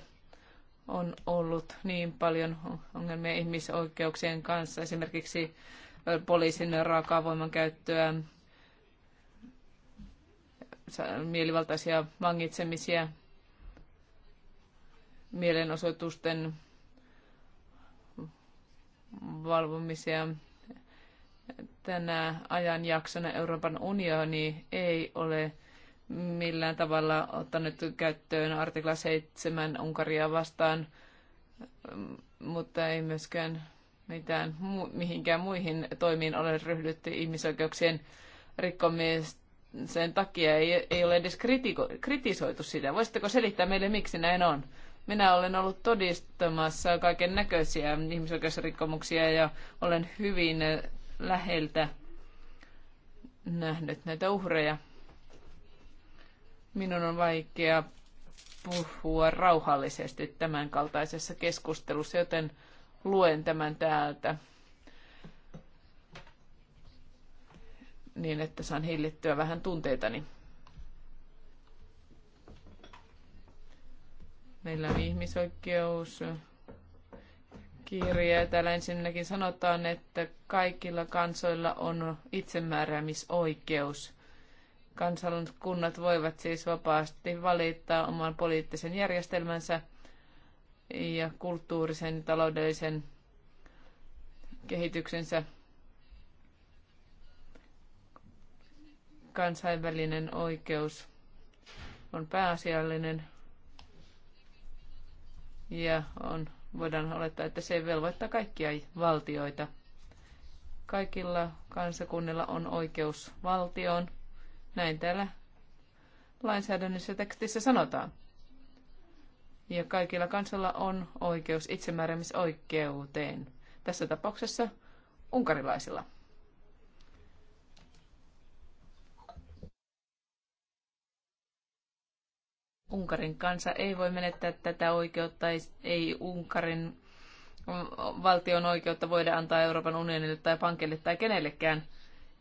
E: on ollut niin paljon ongelmia ihmisoikeuksien kanssa, esimerkiksi poliisin raakaa käyttöä, mielivaltaisia vangitsemisia, mielenosoitusten valvomisia. Tänä ajanjaksona Euroopan unioni ei ole millään tavalla ottanut käyttöön artikla 7 Unkaria vastaan, mutta ei myöskään mitään mihinkään muihin toimiin ole ryhdytty ihmisoikeuksien rikkomisen takia. Ei, ei ole edes kritiko- kritisoitu sitä. Voisitteko selittää meille, miksi näin on? Minä olen ollut todistamassa kaiken näköisiä ihmisoikeusrikkomuksia ja olen hyvin läheltä nähnyt näitä uhreja. Minun on vaikea puhua rauhallisesti tämän kaltaisessa keskustelussa, joten luen tämän täältä niin, että saan hillittyä vähän tunteitani. Meillä on ihmisoikeus, Kirja. Täällä ensinnäkin sanotaan, että kaikilla kansoilla on itsemääräämisoikeus. Kansalliskunnat voivat siis vapaasti valittaa oman poliittisen järjestelmänsä ja kulttuurisen taloudellisen kehityksensä. Kansainvälinen oikeus on pääasiallinen ja on, voidaan olettaa, että se velvoittaa kaikkia valtioita. Kaikilla kansakunnilla on oikeus valtioon näin täällä lainsäädännössä tekstissä sanotaan. Ja kaikilla kansalla on oikeus itsemääräämisoikeuteen. Tässä tapauksessa unkarilaisilla. Unkarin kansa ei voi menettää tätä oikeutta, ei Unkarin valtion oikeutta voida antaa Euroopan unionille tai pankille tai kenellekään.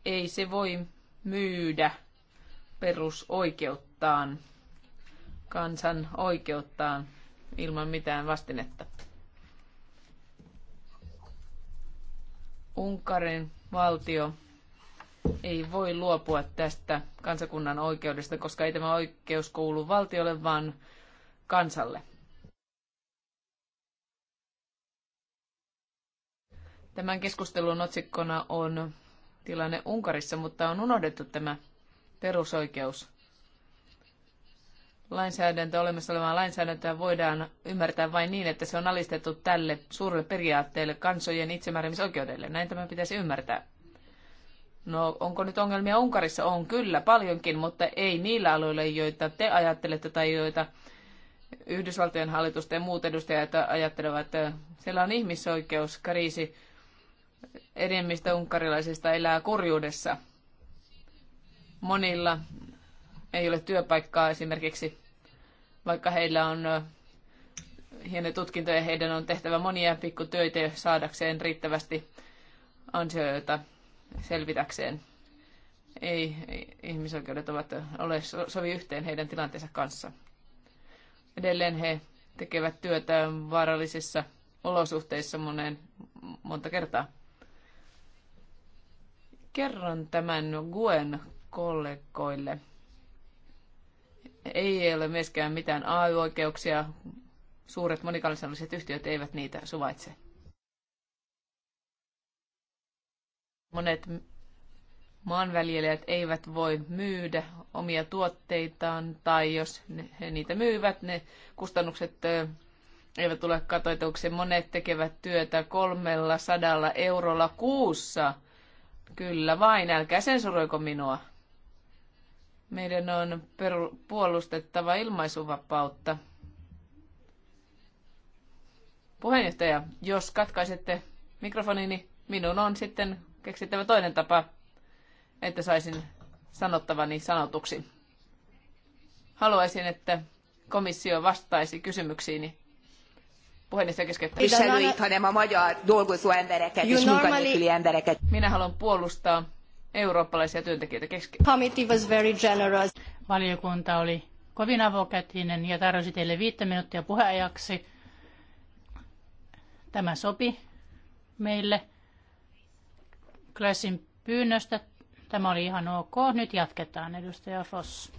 E: Ei se voi myydä perusoikeuttaan, kansan oikeuttaan ilman mitään vastinetta. Unkarin valtio ei voi luopua tästä kansakunnan oikeudesta, koska ei tämä oikeus kuulu valtiolle, vaan kansalle. Tämän keskustelun otsikkona on tilanne Unkarissa, mutta on unohdettu tämä perusoikeus. Lainsäädäntö, olemassa olevaa lainsäädäntöä voidaan ymmärtää vain niin, että se on alistettu tälle suurelle periaatteelle kansojen itsemääräämisoikeudelle. Näin tämä pitäisi ymmärtää. No onko nyt ongelmia Unkarissa? On kyllä paljonkin, mutta ei niillä alueilla, joita te ajattelette tai joita Yhdysvaltojen hallitus ja muut edustajat ajattelevat. Että siellä on ihmisoikeuskriisi. Enemmistö unkarilaisista elää kurjuudessa. Monilla ei ole työpaikkaa esimerkiksi, vaikka heillä on hieno tutkinto ja heidän on tehtävä monia pikkutöitä saadakseen riittävästi ansioita selvitäkseen. Ei, ei ihmisoikeudet ovat, ole sovi yhteen heidän tilanteensa kanssa. Edelleen he tekevät työtä vaarallisissa olosuhteissa monen, monta kertaa. Kerron tämän Guen kollegoille. Ei ole myöskään mitään AY-oikeuksia. Suuret monikansalliset yhtiöt eivät niitä suvaitse. Monet maanväljelijät eivät voi myydä omia tuotteitaan, tai jos ne, he niitä myyvät, ne kustannukset eivät tule katoituksi. Monet tekevät työtä kolmella sadalla eurolla kuussa. Kyllä vain, älkää sensuroiko minua. Meidän on peru- puolustettava ilmaisuvapautta. Puheenjohtaja, jos katkaisette mikrofonini, niin minun on sitten keksittävä toinen tapa, että saisin sanottavani sanotuksi. Haluaisin, että komissio vastaisi kysymyksiini. Puheenjohtaja keskeyttää.
B: Minä haluan puolustaa eurooppalaisia työntekijöitä kesken. Valiokunta oli kovin avokätinen ja tarjosi teille viittä minuuttia puheajaksi. Tämä sopi meille. Klassin pyynnöstä. Tämä oli ihan ok. Nyt jatketaan, edustaja Foss.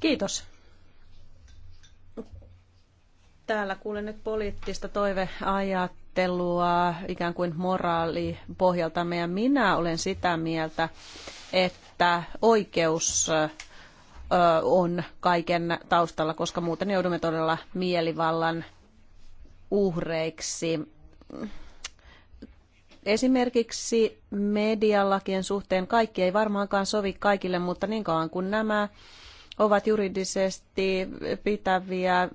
B: Kiitos. Täällä kuulen nyt poliittista toiveajattelua
C: ajattelua ikään kuin moraali pohjaltamme ja minä olen sitä mieltä, että oikeus on kaiken taustalla, koska muuten joudumme todella mielivallan uhreiksi. Esimerkiksi medialakien suhteen kaikki ei varmaankaan sovi kaikille, mutta niin kauan kuin nämä ovat juridisesti pitäviä,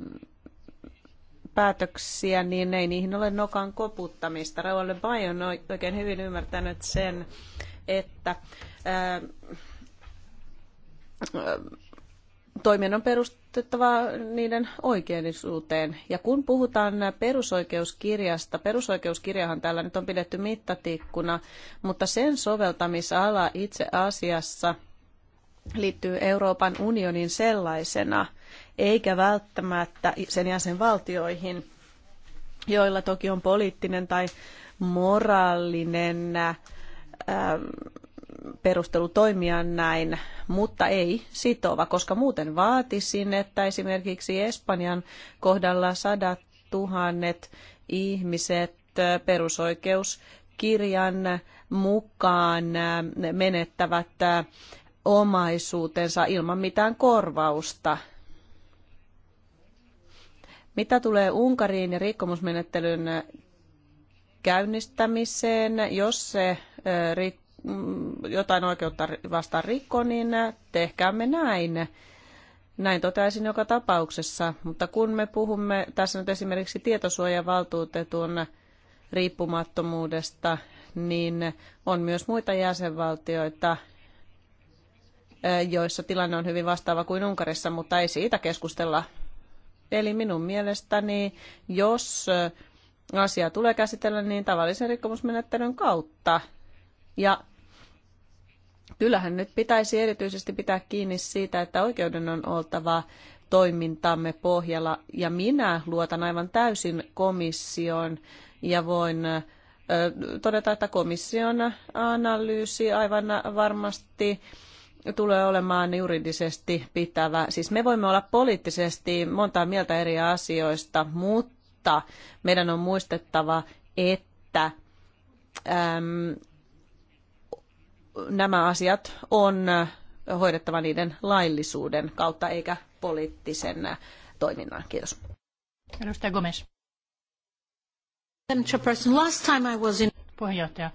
C: päätöksiä, niin ei niihin ole nokan koputtamista. Rauhalle Bay on oikein hyvin ymmärtänyt sen, että ää, toimien on perustettava niiden oikeellisuuteen. Ja kun puhutaan perusoikeuskirjasta, perusoikeuskirjahan täällä nyt on pidetty mittatikkuna, mutta sen soveltamisala itse asiassa liittyy Euroopan unionin sellaisena – eikä välttämättä sen jäsenvaltioihin, joilla toki on poliittinen tai moraalinen ähm, perustelu toimia näin, mutta ei sitova, koska muuten vaatisin, että esimerkiksi Espanjan kohdalla sadat tuhannet ihmiset äh, perusoikeuskirjan mukaan äh, menettävät äh, omaisuutensa ilman mitään korvausta. Mitä tulee Unkariin ja rikkomusmenettelyn käynnistämiseen, jos se mm, jotain oikeutta vastaan rikkoo, niin tehkäämme näin. Näin toteaisin joka tapauksessa, mutta kun me puhumme tässä nyt esimerkiksi tietosuojavaltuutetun riippumattomuudesta, niin on myös muita jäsenvaltioita, joissa tilanne on hyvin vastaava kuin Unkarissa, mutta ei siitä keskustella Eli minun mielestäni, jos asia tulee käsitellä, niin tavallisen rikkomusmenettelyn kautta. Ja kyllähän nyt pitäisi erityisesti pitää kiinni siitä, että oikeuden on oltava toimintamme pohjalla. Ja minä luotan aivan täysin komission ja voin todeta, että komission analyysi aivan varmasti tulee olemaan juridisesti pitävä. Siis me voimme olla poliittisesti montaa mieltä eri asioista, mutta meidän on muistettava, että äm, nämä asiat on hoidettava niiden laillisuuden kautta eikä poliittisen toiminnan. Kiitos.
B: Edustaja Gomes. Puheenjohtaja,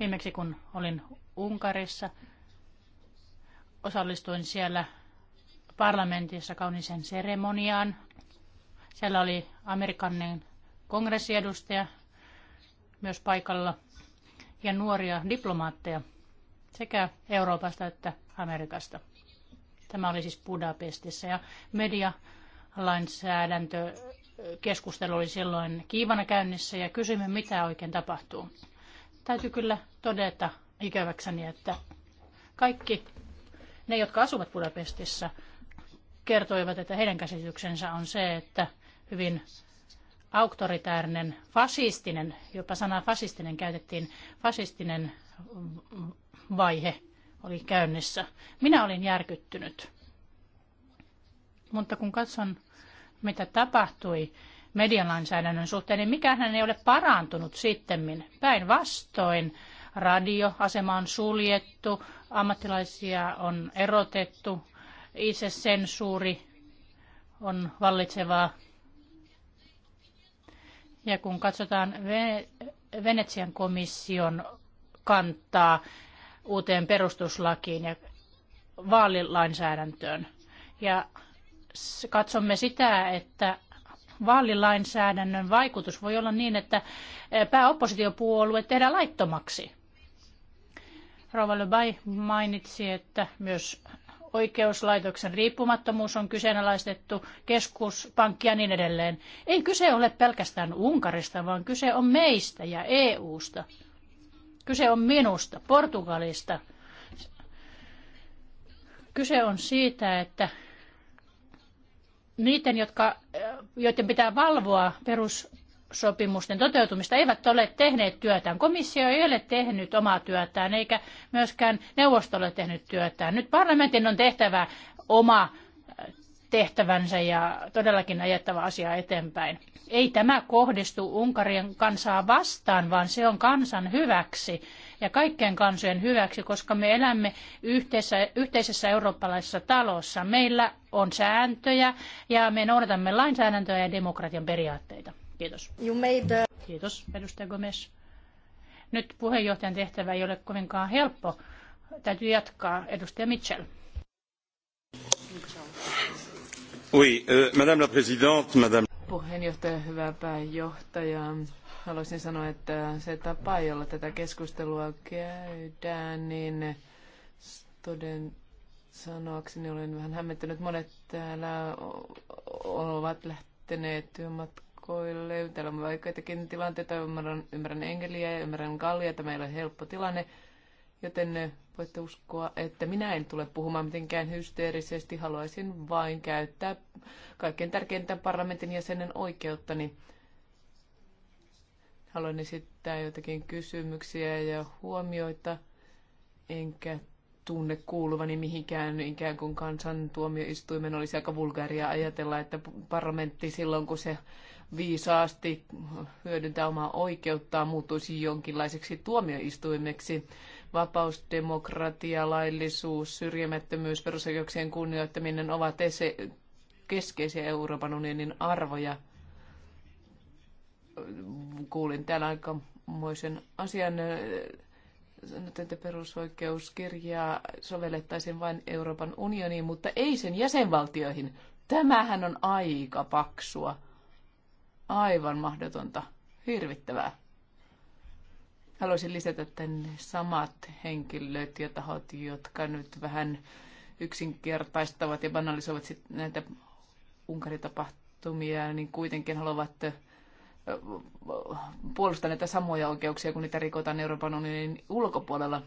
B: viimeksi kun olin Unkarissa, Osallistuin siellä parlamentissa kaunisen seremoniaan. Siellä oli Amerikanin kongressiedustaja myös paikalla ja nuoria diplomaatteja sekä Euroopasta että Amerikasta. Tämä oli siis Budapestissa ja medialainsäädäntö keskustelu oli silloin kiivana käynnissä ja kysyimme, mitä oikein tapahtuu. Täytyy kyllä todeta ikäväkseni, että kaikki ne, jotka asuvat Budapestissa, kertoivat, että heidän käsityksensä on se, että hyvin auktoritäärinen, fasistinen, jopa sana fasistinen käytettiin, fasistinen vaihe oli käynnissä. Minä olin järkyttynyt. Mutta kun katson, mitä tapahtui medialainsäädännön suhteen, niin mikään ei ole parantunut sittemmin. Päinvastoin radioasema on suljettu, ammattilaisia on erotettu, sensuuri on vallitsevaa. Ja kun katsotaan Venetsian komission kantaa uuteen perustuslakiin ja vaalilainsäädäntöön, ja katsomme sitä, että vaalilainsäädännön vaikutus voi olla niin, että pääoppositiopuolue tehdään laittomaksi. Rova Lebay mainitsi, että myös oikeuslaitoksen riippumattomuus on kyseenalaistettu, keskuspankki ja niin edelleen. Ei kyse ole pelkästään Unkarista, vaan kyse on meistä ja EUsta. Kyse on minusta, Portugalista. Kyse on siitä, että niiden, jotka, joiden pitää valvoa perus sopimusten toteutumista eivät ole tehneet työtään. Komissio ei ole tehnyt omaa työtään, eikä myöskään neuvosto ole tehnyt työtään. Nyt parlamentin on tehtävä oma äh, tehtävänsä ja todellakin ajettava asiaa eteenpäin. Ei tämä kohdistu Unkarin kansaa vastaan, vaan se on kansan hyväksi ja kaikkien kansojen hyväksi, koska me elämme yhteisessä, yhteisessä eurooppalaisessa talossa. Meillä on sääntöjä ja me noudatamme lainsäädäntöä ja demokratian periaatteita. Kiitos. You made the... Kiitos, edustaja Gomes. Nyt puheenjohtajan tehtävä ei ole kovinkaan helppo. Täytyy jatkaa. Edustaja Mitchell.
D: Oui, euh, madame la présidente, madame...
E: Puheenjohtaja, hyvä pääjohtaja. Haluaisin sanoa, että se tapa, jolla tätä keskustelua käydään, niin toden, sanoakseni olen vähän hämmentynyt. Monet täällä ovat lähteneet työmatkaan kollegoille. Täällä on vaikeitakin tilanteita. Ymmärrän, ymmärrän Engeliä ja ymmärrän kallia, Tämä ei ole helppo tilanne. Joten eh, voitte uskoa, että minä en tule puhumaan mitenkään hysteerisesti. Haluaisin vain käyttää kaikkein tärkeintä parlamentin jäsenen oikeuttani. Haluan esittää jotakin kysymyksiä ja huomioita, enkä tunne kuuluvani mihinkään ikään kuin kansantuomioistuimen olisi aika vulgaaria ajatella, että parlamentti silloin kun se viisaasti hyödyntää omaa oikeuttaan muuttuisi jonkinlaiseksi tuomioistuimeksi. Vapaus, demokratia, laillisuus, syrjimättömyys, perusoikeuksien kunnioittaminen ovat keskeisiä Euroopan unionin arvoja. Kuulin täällä aikamoisen asian sanotaan, että perusoikeuskirjaa sovellettaisiin vain Euroopan unioniin, mutta ei sen jäsenvaltioihin. Tämähän on aika paksua aivan mahdotonta, hirvittävää. Haluaisin lisätä tänne samat henkilöt ja tahot, jotka nyt vähän yksinkertaistavat ja banalisoivat sit näitä Unkaritapahtumia, niin kuitenkin haluavat puolustaa näitä samoja oikeuksia, kun niitä rikotaan Euroopan unionin ulkopuolella.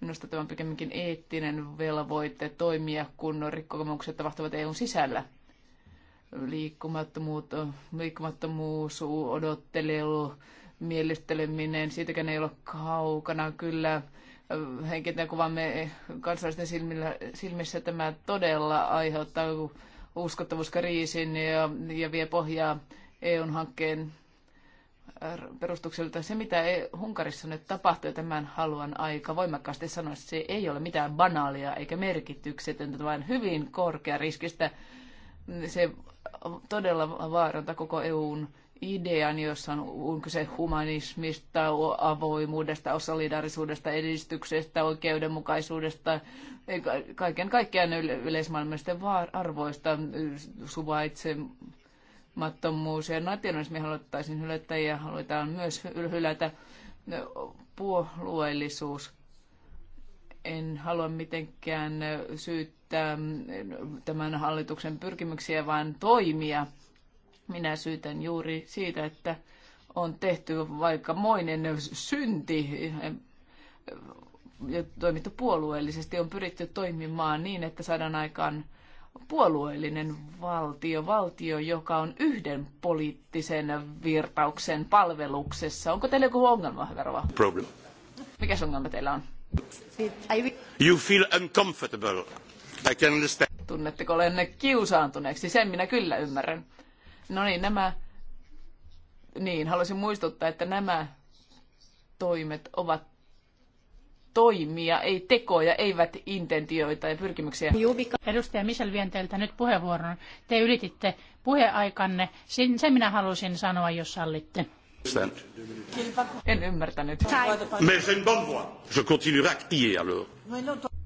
E: Minusta tämä on pikemminkin eettinen velvoite toimia, kun rikkomukset tapahtuvat EUn sisällä liikkumattomuus, liikkumattomuus odottelu, mielisteleminen, siitäkään ei ole kaukana. Kyllä äh, henkilöiden kuvamme kansalaisten silmillä, silmissä tämä todella aiheuttaa uskottavuuskriisin ja, ja vie pohjaa eu hankkeen äh, perustukselta. Se, mitä Hunkarissa e- nyt tapahtuu, tämän haluan aika voimakkaasti sanoa, se ei ole mitään banaalia eikä merkityksetöntä, vaan hyvin korkeariskistä riskistä se todella vaaranta koko EUn idean, jossa on, on kyse humanismista, avoimuudesta, solidaarisuudesta, edistyksestä, oikeudenmukaisuudesta, e- kaiken kaikkiaan yleismaailmallisten arvoista, suvaitsemattomuus ja nationalismi haluttaisiin hylätä ja halutaan myös hylätä puolueellisuus en halua mitenkään syyttää tämän hallituksen pyrkimyksiä, vaan toimia. Minä syytän juuri siitä, että on tehty vaikka moinen synti ja toimittu puolueellisesti. On pyritty toimimaan niin, että saadaan aikaan puolueellinen valtio, valtio, joka on yhden poliittisen virtauksen palveluksessa. Onko teillä joku ongelma, hyvä Rova? Problem. Mikäs ongelma teillä on?
D: You feel uncomfortable. I can understand.
E: Tunnetteko olenne kiusaantuneeksi? Sen minä kyllä ymmärrän. No niin, nämä... Niin, haluaisin muistuttaa, että nämä toimet ovat toimia, ei
B: tekoja, eivät intentioita ja pyrkimyksiä. Edustaja Michel vien teiltä nyt puheenvuoron. Te ylititte puheaikanne. Sen minä halusin sanoa, jos sallitte.
E: En ymmärtänyt. Mais une bonne voix.
D: Je continuerai à crier alors.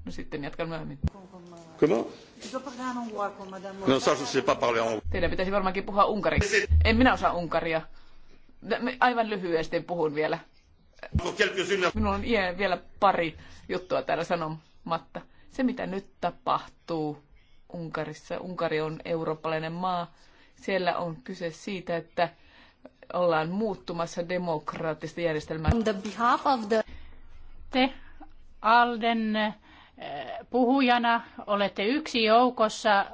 E: No sitten jatkan myöhemmin. Comment? No ça
D: je sais pas parler en...
E: Teidän pitäisi varmaankin puhua unkariksi. En minä osaa unkaria. Aivan lyhyesti puhun vielä. Minulla on vielä pari juttua täällä sanomatta. Se, mitä nyt tapahtuu Unkarissa, Unkari on eurooppalainen maa, siellä on kyse siitä, että ollaan muuttumassa
B: demokraattista järjestelmää. On the behalf of the... Te Alden eh, puhujana olette yksi joukossa.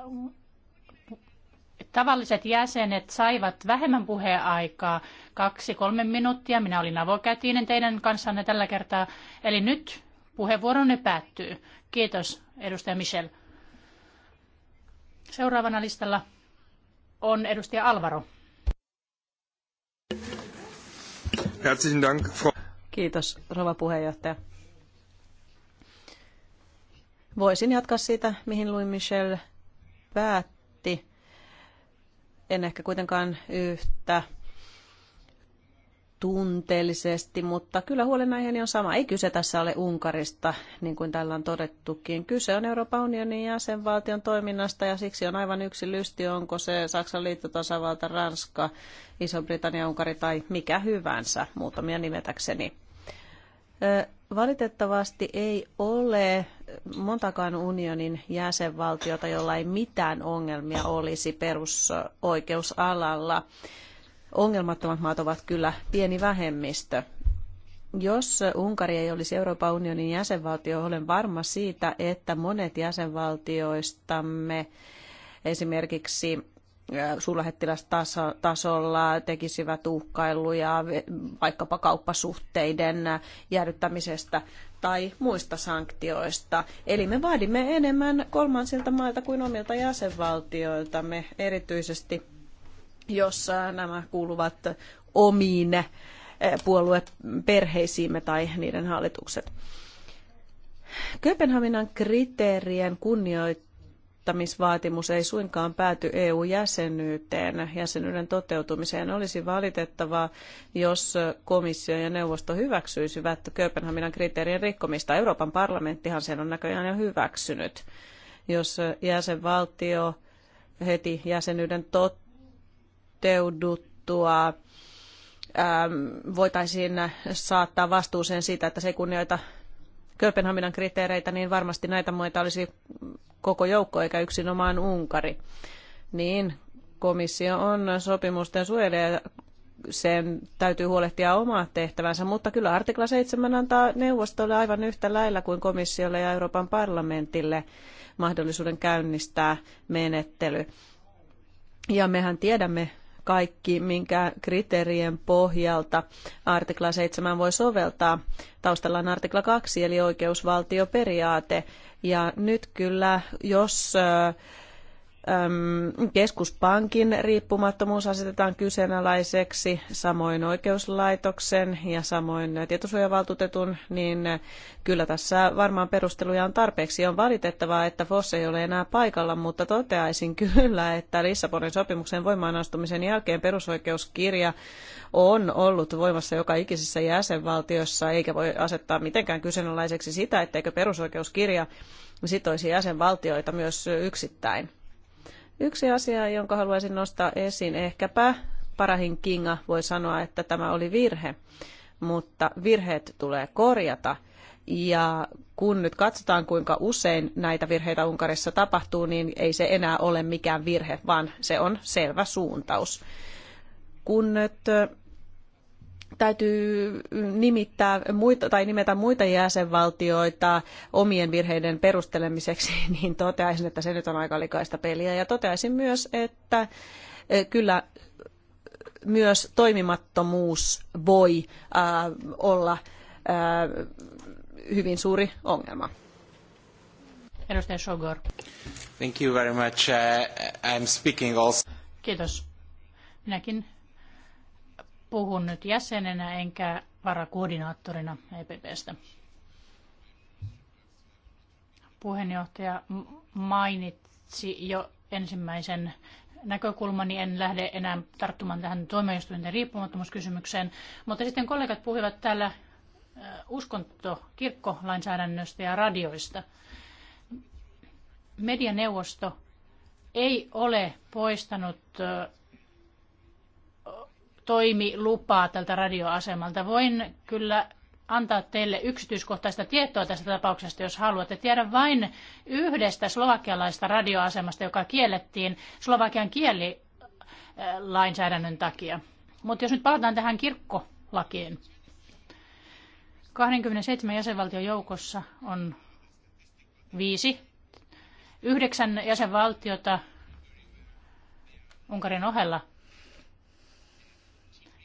B: Tavalliset jäsenet saivat vähemmän puheaikaa, kaksi kolme minuuttia. Minä olin avokätinen teidän kanssanne tällä kertaa. Eli nyt puheenvuoronne päättyy. Kiitos, edustaja Michel. Seuraavana listalla on edustaja Alvaro.
D: Herzlichen Dank, Frau...
B: Kiitos, rouva puheenjohtaja.
C: Voisin jatkaa siitä, mihin Louis Michel päätti. En ehkä kuitenkaan yhtä tunteellisesti, mutta kyllä huolenaiheeni on sama. Ei kyse tässä ole Unkarista, niin kuin täällä on todettukin. Kyse on Euroopan unionin jäsenvaltion toiminnasta ja siksi on aivan yksi lysti, onko se Saksan liittotasavalta, Ranska, Iso-Britannia, Unkari tai mikä hyvänsä, muutamia nimetäkseni. Valitettavasti ei ole montakaan unionin jäsenvaltiota, jolla ei mitään ongelmia olisi perusoikeusalalla ongelmattomat maat ovat kyllä pieni vähemmistö. Jos Unkari ei olisi Euroopan unionin jäsenvaltio, olen varma siitä, että monet jäsenvaltioistamme esimerkiksi suurlähettilästasolla tekisivät uhkailuja vaikkapa kauppasuhteiden jäädyttämisestä tai muista sanktioista. Eli me vaadimme enemmän kolmansilta mailta kuin omilta jäsenvaltioiltamme, erityisesti jossa nämä kuuluvat omiin eh, puolueperheisiimme tai niiden hallitukset. Kööpenhaminan kriteerien kunnioittamisvaatimus ei suinkaan pääty EU-jäsenyyteen. Jäsenyyden toteutumiseen olisi valitettavaa, jos komissio ja neuvosto hyväksyisivät Kööpenhaminan kriteerien rikkomista. Euroopan parlamenttihan sen on näköjään jo hyväksynyt. Jos jäsenvaltio heti jäsenyyden tot toteuduttua ähm, voitaisiin saattaa vastuuseen siitä, että se ei kunnioita Kööpenhaminan kriteereitä, niin varmasti näitä muita olisi koko joukko eikä yksinomaan Unkari. Niin, komissio on sopimusten suojelija sen täytyy huolehtia omaa tehtävänsä, mutta kyllä artikla 7 antaa neuvostolle aivan yhtä lailla kuin komissiolle ja Euroopan parlamentille mahdollisuuden käynnistää menettely. Ja mehän tiedämme kaikki, minkä kriteerien pohjalta artikla 7 voi soveltaa. Taustalla on artikla 2 eli oikeusvaltioperiaate. Ja nyt kyllä, jos äh, keskuspankin riippumattomuus asetetaan kyseenalaiseksi, samoin oikeuslaitoksen ja samoin tietosuojavaltuutetun, niin kyllä tässä varmaan perusteluja on tarpeeksi. On valitettavaa, että Foss ei ole enää paikalla, mutta toteaisin kyllä, että Lissabonin sopimuksen voimaanastumisen jälkeen perusoikeuskirja on ollut voimassa joka ikisessä jäsenvaltiossa, eikä voi asettaa mitenkään kyseenalaiseksi sitä, etteikö perusoikeuskirja sitoisi jäsenvaltioita myös yksittäin. Yksi asia, jonka haluaisin nostaa esiin, ehkäpä Parahin Kinga voi sanoa, että tämä oli virhe, mutta virheet tulee korjata. Ja kun nyt katsotaan, kuinka usein näitä virheitä Unkarissa tapahtuu, niin ei se enää ole mikään virhe, vaan se on selvä suuntaus. Kun nyt täytyy nimittää muita, tai nimetä muita jäsenvaltioita omien virheiden perustelemiseksi, niin toteaisin, että se nyt on aika likaista peliä. Ja toteaisin myös, että eh, kyllä myös toimimattomuus voi eh, olla eh, hyvin suuri ongelma.
B: Edustaja Sogor.
A: Thank you very much. I'm speaking also.
B: Kiitos. Minäkin Puhun nyt jäsenenä enkä varakoordinaattorina EPPstä. Puheenjohtaja mainitsi jo ensimmäisen näkökulmani, niin en lähde enää tarttumaan tähän tuomioistuinten riippumattomuuskysymykseen, mutta sitten kollegat puhuivat täällä uskonto, ja radioista. Medianeuvosto ei ole poistanut toimilupaa tältä radioasemalta. Voin kyllä antaa teille yksityiskohtaista tietoa tästä tapauksesta, jos haluatte. tiedä vain yhdestä slovakialaista radioasemasta, joka kiellettiin slovakian kielilainsäädännön äh, takia. Mutta jos nyt palataan tähän kirkkolakiin. 27 jäsenvaltion joukossa on viisi. Yhdeksän jäsenvaltiota Unkarin ohella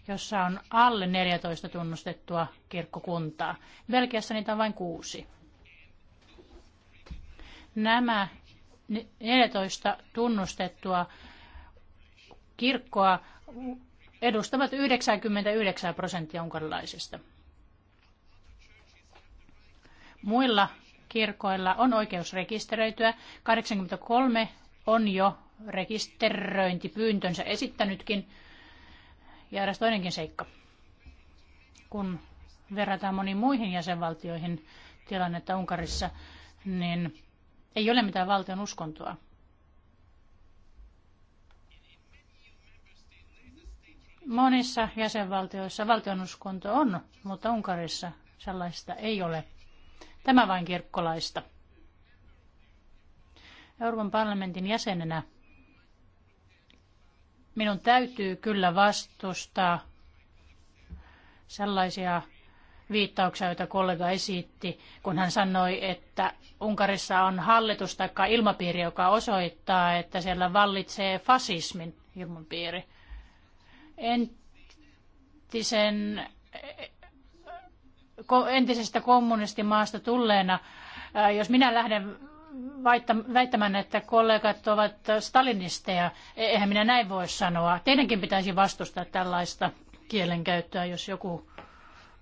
B: jossa on alle 14 tunnustettua kirkkokuntaa. Belgiassa niitä on vain kuusi. Nämä 14 tunnustettua kirkkoa edustavat 99 prosenttia unkarilaisista. Muilla kirkoilla on oikeus rekisteröityä. 83 on jo rekisteröintipyyntönsä esittänytkin ja eräs toinenkin seikka. Kun verrataan moniin muihin jäsenvaltioihin tilannetta Unkarissa, niin ei ole mitään valtion uskontoa. Monissa jäsenvaltioissa valtionuskonto on, mutta Unkarissa sellaista ei ole. Tämä vain kirkkolaista. Euroopan parlamentin jäsenenä minun täytyy kyllä vastustaa sellaisia viittauksia, joita kollega esitti, kun hän sanoi, että Unkarissa on hallitus tai ilmapiiri, joka osoittaa, että siellä vallitsee fasismin ilmapiiri. Entisen, entisestä kommunistimaasta tulleena, äh, jos minä lähden väittämään, että kollegat ovat stalinisteja. E-, eihän minä näin voi sanoa. Teidänkin pitäisi vastustaa tällaista kielenkäyttöä, jos joku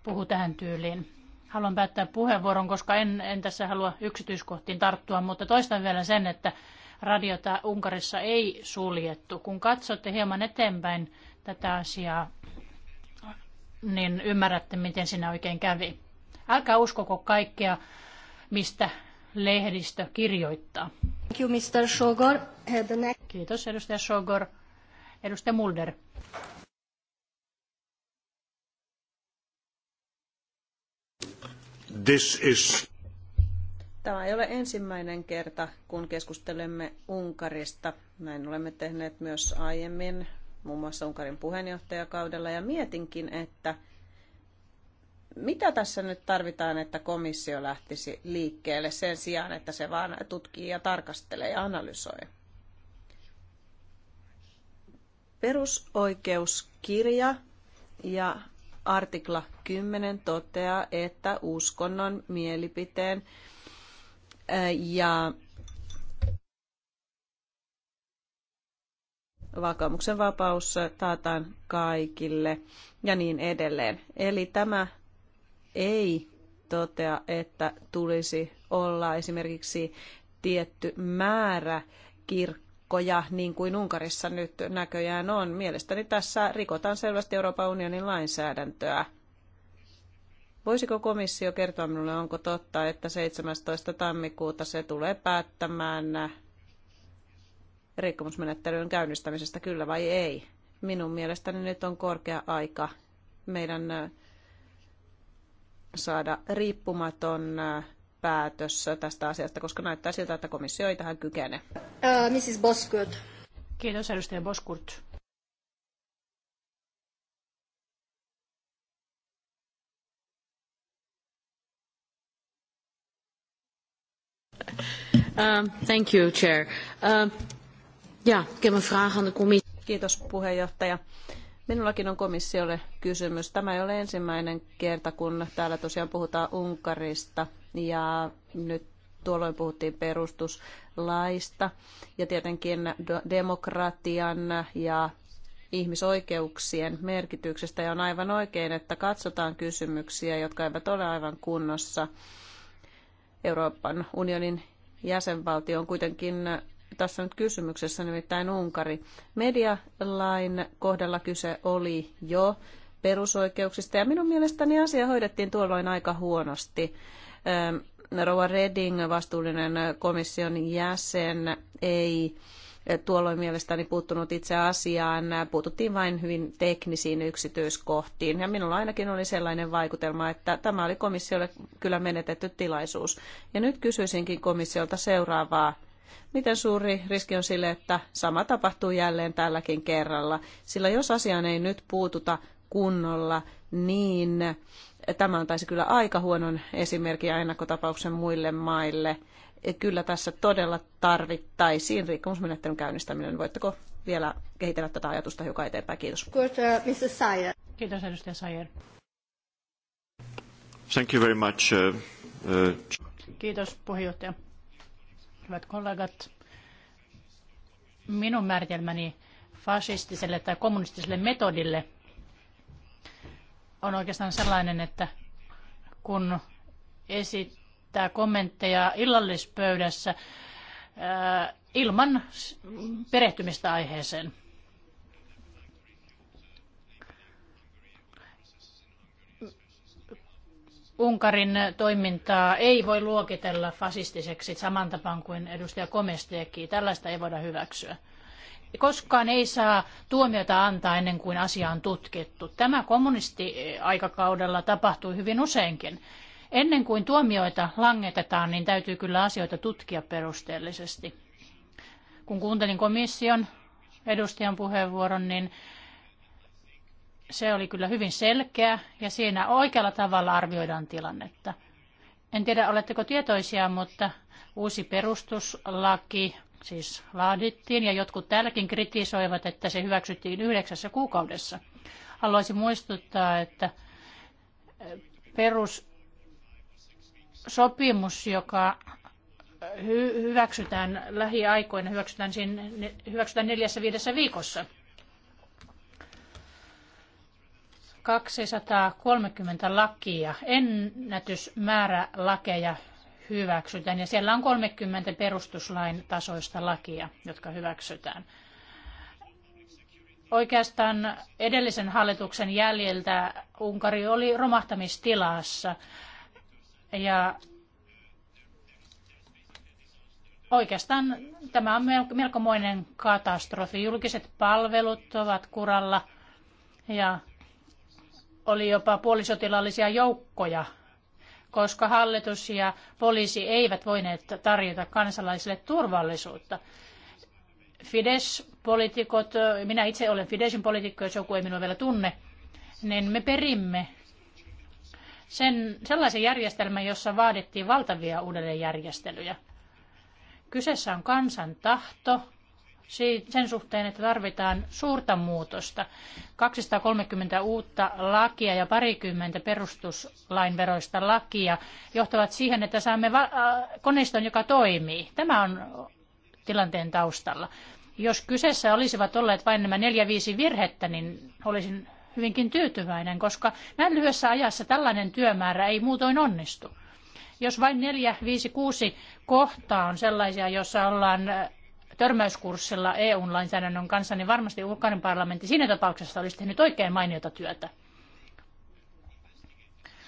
B: puhuu tähän tyyliin. Haluan päättää puheenvuoron, koska en, en tässä halua yksityiskohtiin tarttua, mutta toistan vielä sen, että radiota Unkarissa ei suljettu. Kun katsotte hieman eteenpäin tätä asiaa, niin ymmärrätte, miten siinä oikein kävi. Älkää uskoko kaikkea, mistä lehdistö kirjoittaa. Thank you, Mr. Shogor. next... Kiitos, edustaja Shogor. Edustaja Mulder.
D: This is...
C: Tämä ei ole ensimmäinen kerta, kun keskustelemme Unkarista. Näin olemme tehneet myös aiemmin, muun muassa Unkarin puheenjohtajakaudella, ja mietinkin, että mitä tässä nyt tarvitaan, että komissio lähtisi liikkeelle sen sijaan, että se vaan tutkii ja tarkastelee ja analysoi? Perusoikeuskirja ja artikla 10 toteaa, että uskonnon, mielipiteen ja vakaumuksen vapaus taataan kaikille ja niin edelleen. Eli tämä ei totea, että tulisi olla esimerkiksi tietty määrä kirkkoja, niin kuin Unkarissa nyt näköjään on. Mielestäni tässä rikotaan selvästi Euroopan unionin lainsäädäntöä. Voisiko komissio kertoa minulle, onko totta, että 17. tammikuuta se tulee päättämään rikkomusmenettelyn käynnistämisestä, kyllä vai ei? Minun mielestäni nyt on korkea aika meidän saada riippumaton äh, päätös tästä asiasta, koska näyttää siltä, että komissio ei tähän kykene. Uh,
B: äh, Mrs. Boskurt. Kiitos, edustaja Boskurt. Ähm, thank you, Chair. Uh, ähm, yeah, ik heb vraag
C: aan de commissie. Kiitos, puheenjohtaja. Uh, Minullakin on komissiolle kysymys. Tämä ei ole ensimmäinen kerta, kun täällä tosiaan puhutaan Unkarista ja nyt tuolloin puhuttiin perustuslaista ja tietenkin demokratian ja ihmisoikeuksien merkityksestä ja on aivan oikein, että katsotaan kysymyksiä, jotka eivät ole aivan kunnossa. Euroopan unionin jäsenvaltio on kuitenkin tässä nyt kysymyksessä, nimittäin Unkari. Medialain kohdalla kyse oli jo perusoikeuksista ja minun mielestäni asia hoidettiin tuolloin aika huonosti. Rova Redding, vastuullinen komission jäsen, ei tuolloin mielestäni puuttunut itse asiaan. Puututtiin vain hyvin teknisiin yksityiskohtiin. Ja minulla ainakin oli sellainen vaikutelma, että tämä oli komissiolle kyllä menetetty tilaisuus. Ja nyt kysyisinkin komissiolta seuraavaa miten suuri riski on sille, että sama tapahtuu jälleen tälläkin kerralla. Sillä jos asiaan ei nyt puututa kunnolla, niin tämä antaisi kyllä aika huonon esimerkin ja ennakkotapauksen muille maille. Kyllä tässä todella tarvittaisiin rikkomusmenettelyn käynnistäminen. Voitteko vielä kehitellä tätä ajatusta hiukan eteenpäin? Kiitos.
B: Uh, Kiitos edustaja Sayer.
D: Thank you very much. Uh, uh,
B: Kiitos puheenjohtaja. Hyvät kollegat, minun määritelmäni fasistiselle tai kommunistiselle metodille on oikeastaan sellainen, että kun esittää kommentteja illallispöydässä ilman perehtymistä aiheeseen. Unkarin toimintaa ei voi luokitella fasistiseksi saman tapaan kuin edustaja teki. Tällaista ei voida hyväksyä. Koskaan ei saa tuomiota antaa ennen kuin asia on tutkittu. Tämä kommunistiaikakaudella tapahtui hyvin useinkin. Ennen kuin tuomioita langetetaan, niin täytyy kyllä asioita tutkia perusteellisesti. Kun kuuntelin komission edustajan puheenvuoron, niin se oli kyllä hyvin selkeä ja siinä oikealla tavalla arvioidaan tilannetta. En tiedä, oletteko tietoisia, mutta uusi perustuslaki siis laadittiin ja jotkut täälläkin kritisoivat, että se hyväksyttiin yhdeksässä kuukaudessa. Haluaisin muistuttaa, että eh, perussopimus, joka eh, hyväksytään lähiaikoina, hyväksytään, siinä, hyväksytään neljässä viidessä viikossa – 230 lakia, ennätysmäärä lakeja hyväksytään ja siellä on 30 perustuslain tasoista lakia, jotka hyväksytään. Oikeastaan edellisen hallituksen jäljiltä Unkari oli romahtamistilassa ja oikeastaan tämä on melkomoinen katastrofi. Julkiset palvelut ovat kuralla ja oli jopa puolisotilaallisia joukkoja, koska hallitus ja poliisi eivät voineet tarjota kansalaisille turvallisuutta. Fidesz-poliitikot, minä itse olen Fideszin poliitikko, jos joku ei minua vielä tunne, niin me perimme sen, sellaisen järjestelmän, jossa vaadittiin valtavia uudelleenjärjestelyjä. Kyseessä on kansan tahto, sen suhteen, että tarvitaan suurta muutosta. 230 uutta lakia ja parikymmentä perustuslain veroista lakia johtavat siihen, että saamme äh, koneiston, joka toimii. Tämä on tilanteen taustalla. Jos kyseessä olisivat olleet vain nämä neljä viisi virhettä, niin olisin hyvinkin tyytyväinen, koska näin lyhyessä ajassa tällainen työmäärä ei muutoin onnistu. Jos vain neljä, viisi, kuusi kohtaa on sellaisia, joissa ollaan äh, törmäyskurssilla EU-lainsäädännön kanssa, niin varmasti Unkarin parlamentti siinä tapauksessa olisi tehnyt oikein mainiota työtä.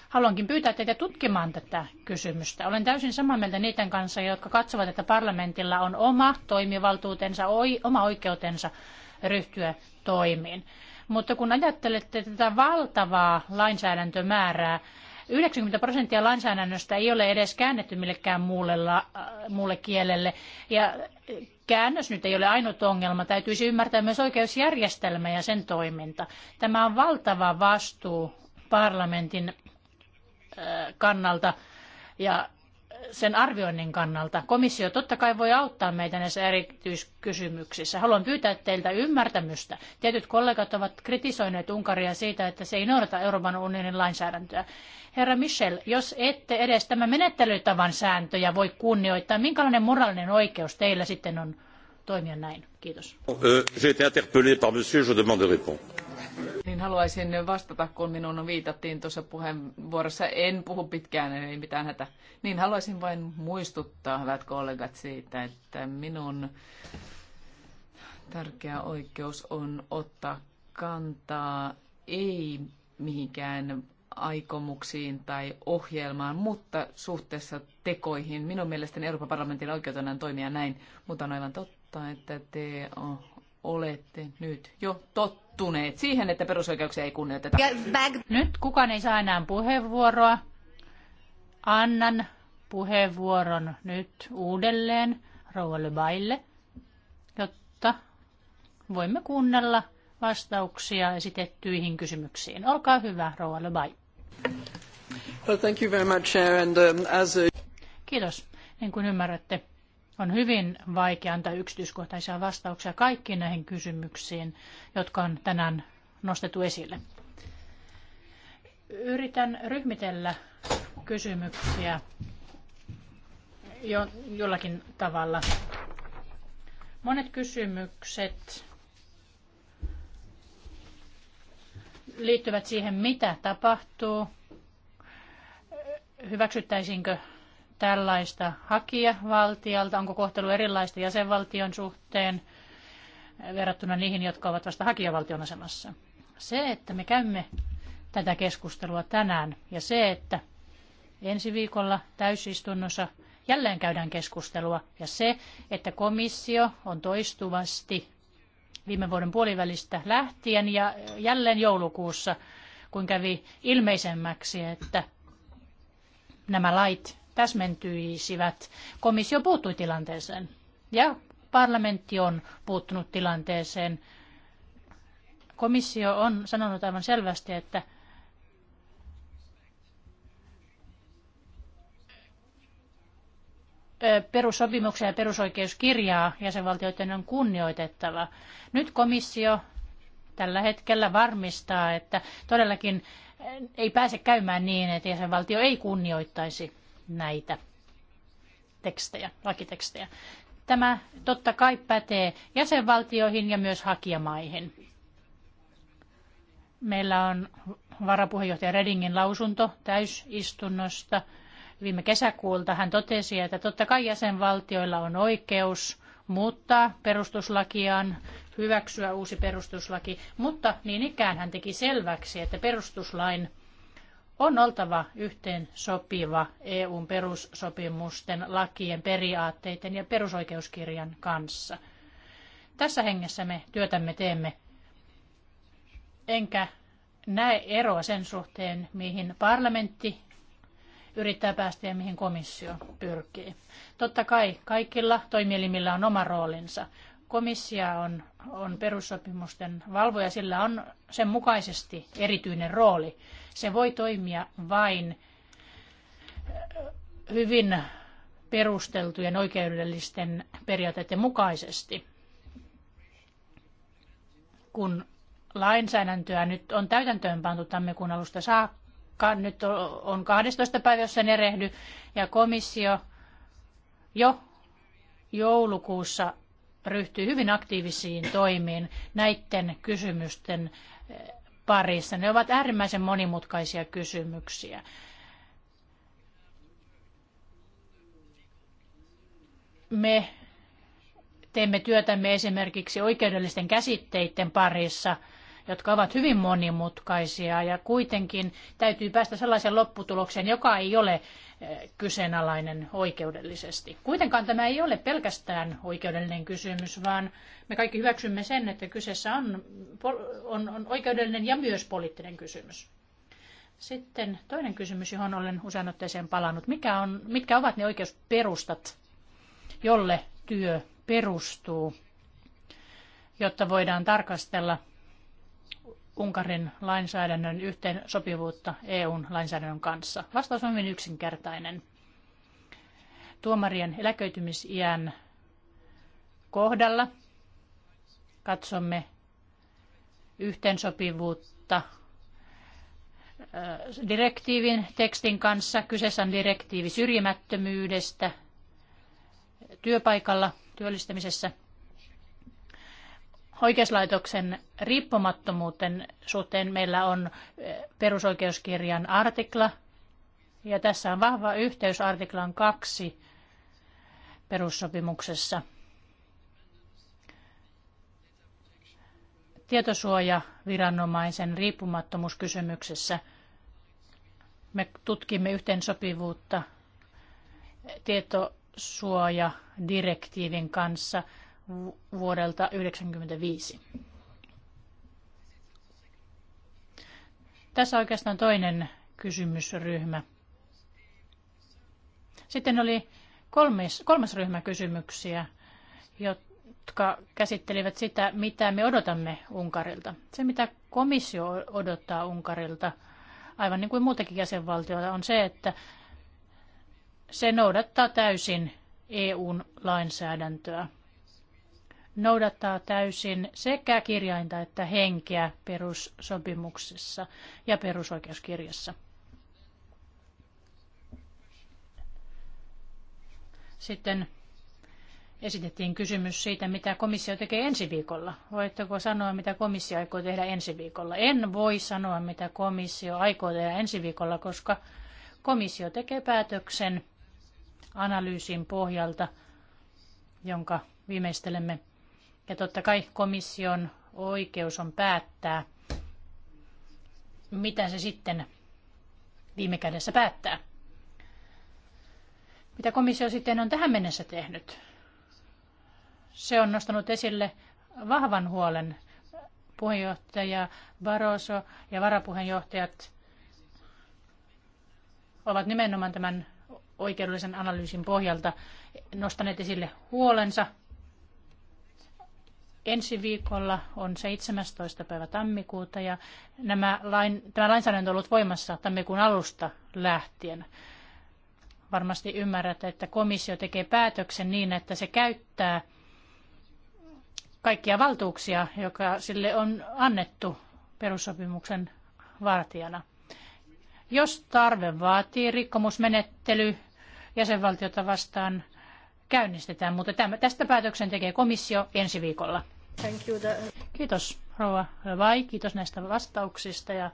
B: Haluankin pyytää teitä tutkimaan tätä kysymystä. Olen täysin samaa mieltä niiden kanssa, jotka katsovat, että parlamentilla on oma toimivaltuutensa, oma oikeutensa ryhtyä toimiin. Mutta kun ajattelette tätä valtavaa lainsäädäntömäärää, 90 prosenttia lainsäädännöstä ei ole edes käännetty millekään muulle, äh, muulle kielelle. Ja käännös nyt ei ole ainut ongelma. Täytyisi ymmärtää myös oikeusjärjestelmä ja sen toiminta. Tämä on valtava vastuu parlamentin äh, kannalta ja sen arvioinnin kannalta. Komissio totta kai voi auttaa meitä näissä erityiskysymyksissä. Haluan pyytää teiltä ymmärtämystä. Tietyt kollegat ovat kritisoineet Unkaria siitä, että se ei noudata Euroopan unionin lainsäädäntöä. Herra Michel, jos ette edes tämän menettelytavan sääntöjä voi kunnioittaa, minkälainen moraalinen oikeus teillä sitten on toimia näin? Kiitos.
D: Euh,
E: niin haluaisin vastata, kun
B: minun viitattiin
E: tuossa puheenvuorossa. En puhu pitkään, ei mitään hätä. Niin haluaisin vain muistuttaa, hyvät kollegat, siitä, että minun tärkeä oikeus on ottaa kantaa ei mihinkään aikomuksiin tai ohjelmaan, mutta suhteessa tekoihin. Minun mielestäni Euroopan parlamentin oikeutena on toimia näin, mutta on aivan totta, että te olette
B: nyt jo tottuneet siihen, että perusoikeuksia ei kunnioiteta. Nyt kukaan ei saa enää puheenvuoroa. Annan puheenvuoron nyt uudelleen Rouva jotta voimme kuunnella vastauksia esitettyihin kysymyksiin. Olkaa hyvä, Rouva
C: Well, thank you very much, Chair. And, um, as a...
B: Kiitos. Niin kuin ymmärrätte, on hyvin vaikea antaa yksityiskohtaisia vastauksia kaikkiin näihin kysymyksiin, jotka on tänään nostettu esille. Yritän ryhmitellä kysymyksiä jo, jollakin tavalla. Monet kysymykset liittyvät siihen, mitä tapahtuu, hyväksyttäisiinkö tällaista hakijavaltialta, onko kohtelu erilaista jäsenvaltion suhteen verrattuna niihin, jotka ovat vasta hakijavaltion asemassa. Se, että me käymme tätä keskustelua tänään ja se, että ensi viikolla täysistunnossa jälleen käydään keskustelua ja se, että komissio on toistuvasti viime vuoden puolivälistä lähtien ja jälleen joulukuussa, kun kävi ilmeisemmäksi, että nämä lait täsmentyisivät. Komissio puuttui tilanteeseen ja parlamentti on puuttunut tilanteeseen. Komissio on sanonut aivan selvästi, että perussopimuksia ja perusoikeuskirjaa jäsenvaltioiden on kunnioitettava. Nyt komissio tällä hetkellä varmistaa, että todellakin ei pääse käymään niin, että jäsenvaltio ei kunnioittaisi näitä tekstejä, lakitekstejä. Tämä totta kai pätee jäsenvaltioihin ja myös hakijamaihin. Meillä on varapuheenjohtaja Redingin lausunto täysistunnosta – viime kesäkuulta. Hän totesi, että totta kai jäsenvaltioilla on oikeus muuttaa perustuslakiaan, hyväksyä uusi perustuslaki, mutta niin ikään hän teki selväksi, että perustuslain on oltava yhteen sopiva EUn perussopimusten, lakien, periaatteiden ja perusoikeuskirjan kanssa. Tässä hengessä me työtämme teemme, enkä näe eroa sen suhteen, mihin parlamentti yrittää päästä ja mihin komissio pyrkii. Totta kai kaikilla toimielimillä on oma roolinsa. Komissio on, on perussopimusten valvoja, sillä on sen mukaisesti erityinen rooli. Se voi toimia vain eh, hyvin perusteltujen oikeudellisten periaatteiden mukaisesti. Kun lainsäädäntöä nyt on täytäntöönpantu tammikuun alusta saakka, nyt on 12. päivä, jos en erehdy, ja komissio jo joulukuussa ryhtyy hyvin aktiivisiin toimiin näiden kysymysten eh, parissa. Ne ovat äärimmäisen monimutkaisia kysymyksiä. Me teemme työtämme esimerkiksi oikeudellisten käsitteiden parissa – jotka ovat hyvin monimutkaisia ja kuitenkin täytyy päästä sellaisen lopputulokseen, joka ei ole eh, kyseenalainen oikeudellisesti. Kuitenkaan tämä ei ole pelkästään oikeudellinen kysymys, vaan me kaikki hyväksymme sen, että kyseessä on, on, on oikeudellinen ja myös poliittinen kysymys. Sitten toinen kysymys, johon olen usein otteeseen palannut. Mikä on, mitkä ovat ne oikeusperustat, jolle työ perustuu, jotta voidaan tarkastella Unkarin lainsäädännön yhteen sopivuutta EUn lainsäädännön kanssa? Vastaus on hyvin yksinkertainen. Tuomarien eläköitymisiän kohdalla katsomme yhteensopivuutta direktiivin tekstin kanssa. Kyseessä on direktiivi syrjimättömyydestä työpaikalla työllistämisessä – oikeuslaitoksen riippumattomuuden suhteen meillä on eh, perusoikeuskirjan artikla, ja tässä on vahva yhteys artiklan kaksi perussopimuksessa. Tietosuoja viranomaisen riippumattomuuskysymyksessä me tutkimme yhteensopivuutta tietosuojadirektiivin kanssa – vuodelta 1995. Tässä oikeastaan toinen kysymysryhmä. Sitten oli kolmes, kolmas ryhmä kysymyksiä, jotka käsittelivät sitä, mitä me odotamme Unkarilta. Se, mitä komissio odottaa Unkarilta, aivan niin kuin muutakin jäsenvaltioita, on se, että se noudattaa täysin EUn lainsäädäntöä noudattaa täysin sekä kirjainta että henkeä perussopimuksessa ja perusoikeuskirjassa. Sitten esitettiin kysymys siitä, mitä komissio tekee ensi viikolla. Voitteko sanoa, mitä komissio aikoo tehdä ensi viikolla? En voi sanoa, mitä komissio aikoo tehdä ensi viikolla, koska komissio tekee päätöksen analyysin pohjalta, jonka viimeistelemme ja totta kai komission oikeus on päättää, mitä se sitten viime kädessä päättää. Mitä komissio sitten on tähän mennessä tehnyt? Se on nostanut esille vahvan huolen. Puheenjohtaja Barroso ja varapuheenjohtajat ovat nimenomaan tämän oikeudellisen analyysin pohjalta nostaneet esille huolensa Ensi viikolla on 17. päivä tammikuuta ja nämä lain, tämä lainsäädäntö on ollut voimassa tammikuun alusta lähtien. Varmasti ymmärrät, että komissio tekee päätöksen niin, että se käyttää kaikkia valtuuksia, joka sille on annettu perussopimuksen vartijana. Jos tarve vaatii rikkomusmenettely jäsenvaltiota vastaan, käynnistetään, mutta tästä päätöksen tekee komissio ensi viikolla. Thank you. Kiitos rouva Vai, kiitos näistä vastauksista ja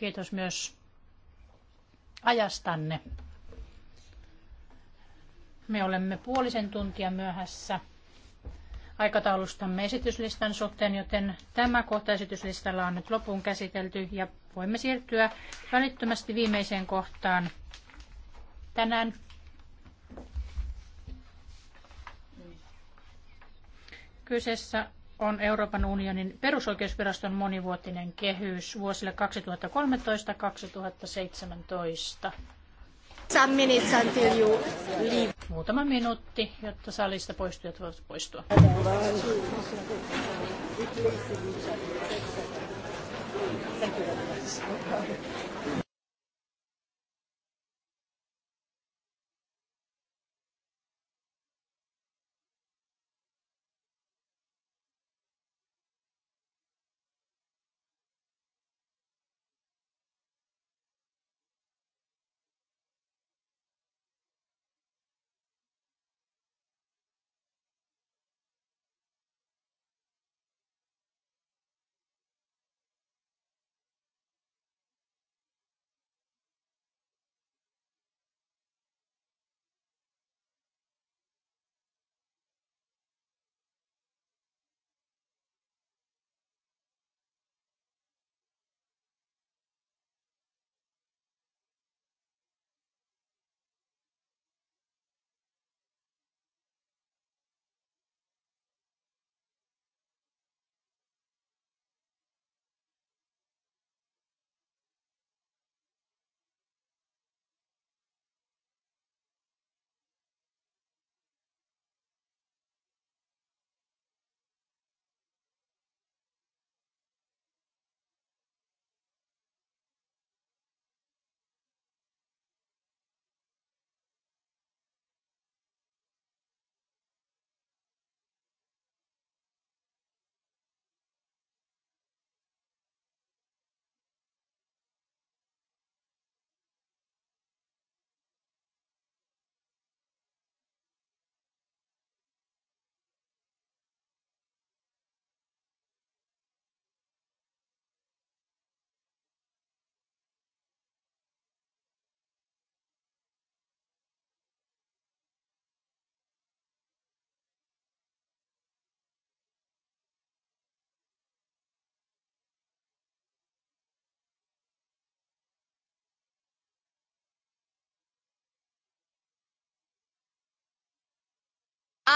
B: kiitos myös ajastanne. Me olemme puolisen tuntia myöhässä aikataulustamme esityslistan suhteen, joten tämä kohta esityslistalla on nyt lopun käsitelty ja voimme siirtyä välittömästi viimeiseen kohtaan tänään Kyseessä on Euroopan unionin perusoikeusviraston monivuotinen kehys vuosille 2013-2017. Some minutes until you leave. Muutama minuutti, jotta salista poistujat voivat poistua. Thank you
A: very much.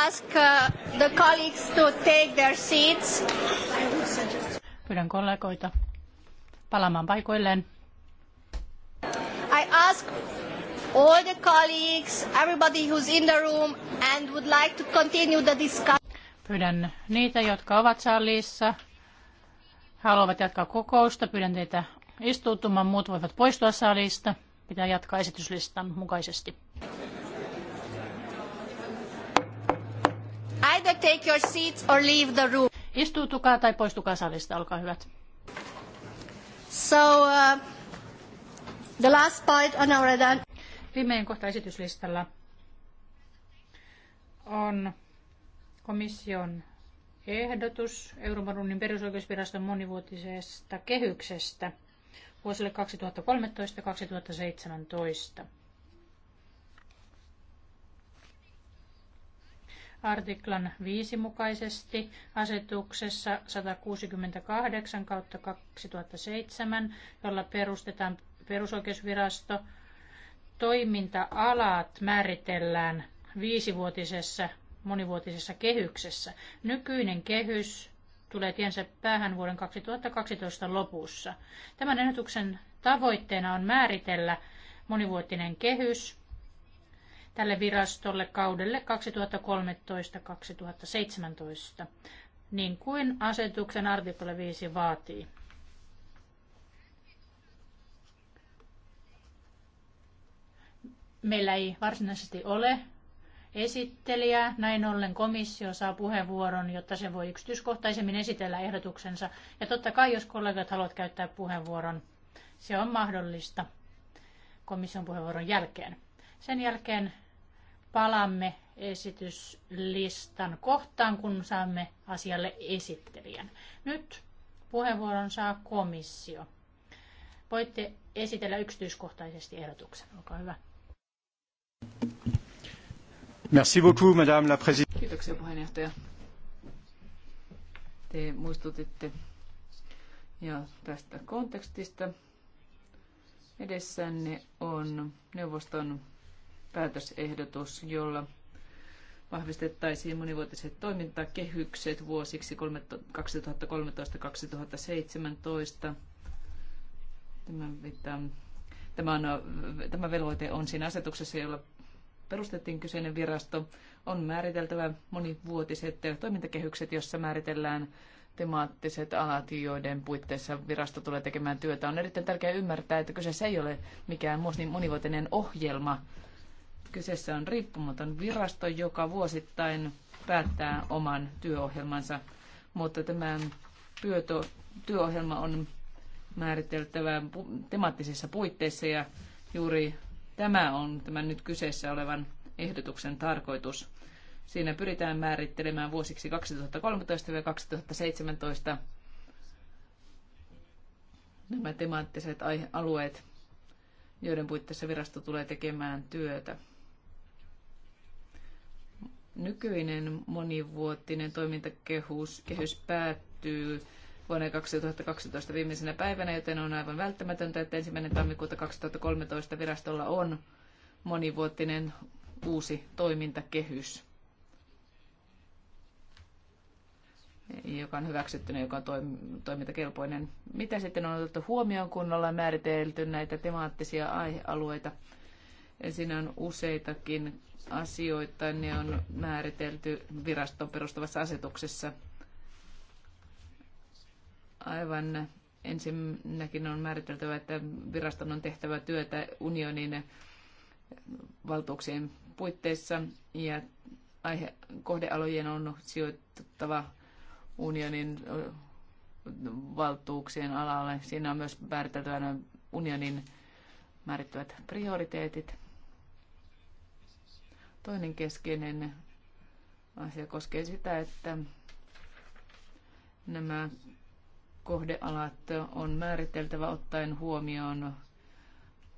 A: ask uh, the colleagues to take their seats.
B: Pyydän kollegoita palaamaan paikoilleen. I ask all the colleagues, everybody who's in the room and would like to continue the discussion. Pyydän niitä, jotka ovat salissa, haluavat jatkaa kokousta, pyydän teitä istuutumaan, muut voivat poistua salista. Pitää jatkaa esityslistan mukaisesti.
A: Either take your seats
B: or leave the room. Istuutukaa tai poistukaa salista, olkaa hyvät. So, uh, the last part on our Viimeinen kohta esityslistalla on komission ehdotus Euroopan unionin perusoikeusviraston monivuotisesta kehyksestä vuosille 2013-2017. artiklan 5 mukaisesti asetuksessa 168 kautta 2007, jolla perustetaan perusoikeusvirasto. Toiminta-alat määritellään viisivuotisessa monivuotisessa kehyksessä. Nykyinen kehys tulee tiensä päähän vuoden 2012 lopussa. Tämän ehdotuksen tavoitteena on määritellä monivuotinen kehys, tälle virastolle kaudelle 2013-2017, niin kuin asetuksen artikla 5 vaatii. Meillä ei varsinaisesti ole esittelijää. Näin ollen komissio saa puheenvuoron, jotta se voi yksityiskohtaisemmin esitellä ehdotuksensa. Ja totta kai, jos kollegat haluat käyttää puheenvuoron, se on mahdollista komission puheenvuoron jälkeen. Sen jälkeen palaamme esityslistan kohtaan, kun saamme asialle esittelijän. Nyt puheenvuoron saa komissio. Voitte esitellä yksityiskohtaisesti ehdotuksen. Olkaa hyvä.
D: Merci beaucoup, Madame la Présidente. Kiitoksia
E: puheenjohtaja. Te muistutitte ja tästä kontekstista. Edessänne on neuvoston päätösehdotus, jolla vahvistettaisiin monivuotiset toimintakehykset vuosiksi 2013-2017. Tämä, tämä, on, tämä velvoite on siinä asetuksessa, jolla perustettiin kyseinen virasto. On määriteltävä monivuotiset toimintakehykset, jossa määritellään temaattiset alat, joiden puitteissa virasto tulee tekemään työtä. On erittäin tärkeää ymmärtää, että kyseessä ei ole mikään monivuotinen ohjelma, Kyseessä on riippumaton virasto, joka vuosittain päättää oman työohjelmansa, mutta tämä työto, työohjelma on määriteltävä temaattisissa puitteissa ja juuri tämä on tämän nyt kyseessä olevan ehdotuksen tarkoitus. Siinä pyritään määrittelemään vuosiksi 2013-2017 nämä temaattiset alueet, joiden puitteissa virasto tulee tekemään työtä. Nykyinen monivuotinen toimintakehys kehys päättyy vuonna 2012 viimeisenä päivänä, joten on aivan välttämätöntä, että ensimmäinen tammikuuta 2013 virastolla on monivuotinen uusi toimintakehys, joka on hyväksyttynä, joka on toimintakelpoinen. Mitä sitten on otettu huomioon, kun ollaan määritelty näitä temaattisia aihealueita? Siinä on useitakin asioita, ne on määritelty viraston perustavassa asetuksessa. Aivan ensinnäkin on määriteltävä, että viraston on tehtävä työtä unionin valtuuksien puitteissa ja aihe, kohdealojen on sijoitettava unionin valtuuksien alalle. Siinä on myös määriteltävänä unionin määrittävät prioriteetit. Toinen keskeinen asia koskee sitä, että nämä kohdealat on määriteltävä ottaen huomioon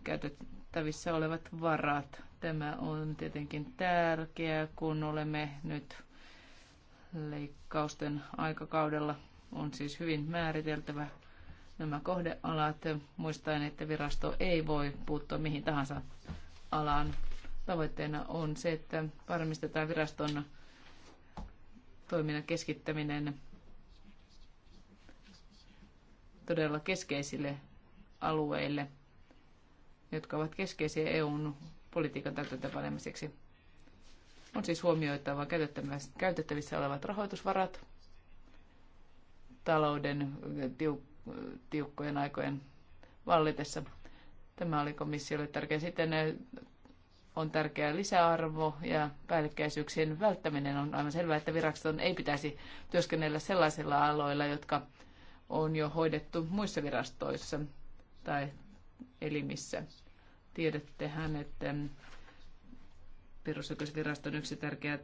E: käytettävissä olevat varat. Tämä on tietenkin tärkeää, kun olemme nyt leikkausten aikakaudella. On siis hyvin määriteltävä nämä kohdealat, muistaen, että virasto ei voi puuttua mihin tahansa alaan Tavoitteena on se, että varmistetaan viraston toiminnan keskittäminen todella keskeisille alueille, jotka ovat keskeisiä EUn politiikan täytäntöpanemiseksi. On siis huomioitava käytettävissä olevat rahoitusvarat, talouden tiukkojen aikojen vallitessa. Tämä oli komissiolle tärkeä. Sitten on tärkeä lisäarvo ja päällekkäisyyksien välttäminen on aivan selvää, että viraston ei pitäisi työskennellä sellaisilla aloilla, jotka on jo hoidettu muissa virastoissa tai elimissä. Tiedättehän, että perusoikeusviraston yksi tärkeä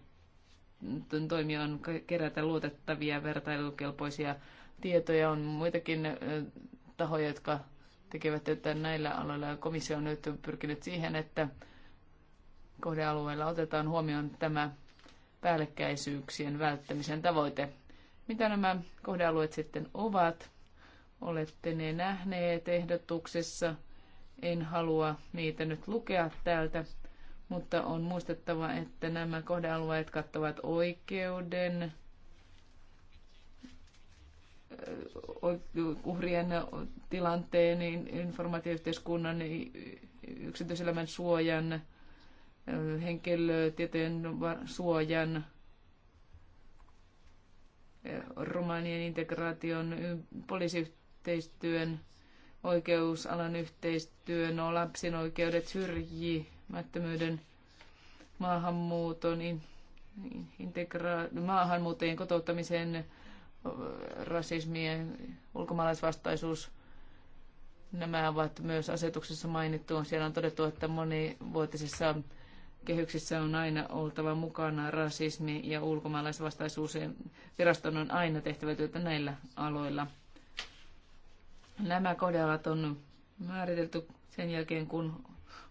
E: toimi on kerätä luotettavia vertailukelpoisia tietoja. On muitakin tahoja, jotka tekevät työtä näillä aloilla. Komissio on nyt pyrkinyt siihen, että kohdealueella otetaan huomioon tämä päällekkäisyyksien välttämisen tavoite. Mitä nämä kohdealueet sitten ovat? Olette ne nähneet ehdotuksessa. En halua niitä nyt lukea täältä, mutta on muistettava, että nämä kohdealueet kattavat oikeuden, uhrien tilanteen, informaatioyhteiskunnan, yksityiselämän suojan, henkilötietojen suojan, romanien integraation, poliisiyhteistyön, oikeusalan yhteistyön, no, lapsin oikeudet, syrjimättömyyden, maahanmuuton, integra- maahanmuuteen kotouttamisen, rasismien, ulkomaalaisvastaisuus, nämä ovat myös asetuksessa mainittu. Siellä on todettu, että monivuotisessa kehyksissä on aina oltava mukana rasismi ja ulkomaalaisvastaisuus. Viraston on aina tehtävä työtä näillä aloilla. Nämä kohdealat on määritelty sen jälkeen, kun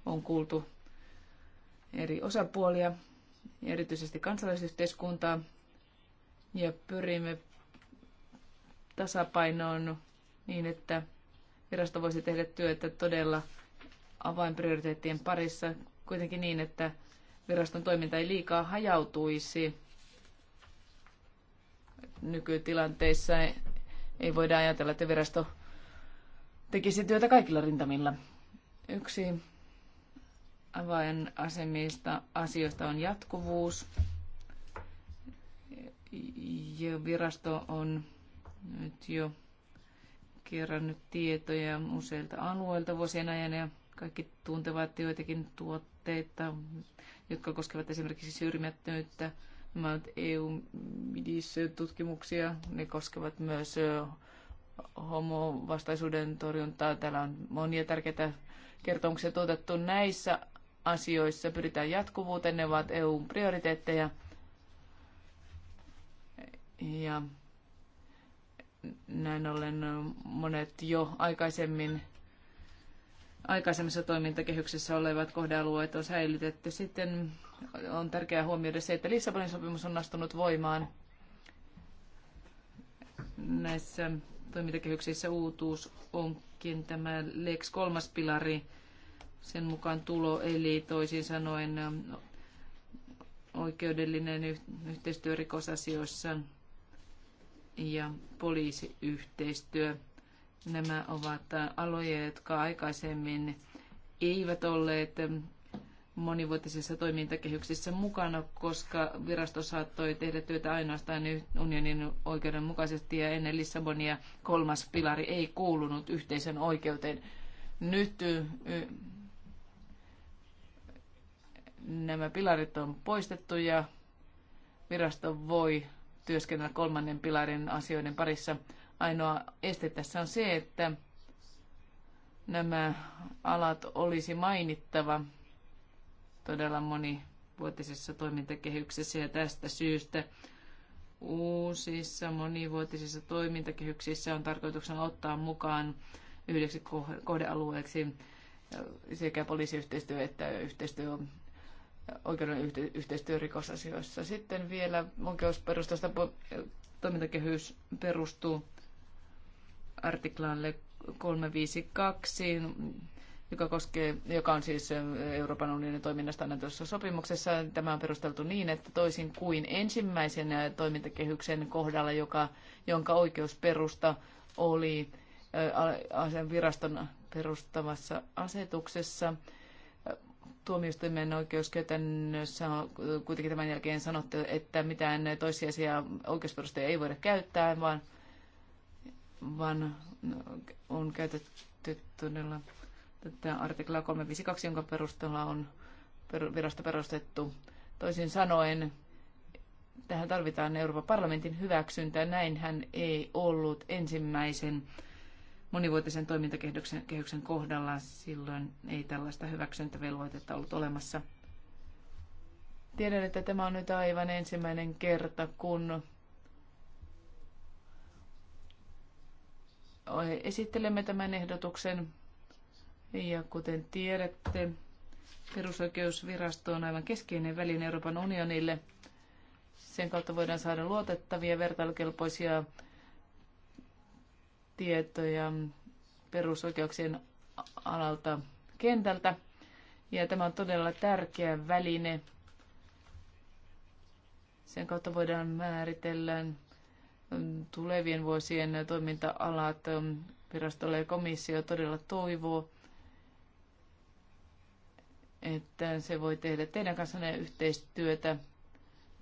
E: on kuultu eri osapuolia, erityisesti kansalaisyhteiskuntaa, ja pyrimme tasapainoon niin, että virasto voisi tehdä työtä todella avainprioriteettien parissa, kuitenkin niin, että viraston toiminta ei liikaa hajautuisi nykytilanteissa. Ei voida ajatella, että virasto tekisi työtä kaikilla rintamilla. Yksi avainasemista asioista on jatkuvuus. Ja virasto on nyt jo kerännyt tietoja useilta alueilta vuosien ajan ja kaikki tuntevat joitakin tuotteita aloitteita, jotka koskevat esimerkiksi syrjimättömyyttä. Nämä ovat EU-tutkimuksia, ne koskevat myös homovastaisuuden torjuntaa. Täällä on monia tärkeitä kertomuksia tuotettu näissä asioissa. Pyritään jatkuvuuteen, ne ovat eu prioriteetteja. Ja näin ollen monet jo aikaisemmin aikaisemmissa toimintakehyksissä olevat kohdealueet on säilytetty. Sitten on tärkeää huomioida se, että Lissabonin sopimus on astunut voimaan näissä toimintakehyksissä uutuus onkin tämä Lex kolmas pilari, sen mukaan tulo, eli toisin sanoen oikeudellinen yhteistyö rikosasioissa ja poliisiyhteistyö. Nämä ovat aloja, jotka aikaisemmin eivät olleet monivuotisissa toimintakehyksissä mukana, koska virasto saattoi tehdä työtä ainoastaan unionin oikeudenmukaisesti ja ennen Lissabonia kolmas pilari ei kuulunut yhteisen oikeuteen. Nyt nämä pilarit on poistettu ja virasto voi työskennellä kolmannen pilarin asioiden parissa – Ainoa este tässä on se, että nämä alat olisi mainittava todella monivuotisessa toimintakehyksessä ja tästä syystä uusissa monivuotisissa toimintakehyksissä on tarkoituksena ottaa mukaan yhdeksi kohdealueeksi sekä poliisiyhteistyö että yhteistyö oikeuden yhteistyö rikosasioissa. Sitten vielä oikeusperustasta toimintakehys perustuu artiklaalle 352, joka, koskee, joka on siis Euroopan unionin toiminnasta annetussa sopimuksessa. Tämä on perusteltu niin, että toisin kuin ensimmäisen toimintakehyksen kohdalla, joka, jonka oikeusperusta oli viraston perustavassa asetuksessa, tuomioistuimen oikeuskäytännössä on kuitenkin tämän jälkeen sanottu, että mitään toissijaisia oikeusperusteja ei voida käyttää, vaan vaan on käytetty todella tätä artiklaa 352, jonka perusteella on virasto perustettu. Toisin sanoen, tähän tarvitaan Euroopan parlamentin hyväksyntä. Näinhän ei ollut ensimmäisen monivuotisen toimintakehyksen kohdalla. Silloin ei tällaista hyväksyntävelvoitetta ollut olemassa. Tiedän, että tämä on nyt aivan ensimmäinen kerta, kun esittelemme tämän ehdotuksen. Ja kuten tiedätte, perusoikeusvirasto on aivan keskeinen väline Euroopan unionille. Sen kautta voidaan saada luotettavia, vertailukelpoisia tietoja perusoikeuksien alalta kentältä. Ja tämä on todella tärkeä väline. Sen kautta voidaan määritellä tulevien vuosien toiminta-alat ähm, virastolle ja komissio todella toivoo, että se voi tehdä teidän kanssanne yhteistyötä,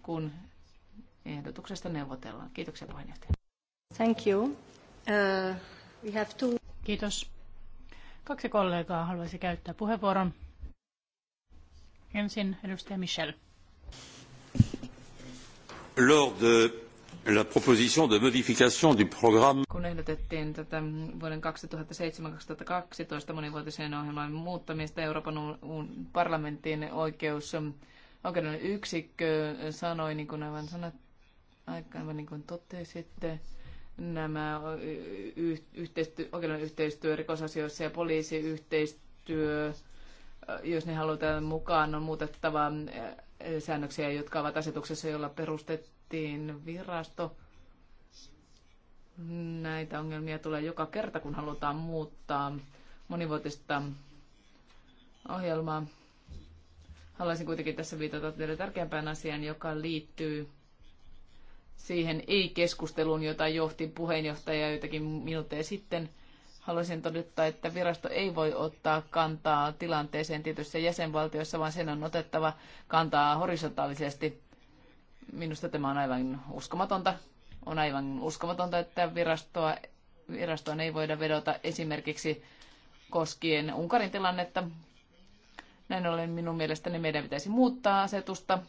E: kun
B: ehdotuksesta neuvotellaan. Kiitoksia puheenjohtaja. Thank you. Uh, we have two... Kiitos. Kaksi kollegaa haluaisi käyttää puheenvuoron. Ensin edustaja Michel.
D: Lors de la proposition de modification du programme.
B: Kun ehdotettiin
E: tätä vuoden 2007-2012 monivuotiseen ohjelman muuttamista Euroopan parlamentin oikeus oikeudellinen yksikkö sanoi, niin kuin aivan sanat, aikaan, niin kuin totesitte, nämä yhteistyö, yhteistyö rikosasioissa ja poliisiyhteistyö, jos ne halutaan mukaan, on muutettava säännöksiä, jotka ovat asetuksessa, jolla perustettu perustettiin virasto. Näitä ongelmia tulee joka kerta, kun halutaan muuttaa monivuotista ohjelmaa. Haluaisin kuitenkin tässä viitata teille tärkeämpään asiaan, joka liittyy siihen ei-keskusteluun, jota johti puheenjohtaja joitakin minuutteja sitten. Haluaisin todeta, että virasto ei voi ottaa kantaa tilanteeseen tietyissä jäsenvaltioissa, vaan sen on otettava kantaa horisontaalisesti. Minusta tämä on aivan uskomatonta. On aivan uskomatonta, että virastoa, virastoon ei voida vedota esimerkiksi koskien Unkarin tilannetta. Näin ollen minun mielestäni meidän pitäisi muuttaa asetusta,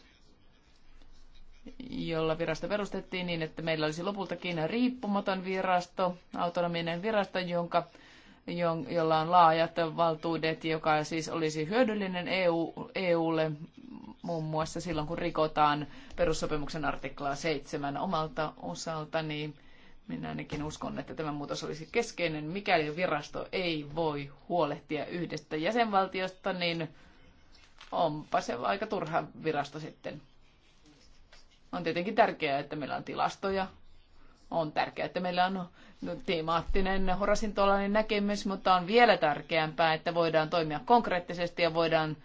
E: jolla virasto perustettiin niin, että meillä olisi lopultakin riippumaton virasto, autonominen virasto, jonka jolla on laajat valtuudet, joka siis olisi hyödyllinen EU, EUlle, muun muassa silloin, kun rikotaan perussopimuksen artiklaa 7 omalta osalta, niin minä ainakin uskon, että tämä muutos olisi keskeinen. Mikäli virasto ei voi huolehtia yhdestä jäsenvaltiosta, niin onpa se aika turha virasto sitten. On tietenkin tärkeää, että meillä on tilastoja. On tärkeää, että meillä on temaattinen horasintolainen näkemys, mutta on vielä tärkeämpää, että voidaan toimia konkreettisesti ja voidaan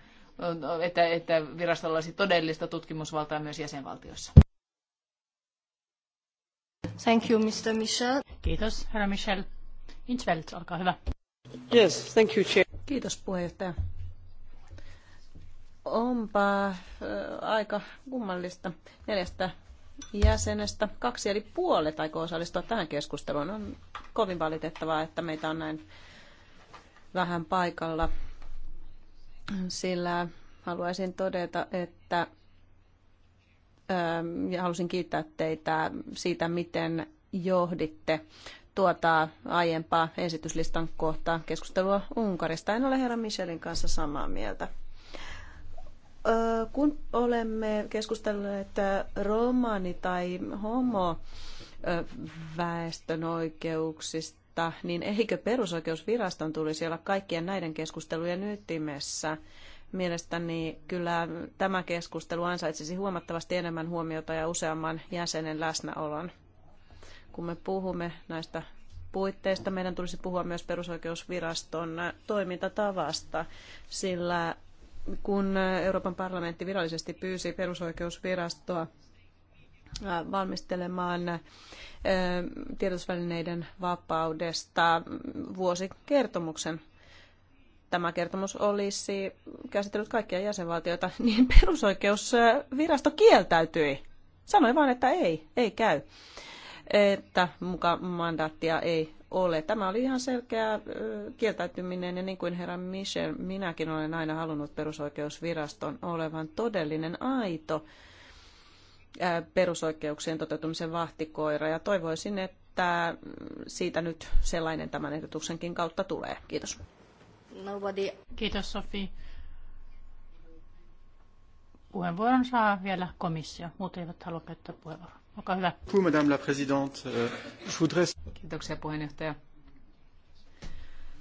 E: että, että virastolla olisi todellista tutkimusvaltaa myös jäsenvaltioissa.
B: Thank you, Mr. Michel. Kiitos, herra Michel. Intveld, olkaa hyvä. Yes, thank you, Chair. Kiitos, puheenjohtaja.
C: Onpa äh, aika kummallista. Neljästä jäsenestä kaksi eli puolet aikoo osallistua tähän keskusteluun. On kovin valitettavaa, että meitä on näin vähän paikalla sillä haluaisin todeta, että ähm, ja halusin kiittää teitä siitä, miten johditte tuota aiempaa esityslistan kohtaa keskustelua Unkarista. En ole herra Michelin kanssa samaa mieltä. Kun olemme keskustelleet romani- tai homo väestön oikeuksista, mutta niin eikö perusoikeusviraston tulisi olla kaikkien näiden keskustelujen ytimessä? Mielestäni kyllä tämä keskustelu ansaitsisi huomattavasti enemmän huomiota ja useamman jäsenen läsnäolon. Kun me puhumme näistä puitteista, meidän tulisi puhua myös perusoikeusviraston toimintatavasta, sillä kun Euroopan parlamentti virallisesti pyysi perusoikeusvirastoa Äh, valmistelemaan äh, tiedotusvälineiden vapaudesta vuosikertomuksen. Tämä kertomus olisi käsitellyt kaikkia jäsenvaltioita, niin perusoikeusvirasto kieltäytyi. Sanoi vain, että ei, ei käy, että muka mandaattia ei ole. Tämä oli ihan selkeä äh, kieltäytyminen ja niin kuin herra Michel, minäkin olen aina halunnut perusoikeusviraston olevan todellinen aito perusoikeuksien toteutumisen vahtikoira ja toivoisin, että mm, siitä nyt sellainen tämän ehdotuksenkin kautta tulee. Kiitos.
A: Nobody. Kiitos Sofi.
B: Puheenvuoron saa vielä komissio. Muut eivät halua käyttää puheenvuoroa. Olkaa hyvä.
D: Madame la présidente, euh, voudrais...
B: Kiitoksia puheenjohtaja.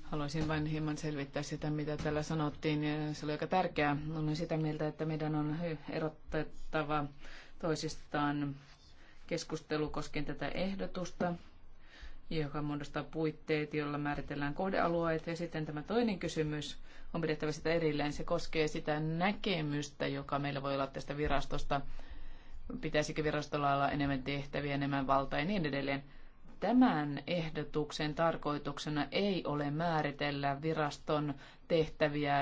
E: Haluaisin vain hieman selvittää sitä, mitä täällä sanottiin. Se oli aika tärkeää. Olen sitä mieltä, että meidän on erottettava toisistaan keskustelu koskien tätä ehdotusta, joka muodostaa puitteet, joilla määritellään kohdealueet. Ja sitten tämä toinen kysymys on pidettävä sitä erilleen Se koskee sitä näkemystä, joka meillä voi olla tästä virastosta. Pitäisikö virastolla olla enemmän tehtäviä, enemmän valtaa ja niin edelleen. Tämän ehdotuksen tarkoituksena ei ole määritellä viraston tehtäviä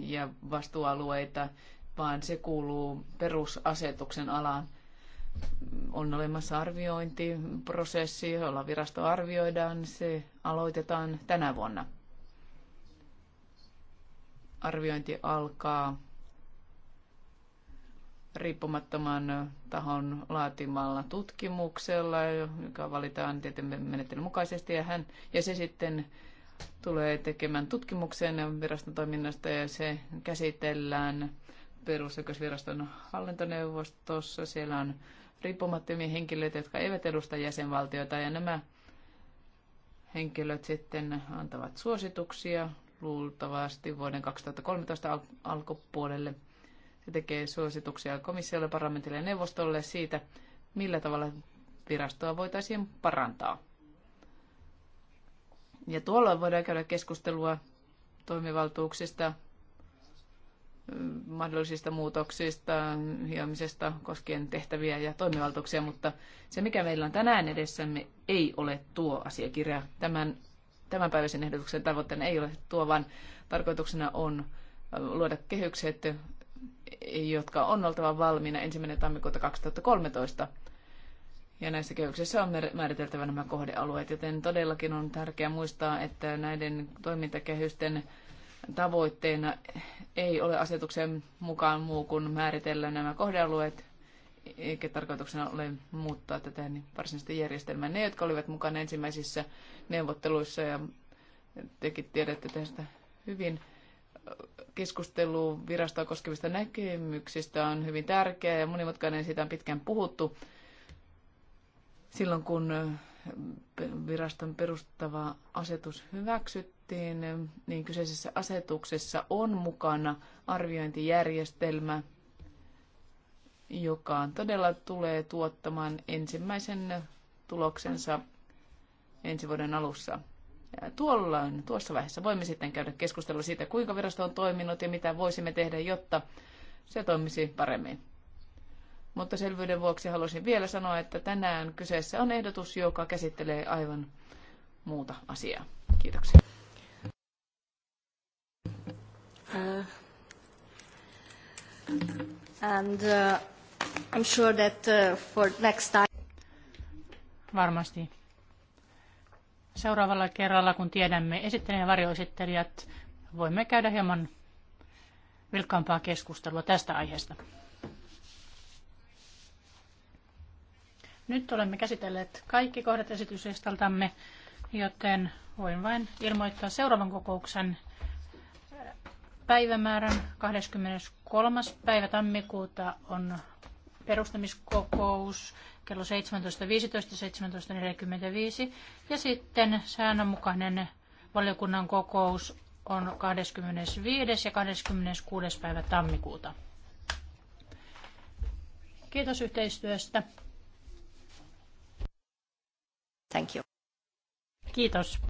E: ja vastuualueita vaan Se kuuluu perusasetuksen alaan. On olemassa arviointiprosessi, jolla virasto arvioidaan. Se aloitetaan tänä vuonna. Arviointi alkaa riippumattoman tahon laatimalla tutkimuksella, joka valitaan tietenkin menettelyn mukaisesti, ja, hän, ja se sitten tulee tekemään tutkimuksen viraston toiminnasta ja se käsitellään perusoikeusviraston hallintoneuvostossa. Siellä on riippumattomia henkilöitä, jotka eivät edusta jäsenvaltioita ja nämä henkilöt sitten antavat suosituksia luultavasti vuoden 2013 al- alkupuolelle. Se tekee suosituksia komissiolle, parlamentille ja neuvostolle siitä, millä tavalla virastoa voitaisiin parantaa. Ja tuolloin voidaan käydä keskustelua toimivaltuuksista, mahdollisista muutoksista, hiomisesta koskien tehtäviä ja toimivaltuuksia, mutta se mikä meillä on tänään edessämme ei ole tuo asiakirja. Tämän, tämän päiväisen ehdotuksen tavoitteena ei ole tuo, vaan tarkoituksena on luoda kehykset, jotka on oltava valmiina ensimmäinen tammikuuta 2013. Ja näissä kehyksissä on määriteltävä nämä kohdealueet, joten todellakin on tärkeää muistaa, että näiden toimintakehysten tavoitteena ei ole asetuksen mukaan muu kuin määritellä nämä kohdealueet, eikä tarkoituksena ole muuttaa tätä niin varsinaista järjestelmää. Ne, jotka olivat mukana ensimmäisissä neuvotteluissa ja tekin tiedätte tästä hyvin, keskustelu virastoa koskevista näkemyksistä on hyvin tärkeä ja monimutkainen, siitä on pitkään puhuttu. Silloin kun eh, viraston perustava asetus hyväksyttiin, mainittiin, niin kyseisessä asetuksessa on mukana arviointijärjestelmä, joka todella tulee tuottamaan ensimmäisen tuloksensa ensi vuoden alussa. Ja tuolloin, tuossa vaiheessa voimme sitten käydä keskustelua siitä, kuinka virasto on toiminut ja mitä voisimme tehdä, jotta se toimisi paremmin. Mutta selvyyden vuoksi halusin vielä sanoa, että tänään kyseessä on ehdotus, joka käsittelee aivan muuta
A: asiaa. Kiitoksia. Uh, and uh, I'm sure that uh,
B: for next time. Varmasti. Seuraavalla kerralla, kun tiedämme esittelijän varjoesittelijät, voimme käydä hieman vilkkaampaa keskustelua tästä aiheesta. Nyt olemme käsitelleet kaikki kohdat esityslistaltamme, joten voin vain ilmoittaa seuraavan kokouksen päivämäärän. 23. päivä tammikuuta on perustamiskokous kello 17.15-17.45 ja sitten säännönmukainen valiokunnan kokous on 25. ja 26. päivä tammikuuta. Kiitos yhteistyöstä. Thank you. Kiitos.